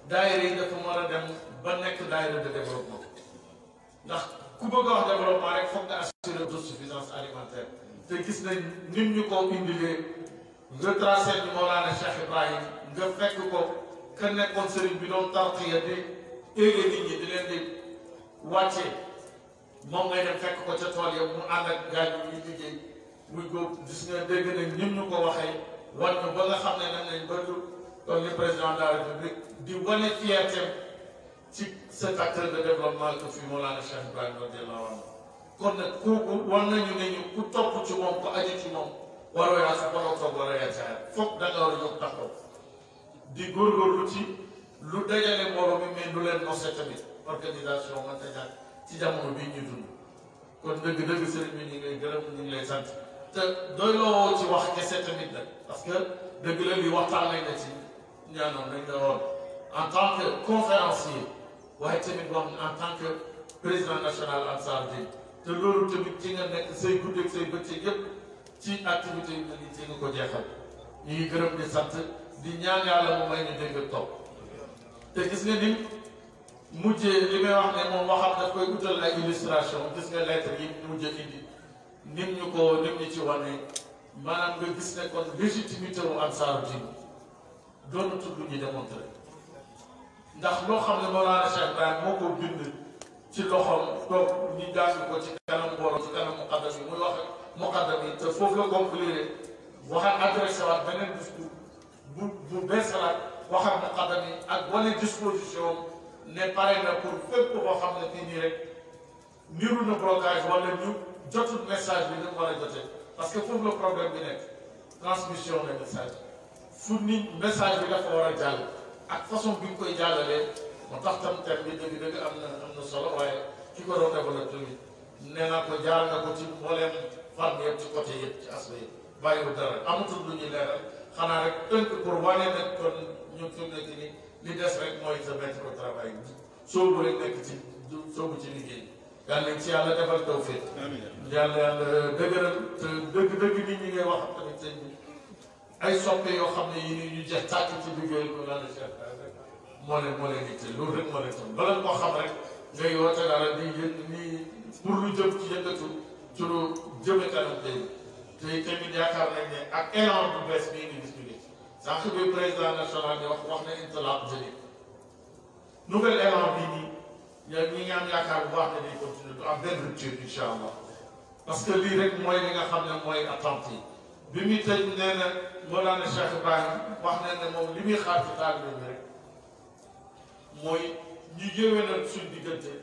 daayira yi dafa mën a dem ba nekk daayira de développement ndax ku bëgg a wax développement rek foog nga assurer autosuffisance alimentaire te gis nañ nit ñu ko indilee nga tracé bi Mawlana Cheikh Ibrahim nga fekk ko ka nekkoon sëriñ bi doon tarqiya di éege nit ñi di leen di wàccee moom ngay dem fekk ko ca tool yow mu ànd ak gaañ yi liggéey muy góob gis nga dégg nañ ñun ñu ko waxee wan ñu ba nga xam ne nañ lañ bëgg kon li président de la di wane fierté ci cet acteur de développement que fii Mawlana Cheikh Ibrahima radiyallahu anhu kon nag kooku wan nañu ne ñu ku topp ci moom ku aju ci moom waroo yaa sa waroo toog waroo yaa caayam foog da nga war a jóg taxaw di góorgóorlu ci lu dajale moroom mi mais lu leen mose tamit ci jamono bii ñuy dund kon dëgg-dëgg sëriñ bi ñu ngi lay gërëm ñu ngi lay sant te doyloo ci wax kese tamit nag parce que dëgg la li waxtaanee na ci ñaanoon nañ la woon en tant que conférencier waaye tamit wax en tant que président national Ansar Dine te loolu tamit ci nga nekk say guddeeg say bëccëg yëpp ci activité yu mel ci nga ko jeexal ñu ngi gërëm sant di ñaan yàlla mu may ñu dégg topp te gis nga ni. mujjee li may wax ne moom waxam daf koy utal ay illustration gis nga lettre yi mujjee indi nim ñu ko nim ñu ci wane maanaam nga gis ne kon légitimité wu ansaaru diin doonu tudd ñu démontré ndax loo xam ne Mawlana Cheikh Ibrahim moo ko bind ci loxoom toog ñu jàng ko ci kanam borom ci kanam muqaddam yi muy wax muqaddam yi te foofu la conclure waxaat adressé waat beneen discours bu bu beesalaat waxaat muqaddam yi ak wane disposition ne pare na pour fépp koo xam ne fii nii rek niru na blocage wala ñu jotul message bi ñu war a jotee parce que foofu le problème bi nekk transmission de message fu nit message bi dafa war a jàll ak façon bi koy jàllalee moo tax tam thème bi dëgg-dëgg am na am na solo waaye ki ko doon développé bi nee naa ko jaar na ko ci mbooleem fànn yëpp ci côté yëpp ci aspect yëpp bàyyiwul dara amatul lu ñuy leeral xanaa rek tënk pour wane nag kon ñun fi nekk nii. li des rek mooy sa mettre au travail bi soobu rek nekk ci soobu ci liggéey yàlla nañ ci yàlla defal tawfiq yàlla yàlla dëgëral te dëgg dëgg nit ñi ngay wax tamit sëñ bi ay soppe yoo xam ne yi ñu jeex tàkk ci liggéey ko laa la seet moo leen moo leen itte loolu rek moo leen tam bala ko xam rek ngay woote dara di yëg nii pour lu jëm ci yëngatu ci lu jëme kanam tey te tamit yaakaar nañ ne ak élan bu bees sànq bi président national bi wax wax na intalaab jëli nouvel élan bii nii ñoom ñi ngi am yaakaar bu baax ne day am benn rupture incha allah parce que lii rek mooy li nga xam ne mooy attente bi muy tëj nee na Mawlana Cheikh Ibrahim wax na ne moom li muy xaar ci taalibe bi rek mooy ñu yéwénal suñ diggante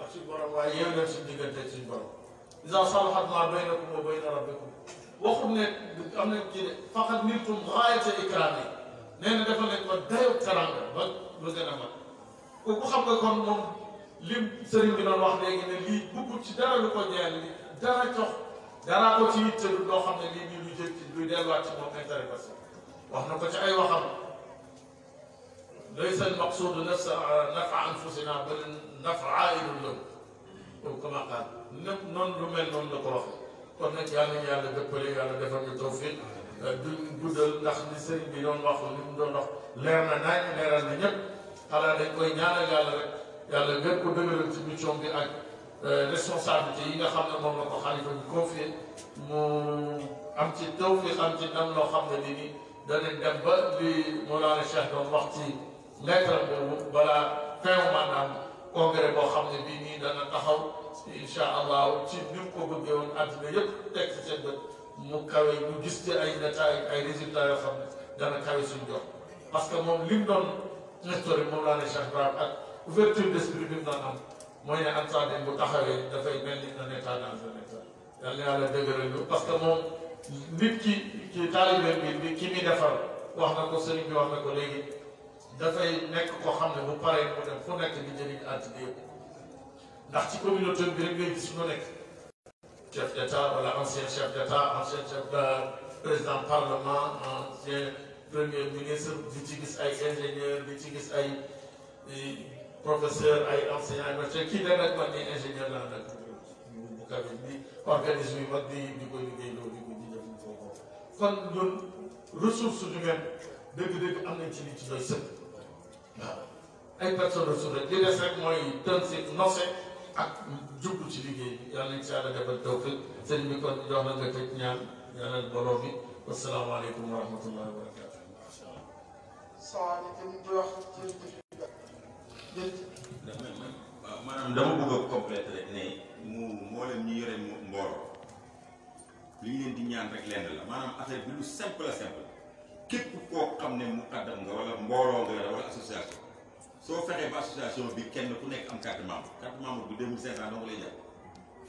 ak suñ borom waaye yéwénal suñ diggante ak suñ borom iza salahat ma baynakum wa bayna rabbikum waxul ne na kii faqat nirtum xaayata ikraam yi na dafa nekk ba dayoo teraanga ba lu gën a mag kooku nga kon lim sëriñ bi doon wax léegi ne lii bëggut ci dara lu ko ñeel dara jox dara ko yitte du loo xam ne lii nii lu jël ci luy delluwaat ci moom intérêt parce que wax na ko ci ay waxam laysa al-maqsuudu nafsa nafa anfusina bal nafa aayidun lahu lu mel noonu kon nag yàlla nañu yàlla dëppale yàlla defal ñu tawfiq euh, bi doon wax li mu doon leer na naaj leeral na ñëpp xanaa dañ koy ñaanal yàlla rek yàlla gën ko dëgëral ci mission bi ak euh, responsabilité yi nga xam ne moom la ko xalifa bi mu am ci tawfiq am ci ndam loo xam ne ni nii danañ dem ba li Mawlana Cheikh doon wax ci lettre boobu balaa fin mandaam congrès xam ne bii nii dana taxaw. incha allahu ci ni ko bëggee woon adduna yëpp teg ci seen mu kawe ñu gis ay détails ay résultats yoo xam ne dana kawe suñu jox parce que moom li mu doon nestori moom laa ne Cheikh Ibrahim ak ouverture d'esprit bi mu daan mooy ne Ansar Dine bu taxawee dafay mel ni un état dans un état yal na yàlla dëgëral ñu que moom nit ki ki taalibe bi ki muy wax na ko sëriñ bi wax na ko léegi dafay nekk koo xam ne bu paree mu dem fu nekk di jëriñ àddina ndax ci communauté bi rek ngay gis lu nekk chef d' état wala ancien chef d' état ancien chef de président parlement ancien premier ministre di ci gis ay ingénieur di ci gis ay professeur ay enseignant ay médecin kii da rek man ni ingénieur laa nag bu kabin bi organisme yi mag di di ko liggéey loolu di ko di def kon ñun ressource humaine dëgg-dëgg am nañ ci li ci doy sëkk waaw ay personnes ressources rek li des rek mooy tën si nose ak jublu ci liggéey bi yàlla nañ si defal tawfiq sëriñ bi kon jox la nga tëj ñaan ñaanal borom bi wasalaamaaleykum wa di maanaam dama bëgg a complété rek ne mu moo leen ñu yore mbooloo li ñu di ñaan rek lenn la maanaam affaire bi lu simple simple képp koo xam ne mu nga wala mbooloo nga wala association soo fexee ba association bi kenn ku nekk am carte membre carte membre bu 2500 dong lay jàpp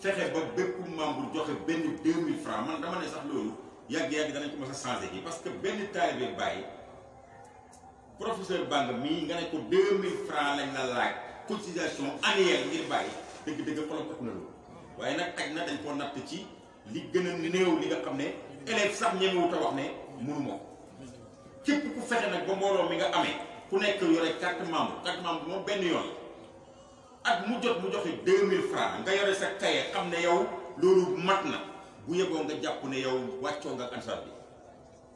fexe ba bépp membre joxe benn 2000 francs man dama ne sax loolu yàgg-yàgg danañ ko mos a changé gi parce que benn taalibe bàyyi professeur Bang mii nga ne ko 2000 francs lañ la laaj cotisation annuelle ngir bàyyi dëgg-dëgg xolam ëpp na loolu waaye nag xaj na dañ koo natt ci li gën a néew li nga xam ne élève sax ñemewut a wax ne mënu ma ko ba mbooloo mi nga amee ku nekk yore carte membre carte membre moom benn yoon ak mu jot mu joxe deux mille francs nga yore sa kaye xam ne yow loolu mat na bu yeboo nga jàpp ne yow wàccoo nga ansar bi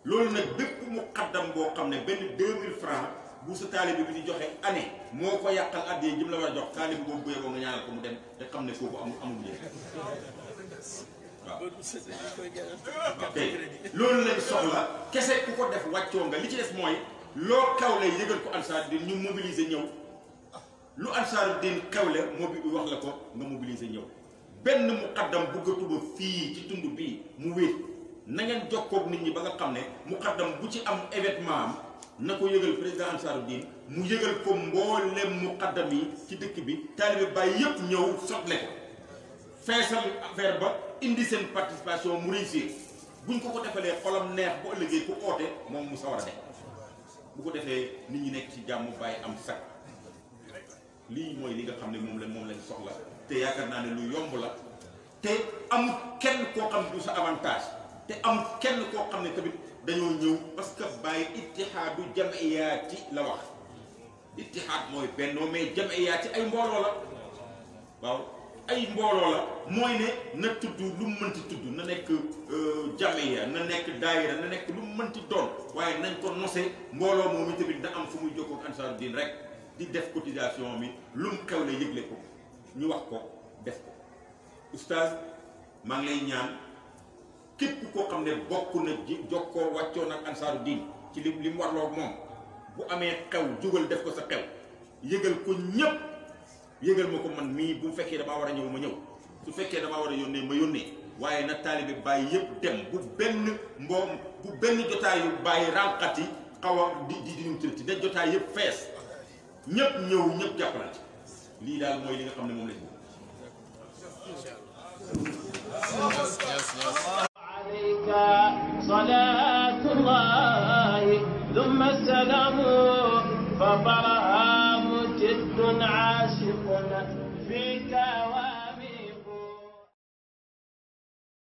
loolu nag bépp mu xaddam xam ne benn deux mille francs bu sa taalibe bi di joxe année moo ko yàqal addee jëm la jox taalibe boobu bu yeboo nga ñaanal mu dem te xam ne foofu amul amul njëriñ waaw ok loolu lañ soxla kese ku ko def wàccoo nga li ci des mooy loo kawle yëgal ko ansaar din ñu mobiliser ñëw lu ansaar din kawle moo wax la ko nga mobiliser ñëw benn muqaddam bëggatuba fii ci tund bii mu wéet na ngeen jokkoog nit ñi ba nga xam ne muqaddam bu ci am évétement am na ko yëgal président ansaar din mu yëgal ko mboolem muqaddam yi ci dëkk bi taalibe bàyyi yëpp ñëw sotle ko feesal affaire ba indi seen participation mu réussir buñ ko ko defalee xolam neex bu ëllëgee ku oote moom mu sawar bu ko defee nit ñi nekk ci jàmm bàyyi am sax lii mooy li nga xam ne moom la moom lañ soxla te yaakaar naa ne lu yomb la te amul kenn koo xam du sa avantage te am kenn koo xam ne tamit dañoo ñëw parce que bàyyi ittihaadu jamiyaati la wax ittihaad mooy bennoo mais jamiyaati ay mbooloo la waaw ay mbooloo la mooy ne na tudd lu mu mënti tudd na nekk euh, ya na nekk daayira na nekk lu mu mënti doon waaye nañ ko nosee mbooloo moom tamit na am fu muy jokkoo ak Ansaar Dine rek di def cotisation bi lu mu la yëgle ko ñu wax ko def ko oustaz maa ngi lay ñaan képp koo xam ne bokk na ji jokkoo wàccoon ak Ansaar Dine ci li li mu warloo moom bu amee xew jugal def ko sa xew yëgal ko ñëpp yëgal ma ko man mii bu fekkee damaa war a ñëw ma ñëw su fekkee damaa war a yónnee ma yónnee waaye na taalibe bàyyi yëpp dem bu benn mboom bu benn jotaayu bàyyi rànqati xaw a di di di numu da jotaay yëpp fees ñëpp ñëw ñëpp jàppalante lii daal mooy li nga xam ne moom lañ عليك صلاة الله ثم السلام فطرها إلا